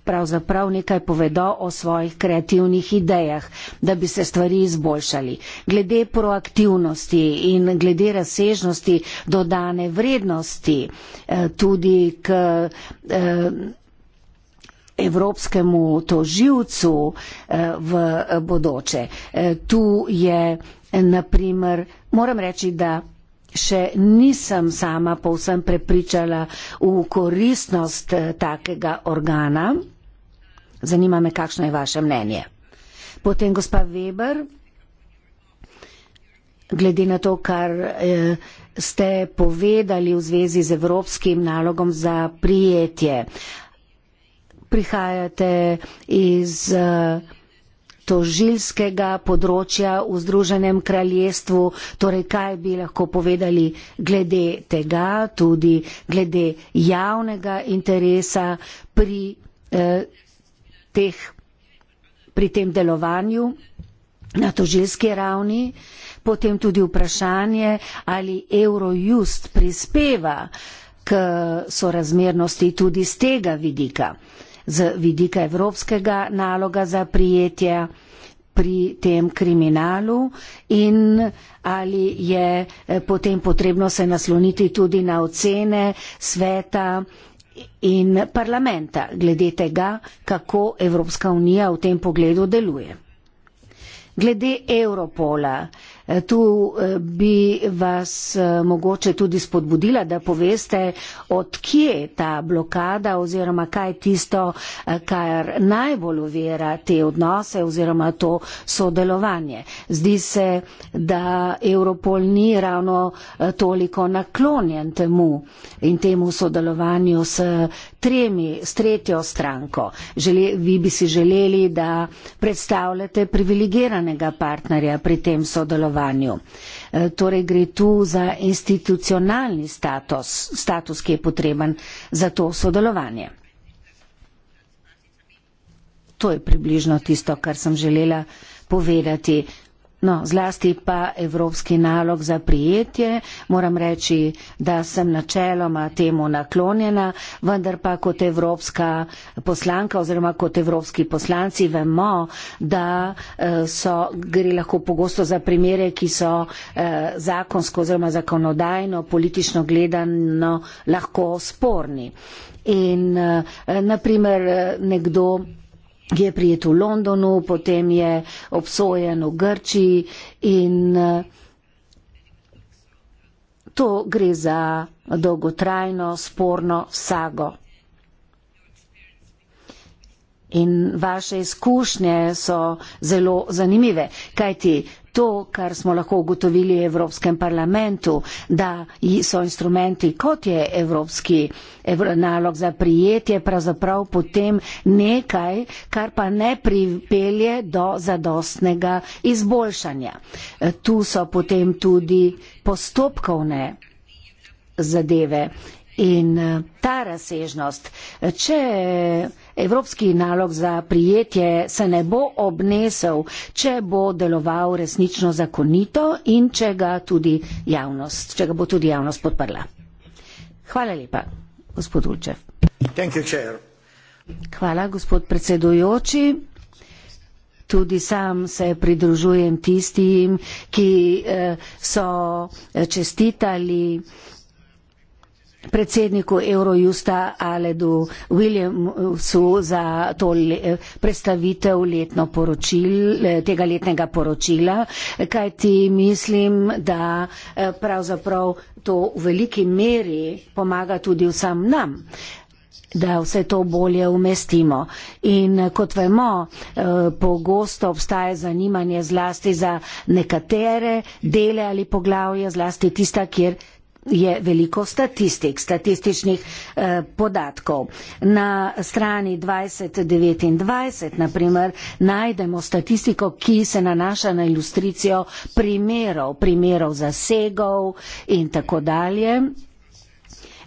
pravzaprav nekaj povedo o svojih kreativnih idejah, da bi se stvari izboljšali. Glede proaktivnosti in glede razsežnosti dodane vrednosti eh, tudi k eh, evropskemu toživcu eh, v bodoče. Tu je, naprimer, moram reči, da še nisem sama povsem prepričala v koristnost eh, takega organa. Zanima me, kakšno je vaše mnenje. Potem gospa Weber, glede na to, kar eh, ste povedali v zvezi z evropskim nalogom za prijetje. Prihajate iz uh, tožilskega področja v Združenem kraljestvu, torej kaj bi lahko povedali glede tega, tudi glede javnega interesa pri, eh, teh, pri tem delovanju na tožilski ravni. Potem tudi vprašanje, ali Eurojust prispeva k sorazmernosti tudi z tega vidika z vidika evropskega naloga za prijetje pri tem kriminalu in ali je eh, potem potrebno se nasloniti tudi na ocene sveta in parlamenta glede tega, kako Evropska unija v tem pogledu deluje. Glede Europola. Eh, tu eh, bi vas eh, mogoče tudi spodbudila, da poveste, odkje ta blokada oziroma kaj tisto, kar najbolj uvira te odnose oziroma to sodelovanje. Zdi se, da Europol ni ravno toliko naklonjen temu in temu sodelovanju s tremi, s tretjo stranko. Želi, vi bi si želeli, da predstavljate privilegiranega partnerja pri tem sodelovanju sodelovanju. E, torej gre tu za institucionalni status, status ki je potreben za to sodelovanje. To je približno tisto, kar sem želela povedati. No, zlasti pa evropski nalog za prijetje, moram reči, da sem načeloma temu naklonjena, vendar pa kot evropska poslanka oziroma kot evropski poslanci vemo, da eh, so, gre lahko pogosto za primere, ki so eh, zakonsko oziroma zakonodajno, politično gledano lahko sporni. In eh, naprimer nekdo je prijet v Londonu, potem je obsojen v Grčiji in eh, to gre za dolgotrajno, sporno sago. In vaše izkušnje so zelo zanimive, kajti to, kar smo lahko ugotovili v Evropskem parlamentu, da so instrumenti, kot je Evropski evro, nalog za prijetje, pravzaprav potem nekaj, kar pa ne pripelje do zadostnega izboljšanja. E, tu so potem tudi postopkovne zadeve in e, ta razsežnost. E, če Evropski nalog za prijetje se ne bo obnesel, če bo deloval resnično zakonito in če ga, tudi javnost, če ga bo tudi javnost podprla. Hvala lepa, gospod Ulčev. Hvala, gospod predsedujoči. Tudi sam se pridružujem tistim, ki eh, so eh, čestitali predsedniku Eurojusta Aledu Williamsu za to le, predstavitev letno poročil, tega letnega poročila, kaj ti mislim, da eh, pravzaprav to v veliki meri pomaga tudi vsem nam da vse to bolje umestimo. In eh, kot vemo, eh, pogosto obstaja zanimanje zlasti za nekatere dele ali poglavje, zlasti tista, kjer je veliko statistik, statističnih eh, podatkov. Na strani 2029, naprimer, najdemo statistiko, ki se nanaša na ilustricijo primerov, primerov zasegov in tako dalje.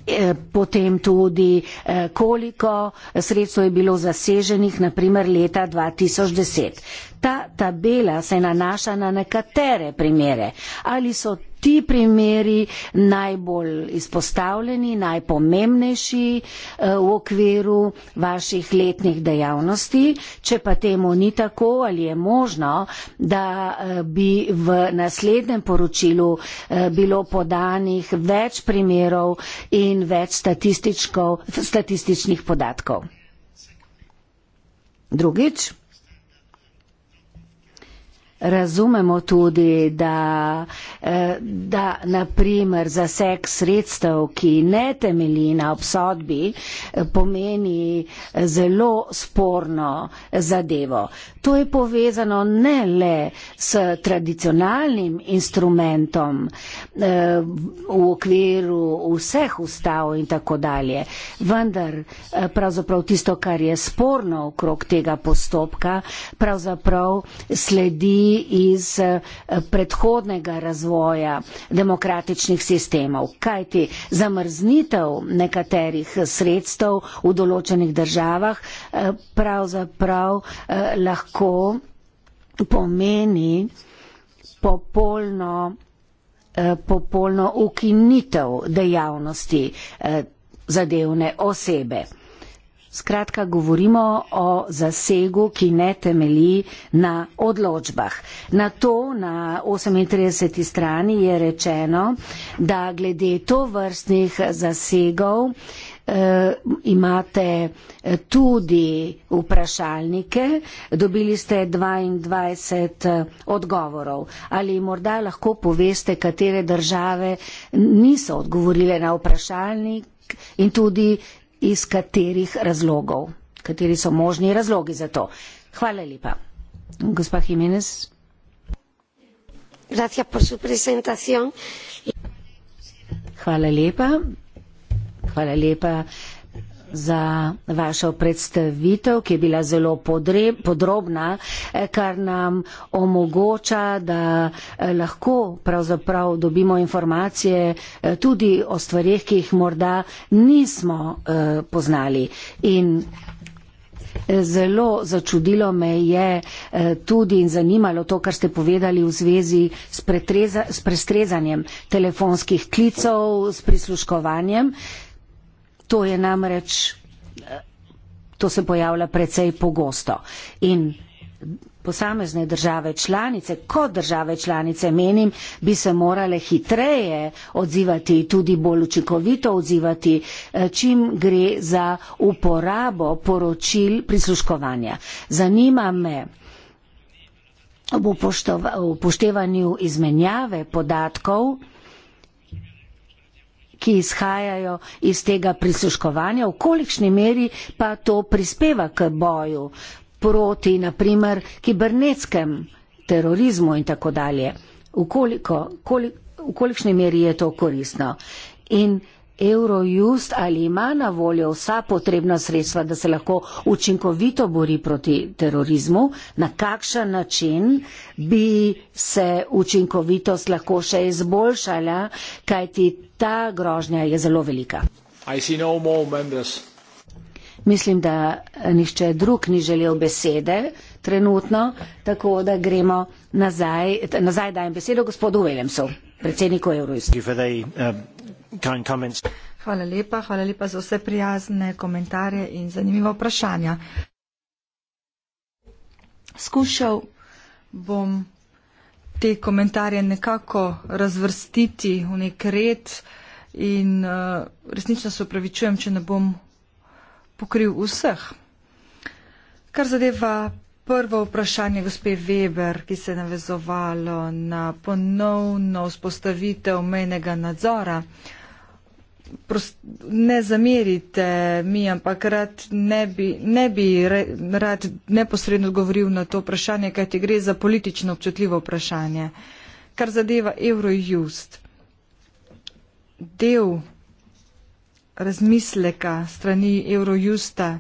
Eh, potem tudi, eh, koliko sredstvo je bilo zaseženih, naprimer leta 2010. Ta tabela se nanaša na nekatere primere. Ali so ti primeri najbolj izpostavljeni, najpomembnejši eh, v okviru vaših letnih dejavnosti. Če pa temu ni tako, ali je možno, da eh, bi v naslednjem poročilu eh, bilo podanih več primerov in več statističnih podatkov. Drugič. Razumemo tudi, da, eh, da naprimer zasek sredstev, ki ne temeli na obsodbi, eh, pomeni eh, zelo sporno zadevo. To je povezano ne le s tradicionalnim instrumentom v okviru vseh ustav in tako dalje, vendar pravzaprav tisto, kar je sporno okrog tega postopka, pravzaprav sledi iz eh, predhodnega razvoja demokratičnih sistemov. Kajti zamrznitev nekaterih sredstev v določenih državah eh, pravzaprav eh, lahko pomeni popolno, popolno ukinitev dejavnosti zadevne osebe. Skratka, govorimo o zasegu, ki ne temeli na odločbah. Na to, na 38. strani je rečeno, da glede to vrstnih zasegov eh, imate eh, tudi vprašalnike. Dobili ste 22 eh, odgovorov. Ali morda lahko poveste, katere države niso odgovorile na vprašalnik? In tudi iz katerih razlogov, kateri so možni razlogi za to. Hvala lepa. Gospa Jimenez. Hvala lepa. Hvala lepa za vašo predstavitev, ki je bila zelo podrobna, eh, kar nam omogoča, da eh, lahko pravzaprav dobimo informacije eh, tudi o stvarih, ki jih morda nismo poznali. In Zelo začudilo me je tudi in zanimalo to, kar ste povedali v zvezi s, pretreza, s prestrezanjem telefonskih klicev, s prisluškovanjem. To je namreč, eh, to se pojavlja precej pogosto. In posamezne države članice, kot države članice menim, bi se morale hitreje odzivati, tudi bolj učinkovito odzivati, eh, čim gre za uporabo poročil prisluškovanja. Zanima me, ob upoštevanju izmenjave podatkov, ki izhajajo iz tega prisluškovanja, v kolikšni meri pa to prispeva k boju proti, naprimer, kibernetskem terorizmu in tako dalje. V, koliko, kolik, v kolikšni meri je to koristno? In Eurojust ali ima na voljo vsa potrebna sredstva, da se lahko učinkovito bori proti terorizmu, na kakšen način bi se učinkovitost lahko še izboljšala, kajti ta grožnja je zelo velika. No Mislim, da nišče drug ni želel besede trenutno, tako da gremo nazaj. Nazaj dajem besedo gospodu Williamsu, predsedniku Eurojust. Hvala lepa, hvala lepa za vse prijazne komentarje in zanimiva vprašanja. Skušal bom te komentarje nekako razvrstiti v nek red in uh, resnično se upravičujem, če ne bom pokril vseh. Kar zadeva prvo vprašanje gospe Weber, ki se je navezovalo na ponovno vzpostavitev mejnega nadzora. Uh, prost, ne zamerite mi, ampak rad ne bi, ne bi re, rad neposredno odgovoril na to vprašanje, kajti gre za politično občutljivo vprašanje. Kar zadeva Eurojust, del razmisleka strani Eurojusta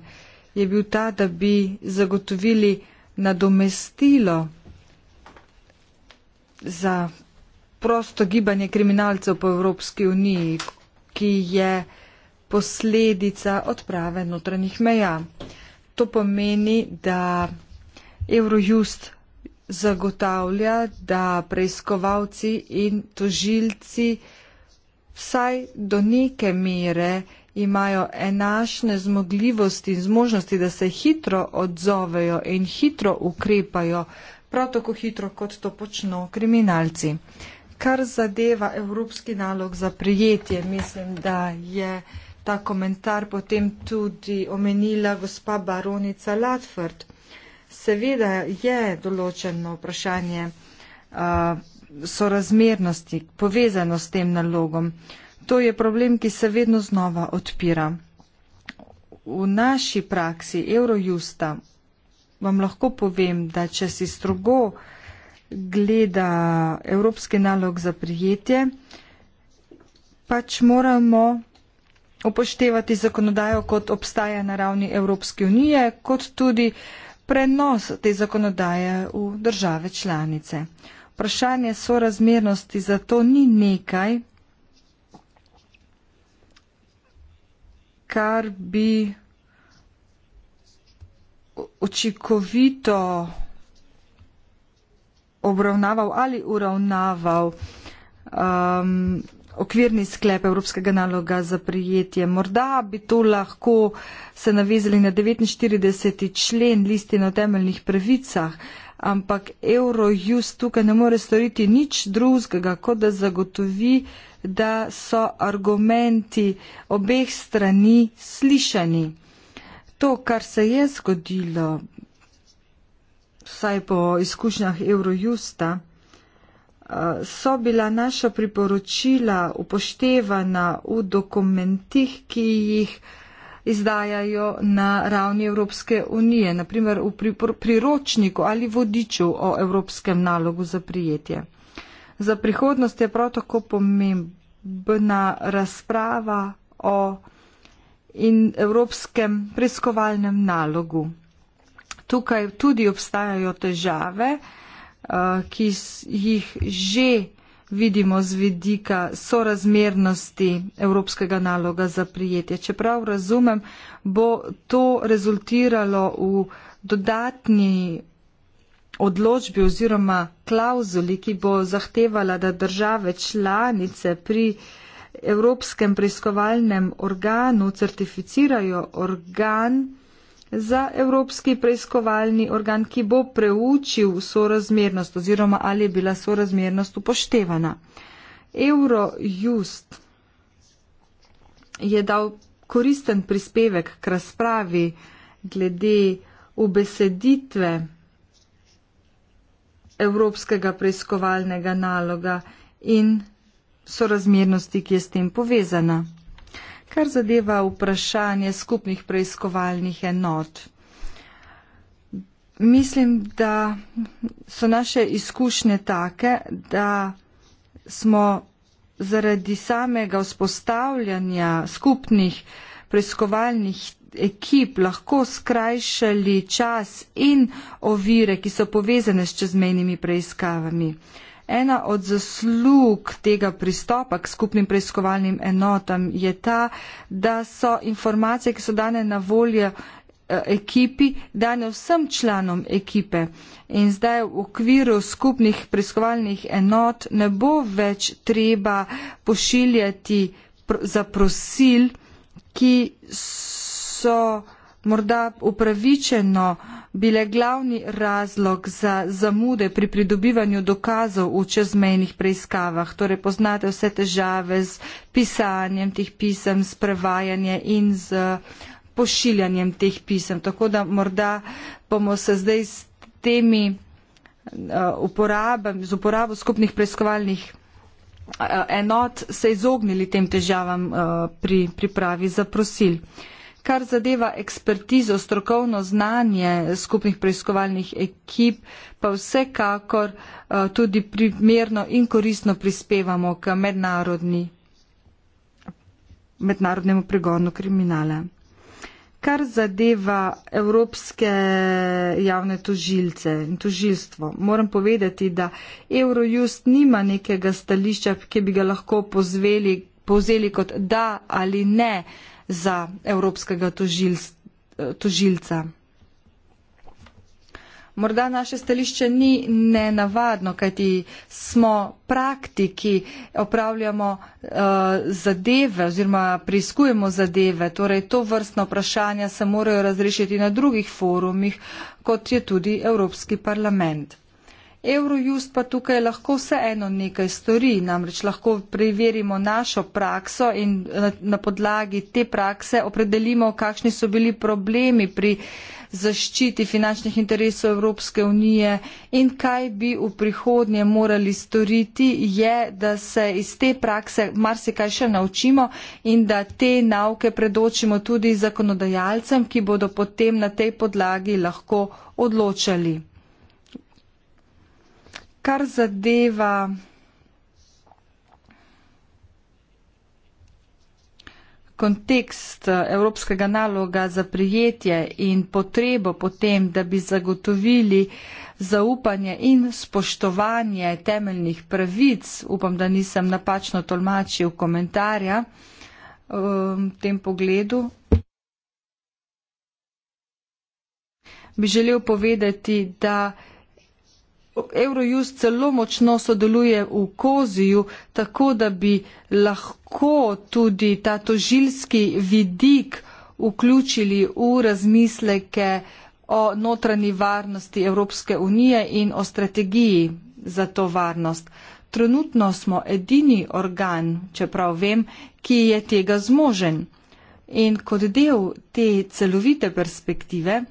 je bil ta, da bi zagotovili nadomestilo za prosto gibanje kriminalcev po Evropski uniji, ki je posledica odprave notranjih meja. To pomeni, da Eurojust zagotavlja, da preiskovalci in tožilci vsaj do neke mere imajo enašne zmogljivosti in zmožnosti, da se hitro odzovejo in hitro ukrepajo, prav tako hitro, kot to počno kriminalci. Kar zadeva Evropski nalog za prijetje, mislim, da je ta komentar potem tudi omenila gospa baronica Latford. Seveda je določeno vprašanje uh, sorazmernosti povezano s tem nalogom. To je problem, ki se vedno znova odpira. V naši praksi Eurojusta vam lahko povem, da če si strogo uh, gleda evropski nalog za prijetje, pač moramo upoštevati zakonodajo, kot obstaja na ravni Evropske unije, kot tudi prenos te zakonodaje v države članice. Vprašanje sorazmernosti zato ni nekaj, kar bi učinkovito obravnaval ali uravnaval um, okvirni sklep Evropskega naloga za prijetje. Morda bi to lahko se navezali na 49. člen listine o temeljnih pravicah, ampak Eurojust tukaj ne more storiti nič drugega, kot da zagotovi, da so argumenti obeh strani slišani. To, kar se je zgodilo, vsaj po izkušnjah Eurojusta, eh, so bila naša priporočila upoštevana v dokumentih, ki jih izdajajo na ravni Evropske unije, naprimer v priročniku ali vodiču o evropskem nalogu za prijetje. Za prihodnost je prav tako pomembna razprava o in evropskem preiskovalnem nalogu tukaj tudi obstajajo težave, eh, ki jih že vidimo z vidika sorazmernosti evropskega naloga za prijetje. Čeprav razumem, bo to rezultiralo v dodatni odločbi oziroma klauzuli, ki bo zahtevala, da države članice pri Evropskem preiskovalnem organu certificirajo organ, za Evropski preiskovalni organ, ki bo preučil sorazmernost oziroma ali je bila sorazmernost upoštevana. Eurojust je dal koristen prispevek k razpravi glede ubeseditve Evropskega preiskovalnega naloga in sorazmernosti, ki je s tem povezana kar zadeva vprašanje skupnih preiskovalnih enot. Mislim, da so naše izkušnje take, da smo zaradi samega vzpostavljanja skupnih preiskovalnih ekip lahko skrajšali čas in ovire, ki so povezane s čezmejnimi preiskavami. Uh, Ena od zaslug tega pristopa k skupnim preiskovalnim enotam je ta, da so informacije, ki so dane na voljo eh, ekipi, dane vsem članom ekipe. In zdaj v okviru skupnih preiskovalnih enot ne bo več treba pošiljati zaprosil, ki so morda upravičeno uh, bile glavni razlog za zamude pri pridobivanju dokazov v čezmejnih preiskavah. Torej poznate vse težave z pisanjem teh pisem, s prevajanjem in z eh, pošiljanjem teh pisem. Tako da morda bomo se zdaj s temi eh, uporabami, z uporabo skupnih preiskovalnih eh, enot se izognili tem težavam pri pripravi zaprosil kar zadeva ekspertizo, strokovno znanje skupnih preiskovalnih ekip, pa vsekakor eh, tudi primerno in koristno prispevamo k mednarodnemu pregonu kriminala. Kar zadeva evropske javne tožilce in tožilstvo, moram povedati, da Eurojust nima nekega stališča, ki bi ga lahko pozveli, povzeli kot da ali ne. Uh, za evropskega eh, tožilca. Morda naše stališče ni nenavadno, kajti smo praktiki, opravljamo uh, zadeve oziroma preiskujemo zadeve, torej to vrstno vprašanja se morajo razrešiti na drugih forumih, kot je tudi Evropski parlament. Eurojust pa tukaj lahko vseeno nekaj stori, namreč lahko preverimo našo prakso in eh, na podlagi te prakse opredelimo, kakšni so bili problemi pri zaščiti finančnih interesov Evropske unije in kaj bi v prihodnje morali storiti, je, da se iz te prakse marsikaj še naučimo in da te nauke predočimo tudi zakonodajalcem, ki bodo potem na tej podlagi lahko odločali kar zadeva kontekst eh, evropskega naloga za prijetje in potrebo potem, da bi zagotovili zaupanje in spoštovanje temeljnih pravic, upam, da nisem napačno tolmačil komentarja ehm, v tem pogledu, bi želel povedati, da Eurojust celo močno sodeluje v koziju, tako da bi lahko tudi ta tožilski vidik vključili v razmisleke o notranji varnosti Evropske unije in o strategiji za to varnost. Trenutno smo edini organ, čeprav vem, ki je tega zmožen. In kot del te celovite perspektive,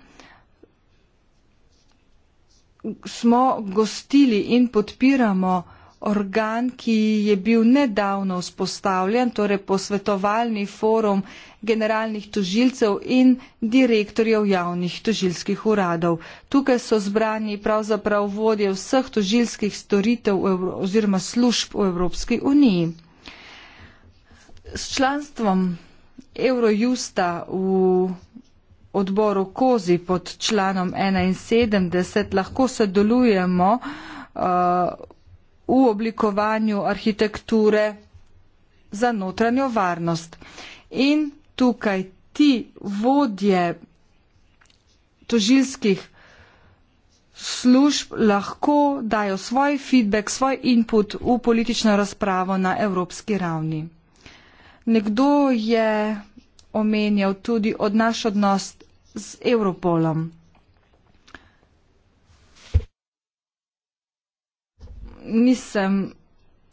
smo gostili in podpiramo organ, ki je bil nedavno vzpostavljen, torej posvetovalni forum generalnih tožilcev in direktorjev javnih tožilskih uradov. Tukaj so zbrani pravzaprav vodje vseh tožilskih storitev oziroma služb v Evropski uniji. S članstvom Eurojusta v odboru Kozi pod članom 71 lahko sodelujemo uh, v oblikovanju arhitekture za notranjo varnost. In tukaj ti vodje tožilskih služb lahko dajo svoj feedback, svoj input v politično razpravo na evropski ravni. Nekdo je omenjal tudi od naš odnos z Europolom. Nisem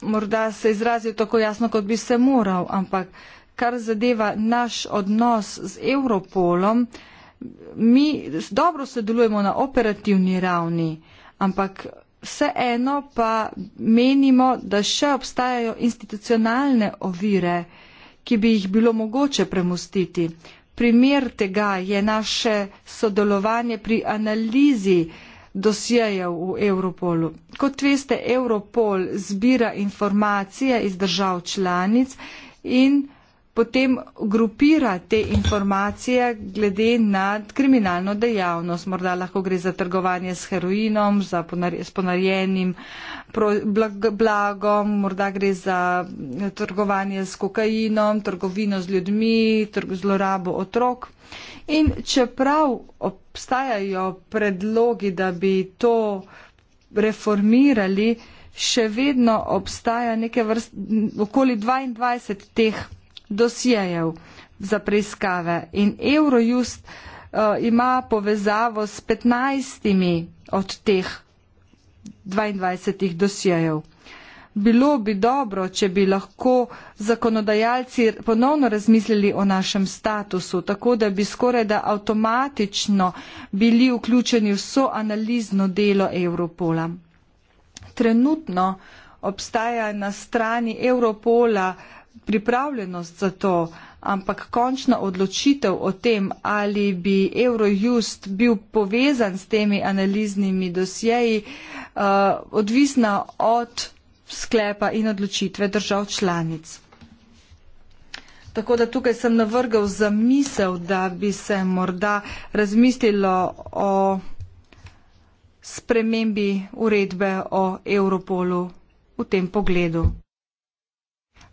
morda se izrazil tako jasno, kot bi se moral, ampak kar zadeva naš odnos z Europolom, mi dobro sodelujemo na operativni ravni, ampak vseeno pa menimo, da še obstajajo institucionalne ovire, ki bi jih bilo mogoče premustiti. Primer tega je naše sodelovanje pri analizi dosjejev v Europolu. Kot veste, Europol zbira informacije iz držav članic in potem grupira te informacije glede na kriminalno dejavnost. Morda lahko gre za trgovanje s heroinom, za ponar s ponarjenim blagom, morda gre za trgovanje s kokainom, trgovino z ljudmi, trg zlorabo otrok. In čeprav obstajajo predlogi, da bi to reformirali, še vedno obstaja nekaj vrst, okoli 22 teh dosjejev za preiskave in Eurojust eh, ima povezavo s 15 od teh 22 dosjejev. Bilo bi dobro, če bi lahko zakonodajalci ponovno razmislili o našem statusu, tako da bi skoraj da avtomatično bili vključeni v so analizno delo Europola. Trenutno obstaja na strani Europola uh, pripravljenost za to, ampak končna odločitev o tem, ali bi Eurojust bil povezan s temi analiznimi dosjeji, eh, odvisna od sklepa in odločitve držav članic. Tako da tukaj sem navrgal za misel, da bi se morda razmislilo o spremembi uredbe o Europolu v tem pogledu.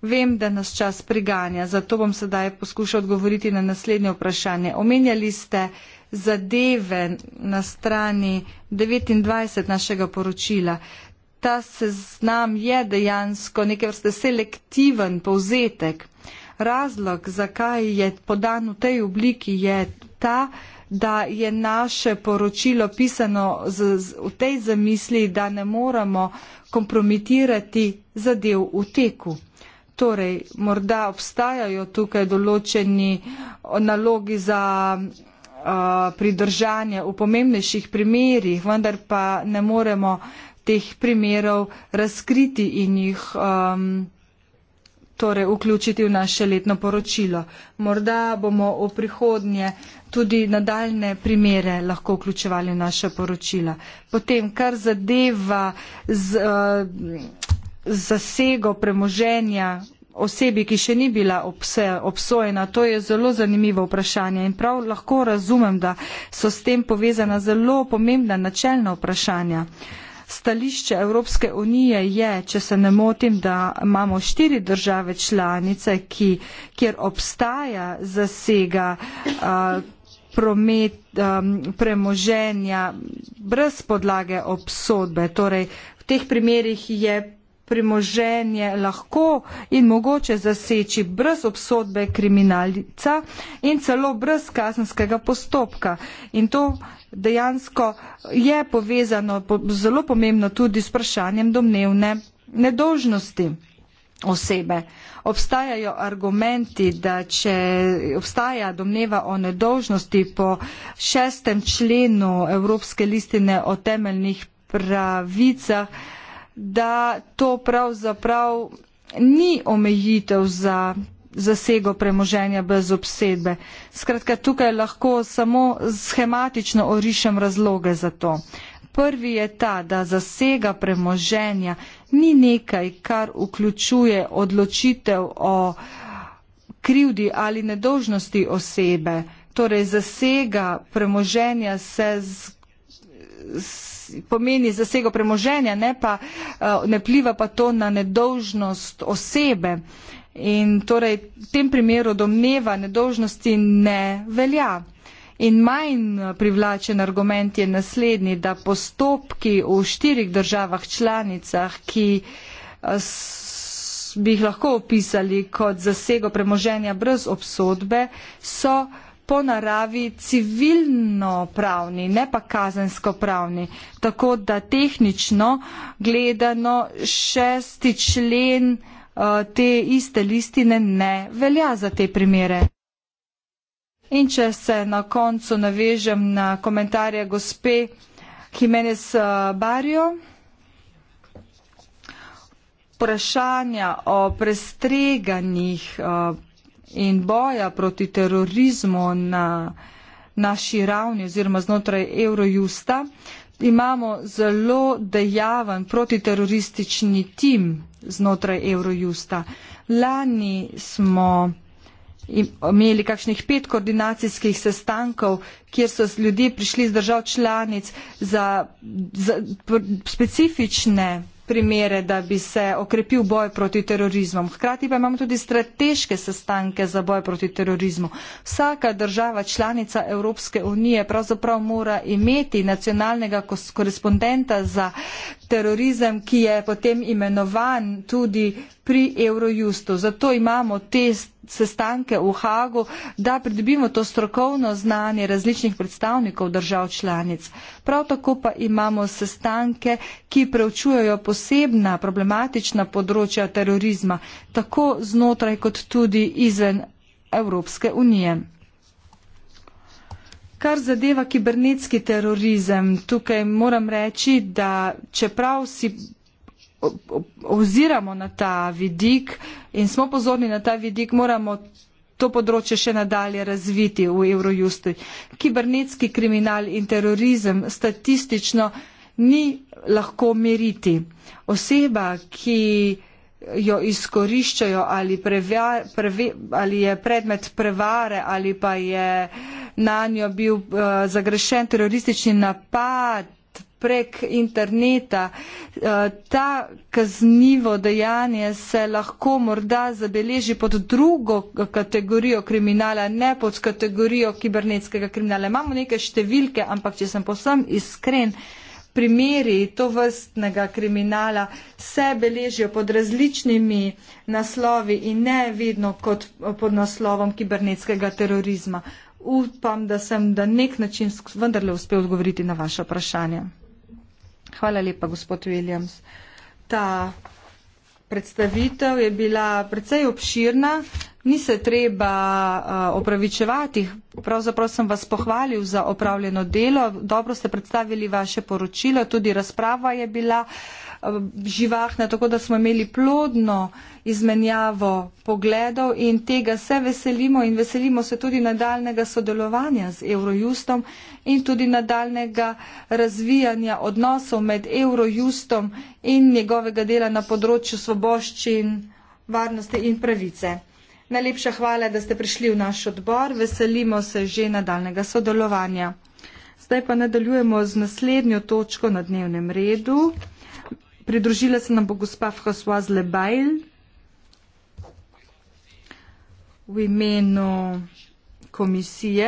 Vem, da nas čas priganja, zato bom sedaj poskušal odgovoriti na naslednje vprašanje. Omenjali ste zadeve na strani 29 našega poročila. Ta seznam je dejansko neke vrste selektiven povzetek. Razlog, zakaj je podan v tej obliki, je ta, da je naše poročilo pisano z, z, v tej zamisli, da ne moramo kompromitirati zadev v teku. Torej, morda obstajajo tukaj določeni nalogi za uh, pridržanje v pomembnejših primerjih, vendar pa ne moremo teh primerov razkriti in jih um, torej vključiti v naše letno poročilo. Morda bomo v prihodnje tudi nadaljne primere lahko vključevali v naše poročila. Potem, kar zadeva z. Uh, zasego premoženja osebi, ki še ni bila obsojena. To je zelo zanimivo vprašanje in prav lahko razumem, da so s tem povezana zelo pomembna načelna vprašanja. Stališče Evropske unije je, če se ne motim, da imamo štiri države članice, ki, kjer obstaja zasega uh, promet, um, premoženja brez podlage obsodbe. Torej, v teh primerjih je premoženje lahko in mogoče zaseči brez obsodbe kriminalca in celo brez kazenskega postopka. In to dejansko je povezano zelo pomembno tudi s vprašanjem domnevne nedolžnosti osebe. Obstajajo argumenti, da če obstaja domneva o nedolžnosti po šestem členu Evropske listine o temeljnih pravicah, da to pravzaprav ni omejitev za zasego premoženja brez obsedbe. Skratka, tukaj lahko samo schematično orišem razloge za to. Prvi je ta, da zasega premoženja ni nekaj, kar vključuje odločitev o krivdi ali nedožnosti osebe. Torej, zasega premoženja se z, pomeni zasego premoženja, ne, pa, eh, ne pliva pa to na nedolžnost osebe. In torej v tem primeru domneva nedolžnosti ne velja. In manj privlačen argument je naslednji, da postopki v štirih državah članicah, ki eh, bi jih lahko opisali kot zasego premoženja brez obsodbe, so po naravi civilno pravni, ne pa kazensko pravni. Tako da tehnično gledano šesti člen uh, te iste listine ne velja za te primere. In če se na koncu navežem na komentarje gospe Jimenez eh, Barjo, vprašanja o prestreganjih. Uh, eh, in boja proti terorizmu na naši ravni oziroma znotraj Eurojusta. Imamo zelo dejaven protiteroristični tim znotraj Eurojusta. Lani smo imeli kakšnih pet koordinacijskih sestankov, kjer so ljudje prišli z držav članic za, za specifične primere, da bi se okrepil boj proti terorizmom. Hkrati pa imamo tudi strateške sestanke za boj proti terorizmu. Vsaka država članica Evropske unije pravzaprav mora imeti nacionalnega korespondenta za terorizem, ki je potem imenovan tudi pri Eurojustu. Zato imamo test sestanke v Hagu, da pridobimo to strokovno znanje različnih predstavnikov držav članic. Prav tako pa imamo sestanke, ki preučujejo posebna problematična področja terorizma, tako znotraj kot tudi izven Evropske unije. Kar zadeva kibernetski terorizem, tukaj moram reči, da čeprav si oziramo na ta vidik in smo pozorni na ta vidik, moramo to področje še nadalje razviti v Eurojustu. Kibernetski kriminal in terorizem statistično ni lahko meriti. Oseba, ki jo izkoriščajo ali, prevja, preve, ali je predmet prevare ali pa je na njo bil uh, zagrešen teroristični napad, prek interneta. Eh, ta kaznivo dejanje se lahko morda zabeleži pod drugo kategorijo kriminala, ne pod kategorijo kibernetskega kriminala. Imamo neke številke, ampak če sem posem iskren, primeri to vrstnega kriminala se beležijo pod različnimi naslovi in ne vedno kot eh, pod naslovom kibernetskega terorizma. Upam, da sem na nek način vendarle uspel odgovoriti na vaše vprašanje. Hvala lepa, gospod Williams. Ta predstavitev je bila precej obširna, ni se treba uh, opravičevati. Pravzaprav sem vas pohvalil za opravljeno delo, dobro ste predstavili vaše poročilo, tudi razprava je bila. Uh, živahne, tako da smo imeli plodno izmenjavo pogledov in tega se veselimo in veselimo se tudi nadaljnega sodelovanja z Eurojustom in tudi nadaljnega razvijanja odnosov med Eurojustom in njegovega dela na področju svoboščin, varnosti in pravice. Najlepša hvala, da ste prišli v naš odbor. Veselimo se že nadaljnega sodelovanja. Zdaj pa nadaljujemo z naslednjo točko na dnevnem redu. Pridružila se nam bo gospa Françoise Lebail v imenu komisije.